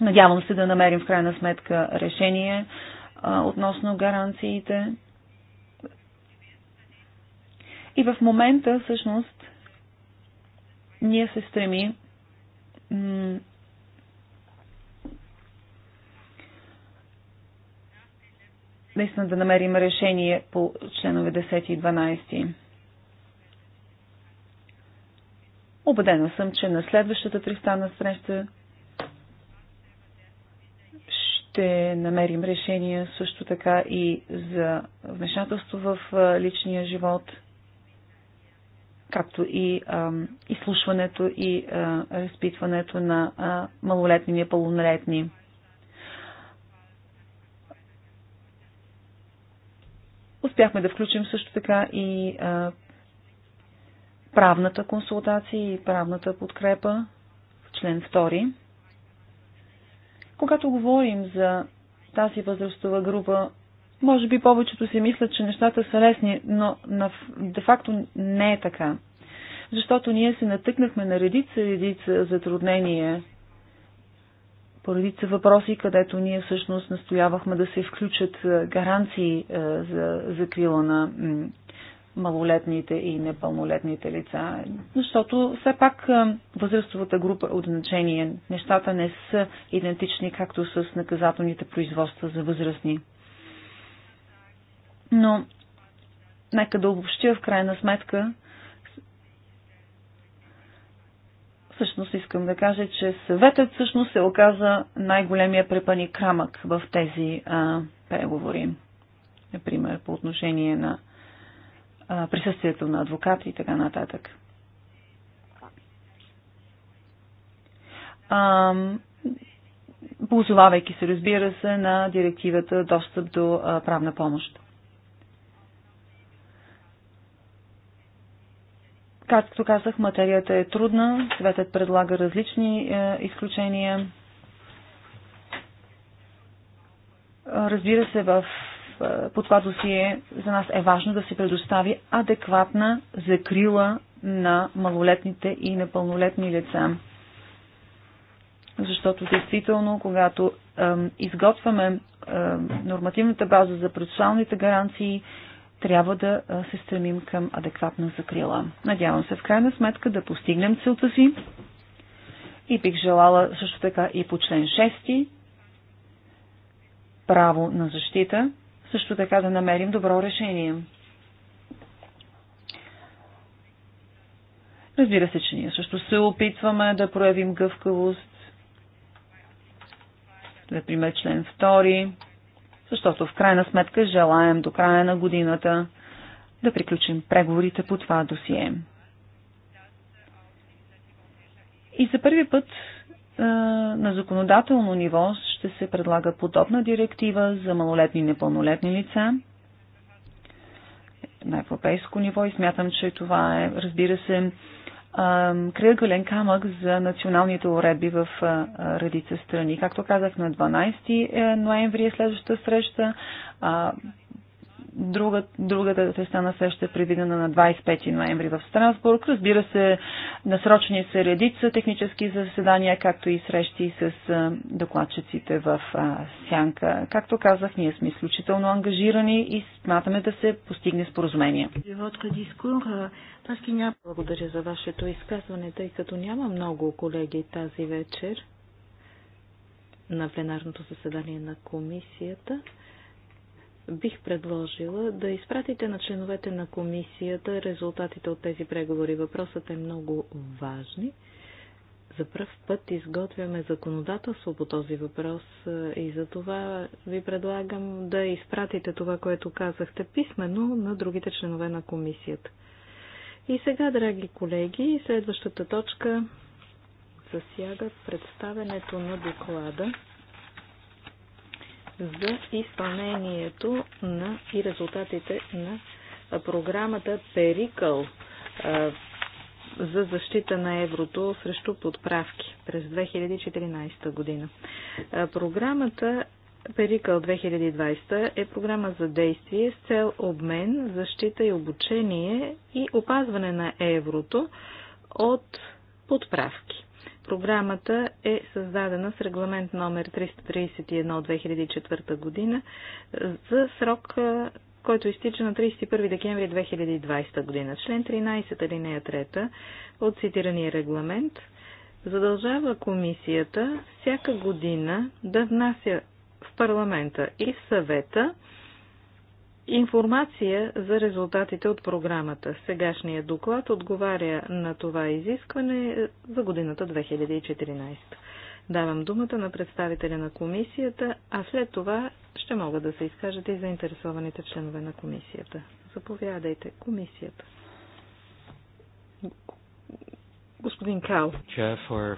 Надявам се да намерим в крайна сметка решение а, относно гаранциите. И в момента, всъщност, ние се стреми. наистина да намерим решение по членове 10 и 12. Обадена съм, че на следващата тристана среща ще намерим решение също така и за вмешателство в личния живот – както и а, изслушването и а, разпитването на а, малолетни и пълнолетни. Успяхме да включим също така и а, правната консултация и правната подкрепа в член 2. Когато говорим за тази възрастова група, може би повечето си мислят, че нещата са лесни, но де-факто не е така. Защото ние се натъкнахме на редица редица затруднения, по редица въпроси, където ние всъщност настоявахме да се включат е, гаранции е, за закрила на малолетните и непълнолетните лица. Защото все пак е, възрастовата група от значение, нещата не са идентични както с наказателните производства за възрастни. Но нека да обобщя в крайна сметка. Всъщност искам да кажа, че съветът всъщност се оказа най-големия препани камък в тези а, преговори. Например, по отношение на а, присъствието на адвокати и така нататък. А, позовавайки се, разбира се, на директивата достъп до а, правна помощ. Както казах, материята е трудна, светът предлага различни е, изключения. Разбира се, в подклад е, за нас е важно да се предостави адекватна закрила на малолетните и непълнолетни лица. Защото действително, когато е, изготвяме е, нормативната база за процесуалните гаранции, трябва да се стремим към адекватна закрила. Надявам се в крайна сметка да постигнем целта си и бих желала също така и по член 6 право на защита, също така да намерим добро решение. Разбира се, че ние също се опитваме да проявим гъвкавост. Например, член 2 защото в крайна сметка желаем до края на годината да приключим преговорите по това досие. И за първи път на законодателно ниво ще се предлага подобна директива за малолетни и непълнолетни лица на европейско ниво и смятам, че това е, разбира се, крият камък за националните уредби в редица страни. Както казах, на 12 е, ноември е следващата среща друга, другата среща на среща е предвидена на 25 ноември в Страсбург. Разбира се, насрочени са редица технически заседания, както и срещи с докладчиците в Сянка. Както казах, ние сме изключително ангажирани и смятаме да се постигне споразумение. Благодаря за вашето изказване, тъй като няма много колеги тази вечер на пленарното заседание на комисията бих предложила да изпратите на членовете на комисията резултатите от тези преговори. Въпросът е много важни. За пръв път изготвяме законодателство по този въпрос и за това ви предлагам да изпратите това, което казахте писменно на другите членове на комисията. И сега, драги колеги, следващата точка засяга представенето на доклада за изпълнението на и резултатите на програмата Перикъл за защита на еврото срещу подправки през 2014 година. Програмата Перикъл 2020 е програма за действие с цел обмен, защита и обучение и опазване на еврото от подправки. Програмата е създадена с регламент номер 331 от 2004 година е, за срок, е, който изтича на 31 декември 2020 година. Член 13 алинея 3 от цитирания регламент задължава комисията всяка година да внася в парламента и в съвета Информация за резултатите от програмата. Сегашния доклад отговаря на това изискване за годината 2014. Давам думата на представителя на комисията, а след това ще могат да се изкажат и заинтересованите членове на комисията. Заповядайте, комисията. Господин Као, Кал.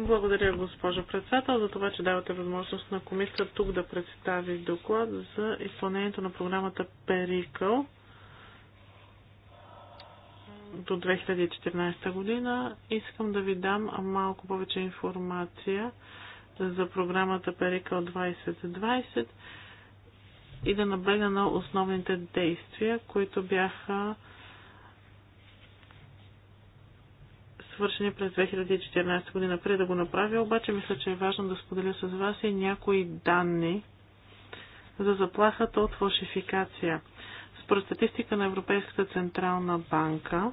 Благодаря, госпожо председател, за това, че давате възможност на комисията тук да представи доклад за изпълнението на програмата Перикъл до 2014 година. Искам да ви дам малко повече информация за програмата Перикъл 2020 и да наблегна на основните действия, които бяха свършени през 2014 година. Преди да го направя, обаче мисля, че е важно да споделя с вас и някои данни за заплахата от фалшификация. Според статистика на Европейската централна банка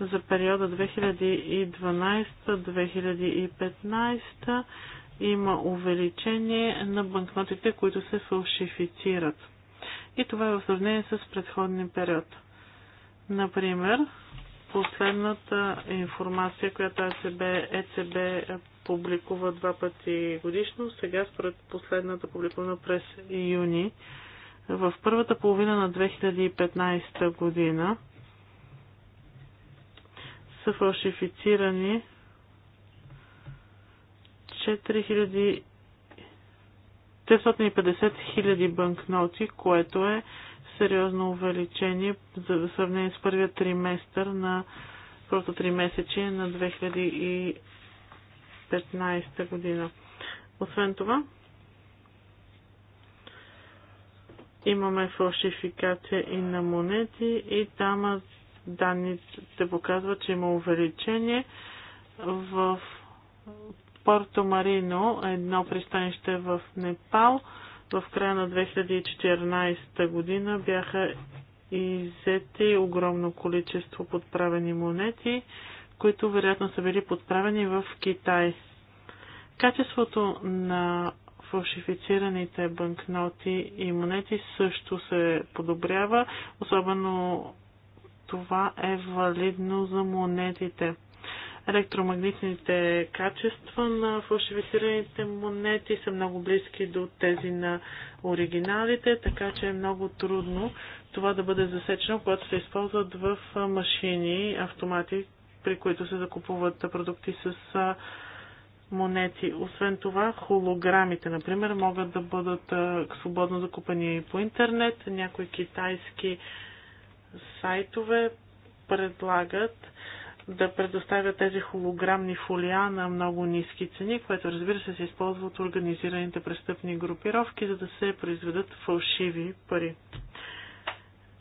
за периода 2012-2015 има увеличение на банкнотите, които се фалшифицират. И това е в сравнение с предходния период. Например, последната информация, която ЕЦБ, ЕЦБ публикува два пъти годишно, сега според последната публикувана през юни, в първата половина на 2015 година са фалшифицирани 4000 450 хиляди банкноти, което е сериозно увеличение за сравнение с първия триместър на просто три месече на 2015 година. Освен това, имаме фалшификация и на монети и там данните показват, че има увеличение в Порто Марино, едно пристанище в Непал – в края на 2014 година бяха иззети огромно количество подправени монети, които вероятно са били подправени в Китай. Качеството на фалшифицираните банкноти и монети също се подобрява, особено това е валидно за монетите електромагнитните качества на фалшифицираните монети са много близки до тези на оригиналите, така че е много трудно това да бъде засечено, когато се използват в машини, автомати, при които се закупуват продукти с монети. Освен това, холограмите, например, могат да бъдат свободно закупени и по интернет. Някои китайски сайтове предлагат да предоставя тези холограмни фолия на много ниски цени, което разбира се се използва от организираните престъпни групировки, за да се произведат фалшиви пари.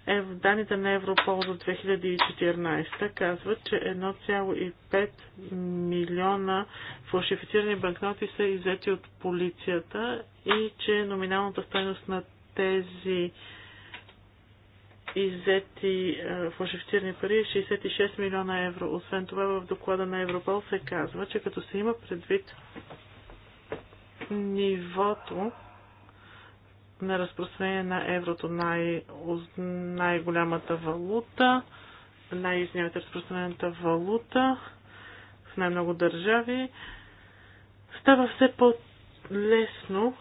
Е, в данните на Европол за 2014 казват, че 1,5 милиона фалшифицирани банкноти са иззети от полицията и че номиналната стойност на тези иззети е, фалшифицирани пари е 66 милиона евро. Освен това в доклада на Европол се казва, че като се има предвид нивото на разпространение на еврото, най- най-голямата валута, най-извинявайте, разпространената валута в най-много държави, става все по-лесно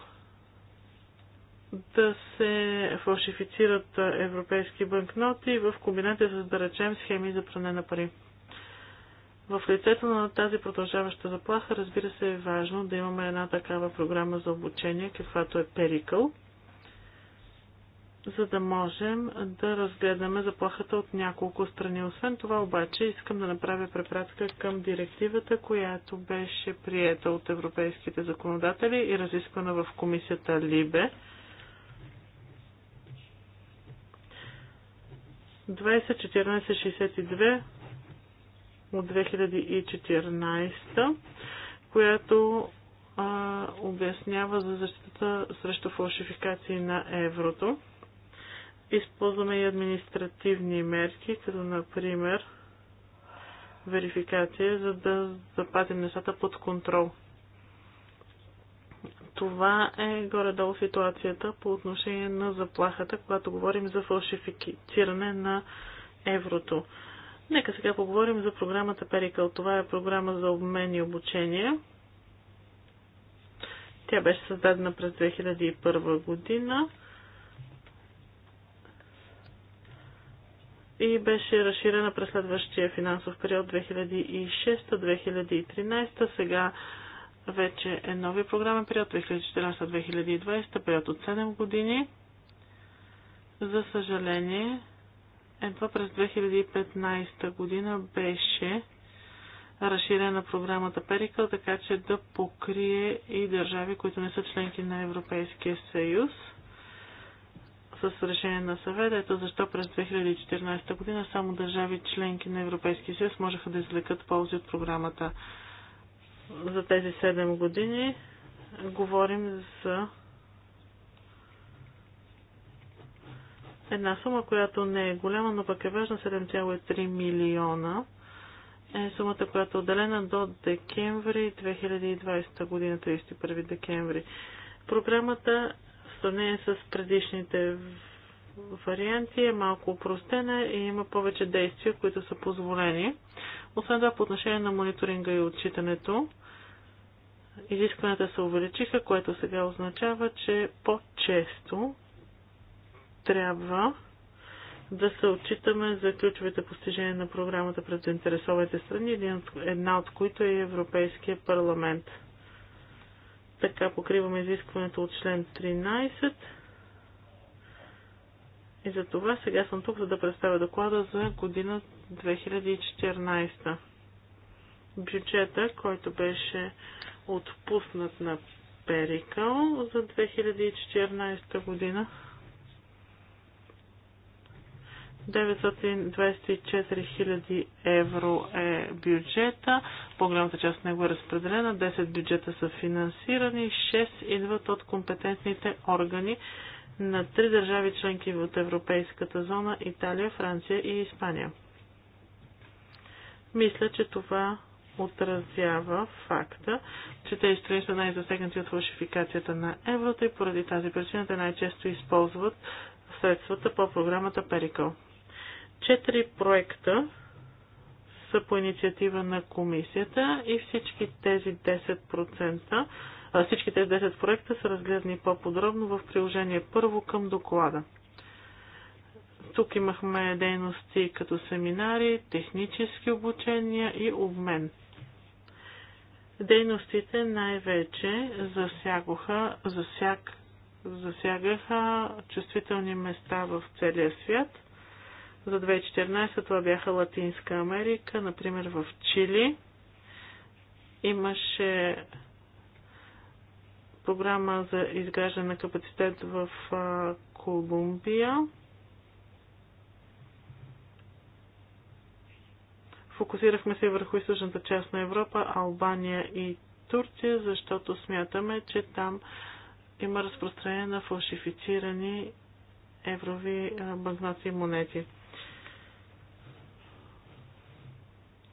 да се фалшифицират европейски банкноти в комбинация с, да речем, схеми за пране на пари. В лицето на тази продължаваща заплаха, разбира се, е важно да имаме една такава програма за обучение, каквато е Перикъл, за да можем да разгледаме заплахата от няколко страни. Освен това обаче искам да направя препратка към директивата, която беше приета от европейските законодатели и разисквана в комисията Либе 2014-62 от 2014, която а, обяснява за защитата срещу фалшификации на еврото. Използваме и административни мерки, като например верификация, за да запазим нещата под контрол това е горе-долу ситуацията по отношение на заплахата, когато говорим за фалшифициране на еврото. Нека сега поговорим за програмата Перикъл. Това е програма за обмен и обучение. Тя беше създадена през 2001 година и беше разширена през следващия финансов период 2006-2013. Сега вече е новия програмен период 2014-2020, период от 7 години. За съжаление, едва през 2015 година беше разширена програмата Перикъл, така че да покрие и държави, които не са членки на Европейския съюз с решение на съвета. Ето защо през 2014 година само държави членки на Европейския съюз можеха да извлекат ползи от програмата за тези 7 години говорим за една сума, която не е голяма, но пък е важна 7,3 милиона. Е сумата, която е отделена до декември 2020 година, 31 декември. Програмата в сравнение с предишните варианти е малко упростена и има повече действия, които са позволени. Освен това, по отношение на мониторинга и отчитането, изискванията се увеличиха, което сега означава, че по-често трябва да се отчитаме за ключовите постижения на програмата пред заинтересованите страни, една от които е Европейския парламент. Така покриваме изискването от член 13. И за това сега съм тук, за да представя доклада за година 2014. Бюджета, който беше отпуснат на Перикал за 2014 година. 924 000 евро е бюджета. По-голямата част от него е разпределена. 10 бюджета са финансирани. 6 идват от компетентните органи на три държави членки от Европейската зона Италия, Франция и Испания. Мисля, че това отразява факта, че тези страни са най-засегнати от фалшификацията на еврото и поради тази причина те най-често използват средствата по програмата Перикъл. Четири проекта са по инициатива на комисията и всички тези 10%, всички тези 10 проекта са разгледани по-подробно в приложение първо към доклада. Тук имахме дейности като семинари, технически обучения и обмен. Дейностите най-вече засягаха, засяг, засягаха чувствителни места в целия свят. За 2014 това бяха Латинска Америка, например в Чили. Имаше програма за изграждане на капацитет в Колумбия. Фокусирахме се върху източната част на Европа, Албания и Турция, защото смятаме, че там има разпространение на фалшифицирани еврови банкноти и монети.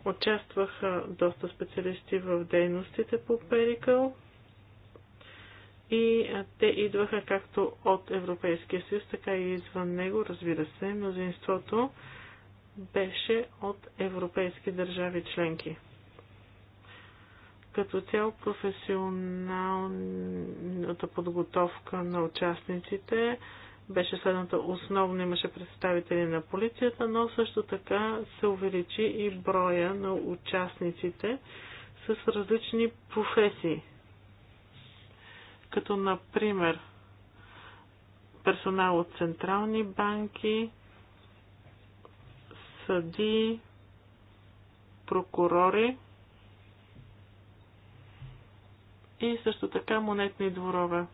Участваха доста специалисти в дейностите по Перикъл и те идваха както от Европейския съюз, така и извън него, разбира се, мнозинството беше от европейски държави членки. Като цяло професионалната подготовка на участниците беше следната основно имаше представители на полицията, но също така се увеличи и броя на участниците с различни професии. Като например персонал от централни банки, съди, прокурори и също така монетни дворове.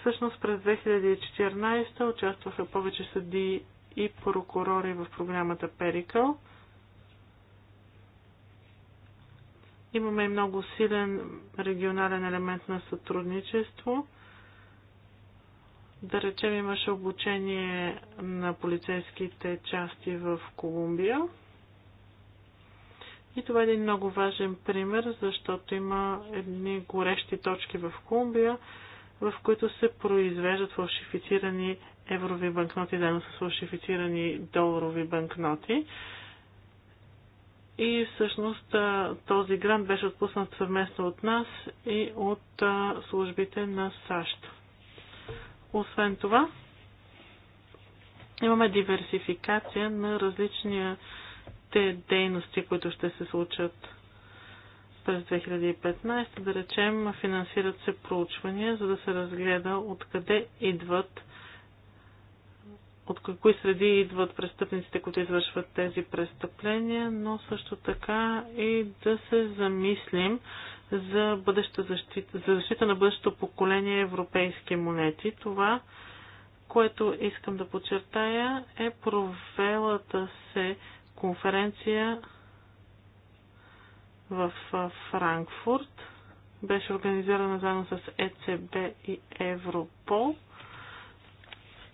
Всъщност през 2014 участваха повече съди и прокурори в програмата Перикъл. Имаме много силен регионален елемент на сътрудничество. Да речем имаше обучение на полицейските части в Колумбия. И това е един много важен пример, защото има едни горещи точки в Колумбия, в които се произвеждат фалшифицирани еврови банкноти, заедно с фалшифицирани доларови банкноти. И всъщност този грант беше отпуснат съвместно от нас и от службите на САЩ. Освен това, имаме диверсификация на различните дейности, които ще се случат през 2015. Да речем, финансират се проучвания, за да се разгледа откъде идват от кои среди идват престъпниците, които извършват тези престъпления, но също така и да се замислим за, бъдеща защита, за защита на бъдещето поколение европейски монети. Това, което искам да подчертая, е провелата се конференция в Франкфурт. Беше организирана заедно с ЕЦБ и Европол.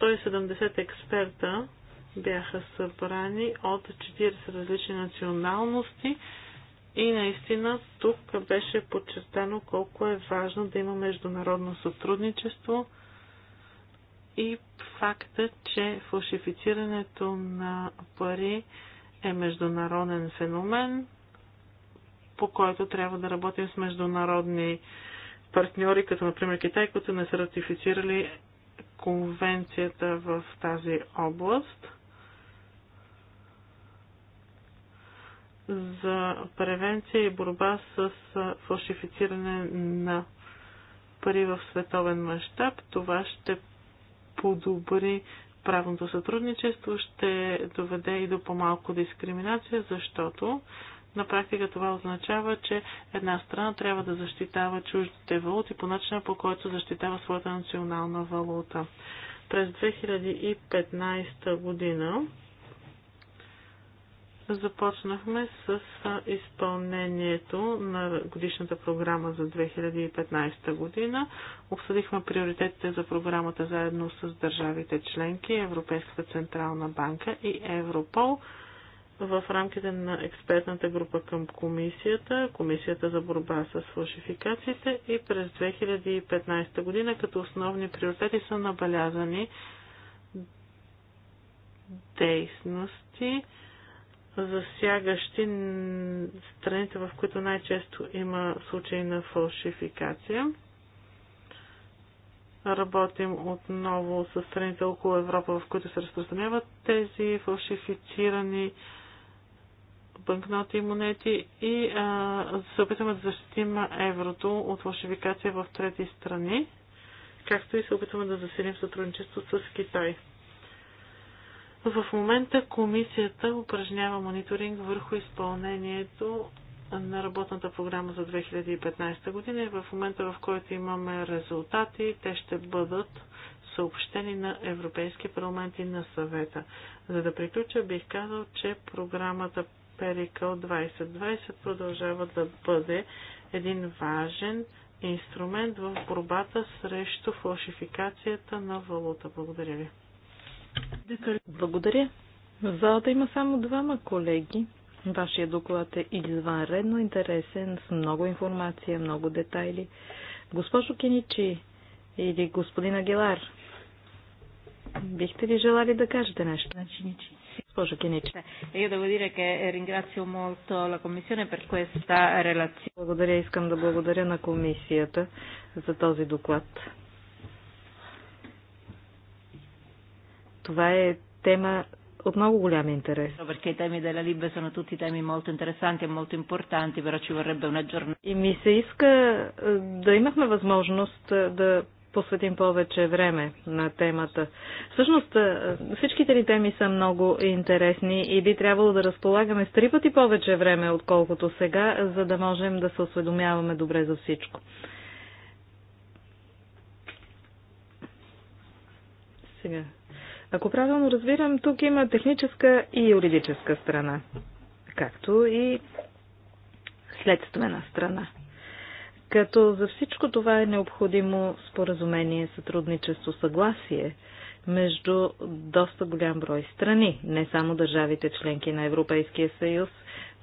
170 експерта бяха събрани от 40 различни националности и наистина тук беше подчертано колко е важно да има международно сътрудничество и факта, че фалшифицирането на пари е международен феномен, по който трябва да работим с международни партньори, като например Китай, които не са ратифицирали конвенцията в тази област. за превенция и борба с фалшифициране на пари в световен мащаб. Това ще подобри правното сътрудничество, ще доведе и до по-малко дискриминация, защото на практика това означава, че една страна трябва да защитава чуждите валути по начина по който защитава своята национална валута. През 2015 година започнахме с изпълнението на годишната програма за 2015 година. Обсъдихме приоритетите за програмата заедно с държавите членки, Европейската централна банка и Европол в рамките на експертната група към комисията, Комисията за борба с фалшификациите и през 2015 година като основни приоритети са набелязани дейности, засягащи страните, в които най-често има случаи на фалшификация. Работим отново с страните около Европа, в които се разпространяват тези фалшифицирани банкноти и монети и а, се опитваме да защитим еврото от фалшификация в трети страни, както и се опитваме да засилим сътрудничество с Китай. В момента комисията упражнява мониторинг върху изпълнението на работната програма за 2015 година и в момента в който имаме резултати, те ще бъдат съобщени на Европейския парламент и на съвета. За да приключа, бих казал, че програмата Перикъл 2020 продължава да бъде един важен инструмент в борбата срещу фалшификацията на валута. Благодаря ви. Благодаря. В залата има само двама колеги. Вашия доклад е извънредно интересен, с много информация, много детайли. Госпожо Киничи или господин Агилар, бихте ли желали да кажете нещо? Госпожо Киничи. Благодаря, искам да благодаря на комисията за този доклад. Това е тема от много голям интерес. E и ми се иска е, да имахме възможност е, да посветим повече време на темата. Всъщност, е, всичките ни теми са много интересни и би трябвало да разполагаме с три пъти повече време, отколкото сега, за да можем да се осведомяваме добре за всичко. Сега. Ако правилно разбирам, тук има техническа и юридическа страна, както и следствена страна. Като за всичко това е необходимо споразумение, сътрудничество, съгласие между доста голям брой страни, не само държавите членки на Европейския съюз,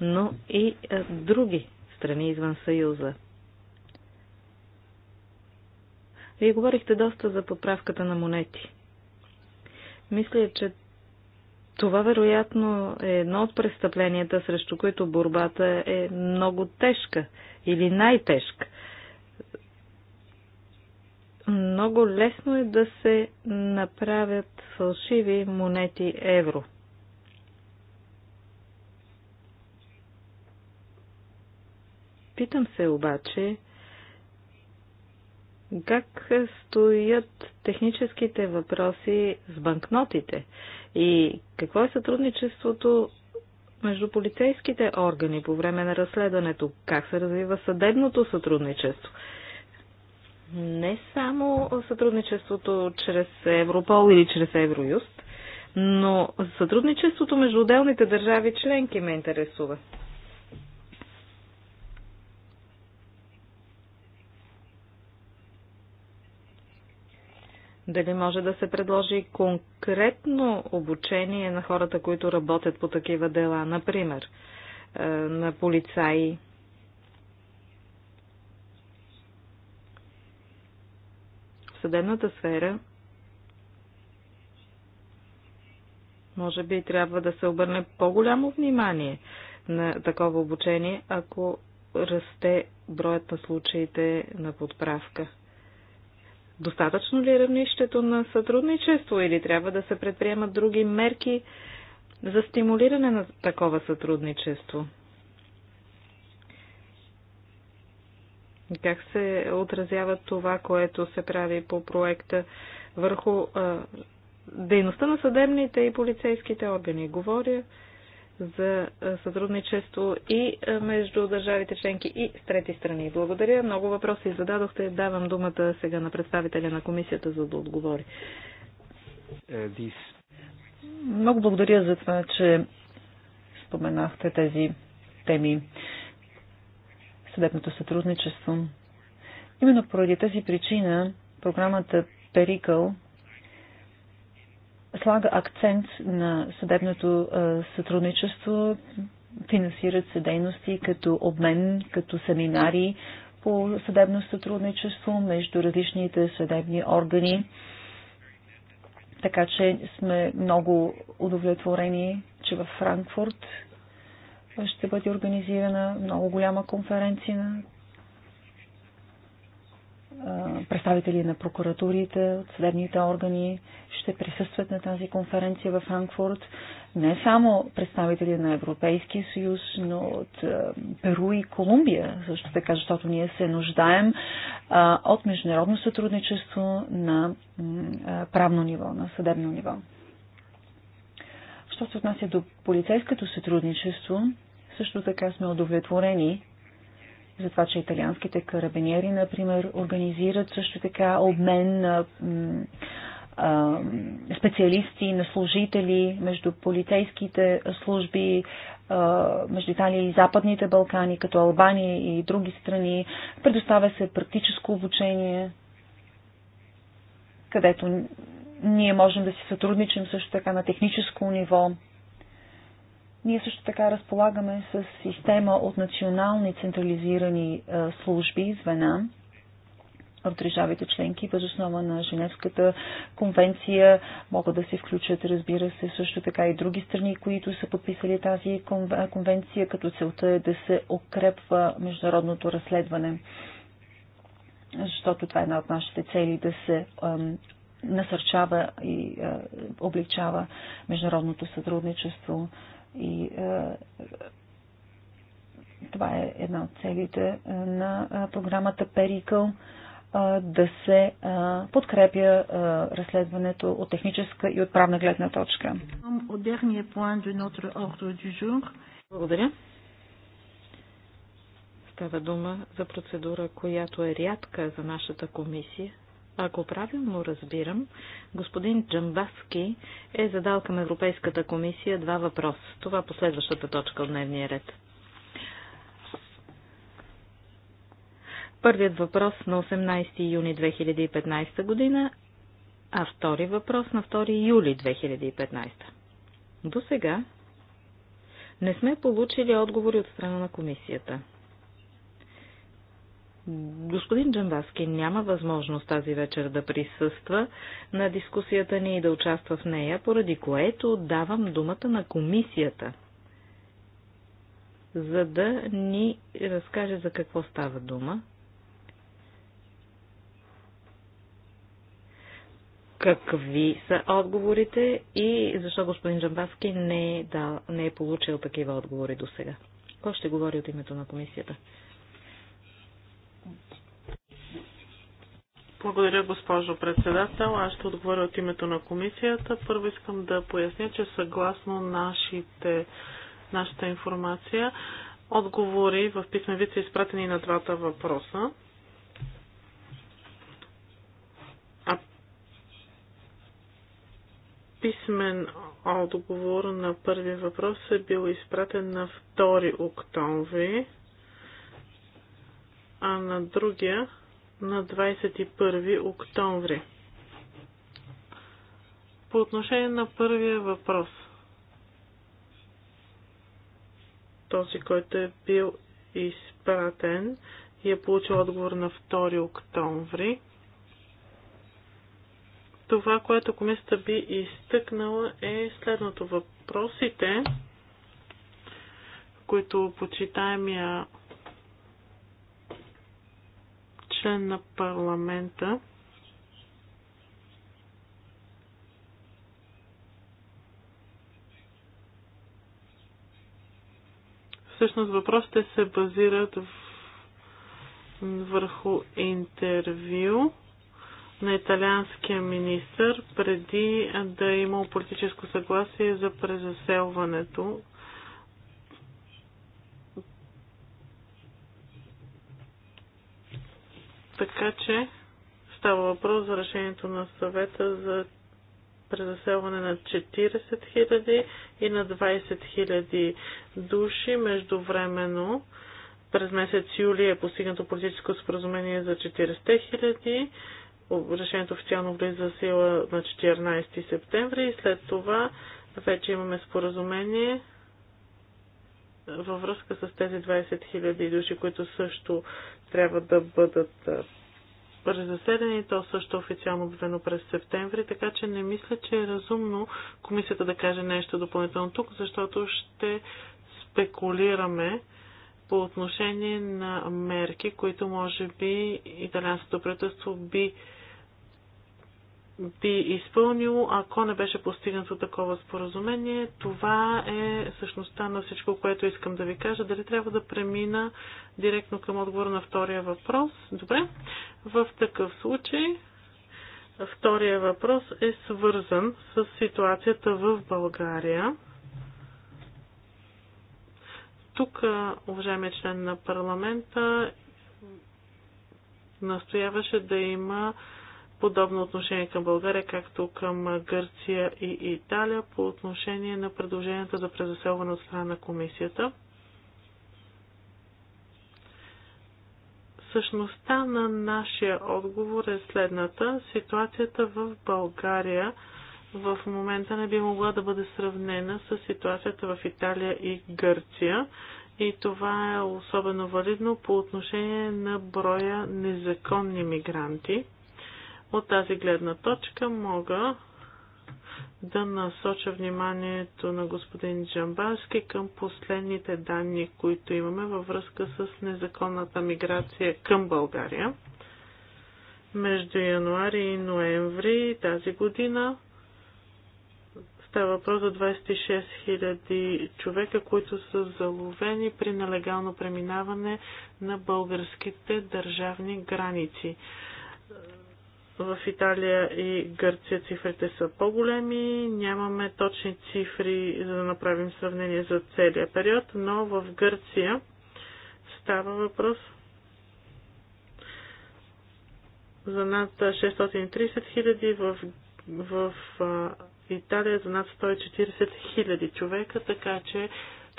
но и е, други страни извън съюза. Вие говорихте доста за поправката на монети. Мисля, че това вероятно е едно от престъпленията, срещу които борбата е много тежка или най-тежка. Много лесно е да се направят фалшиви монети евро. Питам се обаче, как стоят техническите въпроси с банкнотите? И какво е сътрудничеството между полицейските органи по време на разследването? Как се развива съдебното сътрудничество? Не само сътрудничеството чрез Европол или чрез Евроюст, но сътрудничеството между отделните държави членки ме интересува. Дали може да се предложи конкретно обучение на хората, които работят по такива дела, например, е, на полицаи? В съдебната сфера може би трябва да се обърне по-голямо внимание на такова обучение, ако расте броят на случаите на подправка. Достатъчно ли е равнището на сътрудничество или трябва да се предприемат други мерки за стимулиране на такова сътрудничество? Как се отразява това, което се прави по проекта върху а, дейността на съдебните и полицейските органи? Говоря за сътрудничество и между държавите членки и с трети страни. Благодаря. Много въпроси зададохте. Давам думата сега на представителя на комисията, за да отговори. Е, Много благодаря за това, че споменахте тези теми. Съдебното сътрудничество. Именно поради тази причина програмата Перикъл слага акцент на съдебното сътрудничество, финансират се дейности като обмен, като семинари по съдебно сътрудничество между различните съдебни органи. Така че сме много удовлетворени, че във Франкфурт ще бъде организирана много голяма конференция представители на прокуратурите, от съдебните органи ще присъстват на тази конференция във Франкфурт. Не само представители на Европейския съюз, но от Перу и Колумбия, също така, защото ние се нуждаем от международно сътрудничество на правно ниво, на съдебно ниво. Що се отнася до полицейското сътрудничество, също така сме удовлетворени за това, че италианските карабиниери, например, организират също така обмен на специалисти, на служители между полицейските служби, между Италия и Западните Балкани, като Албания и други страни. Предоставя се практическо обучение, където ние можем да си сътрудничим също така на техническо ниво ние също така разполагаме с система от национални централизирани е, служби, звена в държавите членки, въз основа на Женевската конвенция. Могат да се включат, разбира се, също така и други страни, които са подписали тази е, конвенция, като целта е да се укрепва международното разследване. Защото това е една от нашите цели да се насърчава и е, облегчава международното сътрудничество. И е, това е една от целите е, на е, програмата Перикъл да се е, подкрепя разследването от техническа и от правна гледна точка. Благодаря. Става дума за процедура, която е рядка за нашата комисия ако правилно разбирам, господин Джамбаски е задал към Европейската комисия два въпроса. Това по следващата точка от дневния ред. Първият въпрос на 18 юни 2015 година, а втори въпрос на 2 юли 2015. До сега не сме получили отговори от страна на комисията. Господин Джамбаски няма възможност тази вечер да присъства на дискусията ни и да участва в нея, поради което давам думата на комисията, за да ни разкаже за какво става дума. Какви са отговорите и защо господин Джамбаски не е, дал, не е получил такива отговори до сега? Кой ще говори от името на комисията? Благодаря, госпожо председател. Аз ще отговоря от името на комисията. Първо искам да поясня, че съгласно нашите, нашата информация, отговори в писмевица вид са изпратени на двата въпроса. А писмен отговор на първи въпрос е бил изпратен на 2 октомври, а на другия на 21 октомври. По отношение на първия въпрос, този, който е бил изпратен и е получил отговор на 2 октомври, това, което комисията би изтъкнала е следното. Въпросите, които почитаемия член на парламента всъщност въпросите се базират в, върху интервю на италианския министр преди да е имал политическо съгласие за презаселването Така че става въпрос за решението на съвета за презаселване на 40 000 и на 20 000 души. Междувременно през месец юли е постигнато политическо споразумение за 40 000. Решението официално влиза в сила на 14 септември и след това вече имаме споразумение във връзка с тези 20 000 души, които също трябва да бъдат презаседени, то също официално обявено през септември, така че не мисля, че е разумно комисията да каже нещо допълнително тук, защото ще спекулираме по отношение на мерки, които може би италианското правителство би би изпълнило, ако не беше постигнато такова споразумение. Това е същността на всичко, което искам да ви кажа. Дали трябва да премина директно към отговора на втория въпрос? Добре. В такъв случай, втория въпрос е свързан с ситуацията в България. Тук, уважаеми член на парламента, настояваше да има подобно отношение към България, както към Гърция и Италия по отношение на предложенията за презаселване от страна на комисията. Същността на нашия отговор е следната. Ситуацията в България в момента не би могла да бъде сравнена с ситуацията в Италия и Гърция. И това е особено валидно по отношение на броя незаконни мигранти. От тази гледна точка мога да насоча вниманието на господин Джамбарски към последните данни, които имаме във връзка с незаконната миграция към България. Между януари и ноември тази година става въпрос за 26 000 човека, които са заловени при нелегално преминаване на българските държавни граници. В Италия и Гърция цифрите са по-големи. Нямаме точни цифри, за да направим сравнение за целия период, но в Гърция става въпрос за над 630 хиляди, в, в а, Италия за над 140 хиляди човека, така че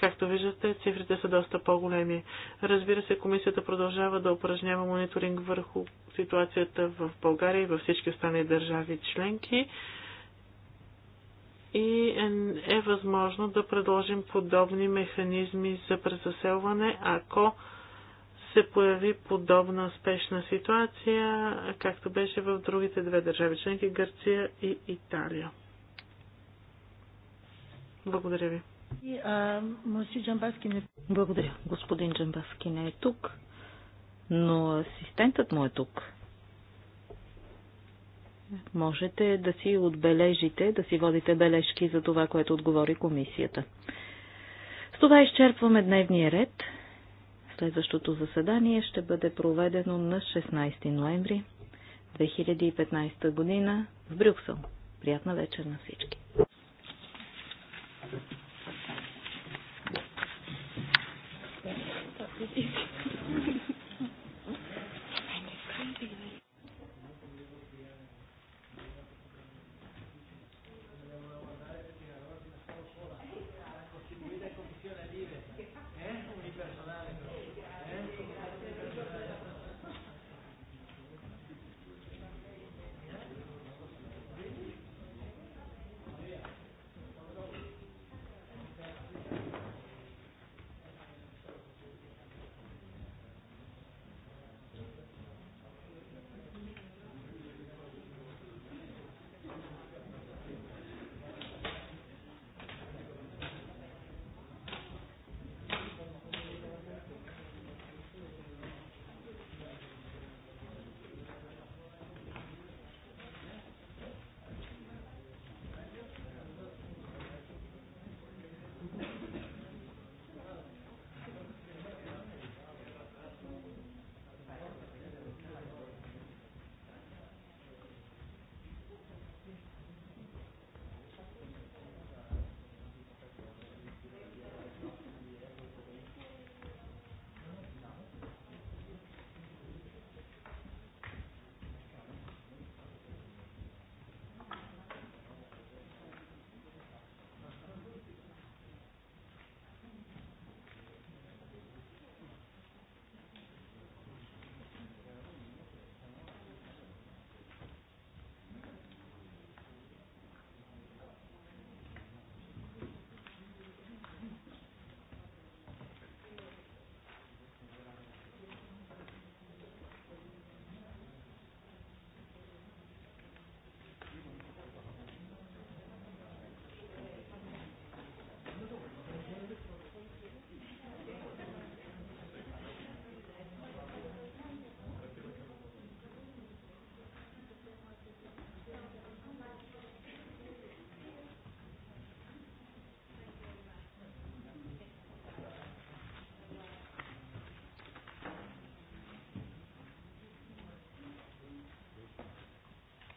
Както виждате, цифрите са доста по-големи. Разбира се, комисията продължава да упражнява мониторинг върху ситуацията в България и във всички останали държави членки и е възможно да предложим подобни механизми за презаселване, ако се появи подобна спешна ситуация, както беше в другите две държави членки Гърция и Италия. Благодаря ви. Благодаря. Господин Джамбаски не е тук, но асистентът му е тук. Можете да си отбележите, да си водите бележки за това, което отговори комисията. С това изчерпваме дневния ред. Следващото заседание ще бъде проведено на 16 ноември 2015 година в Брюксел. Приятна вечер на всички! Thank you.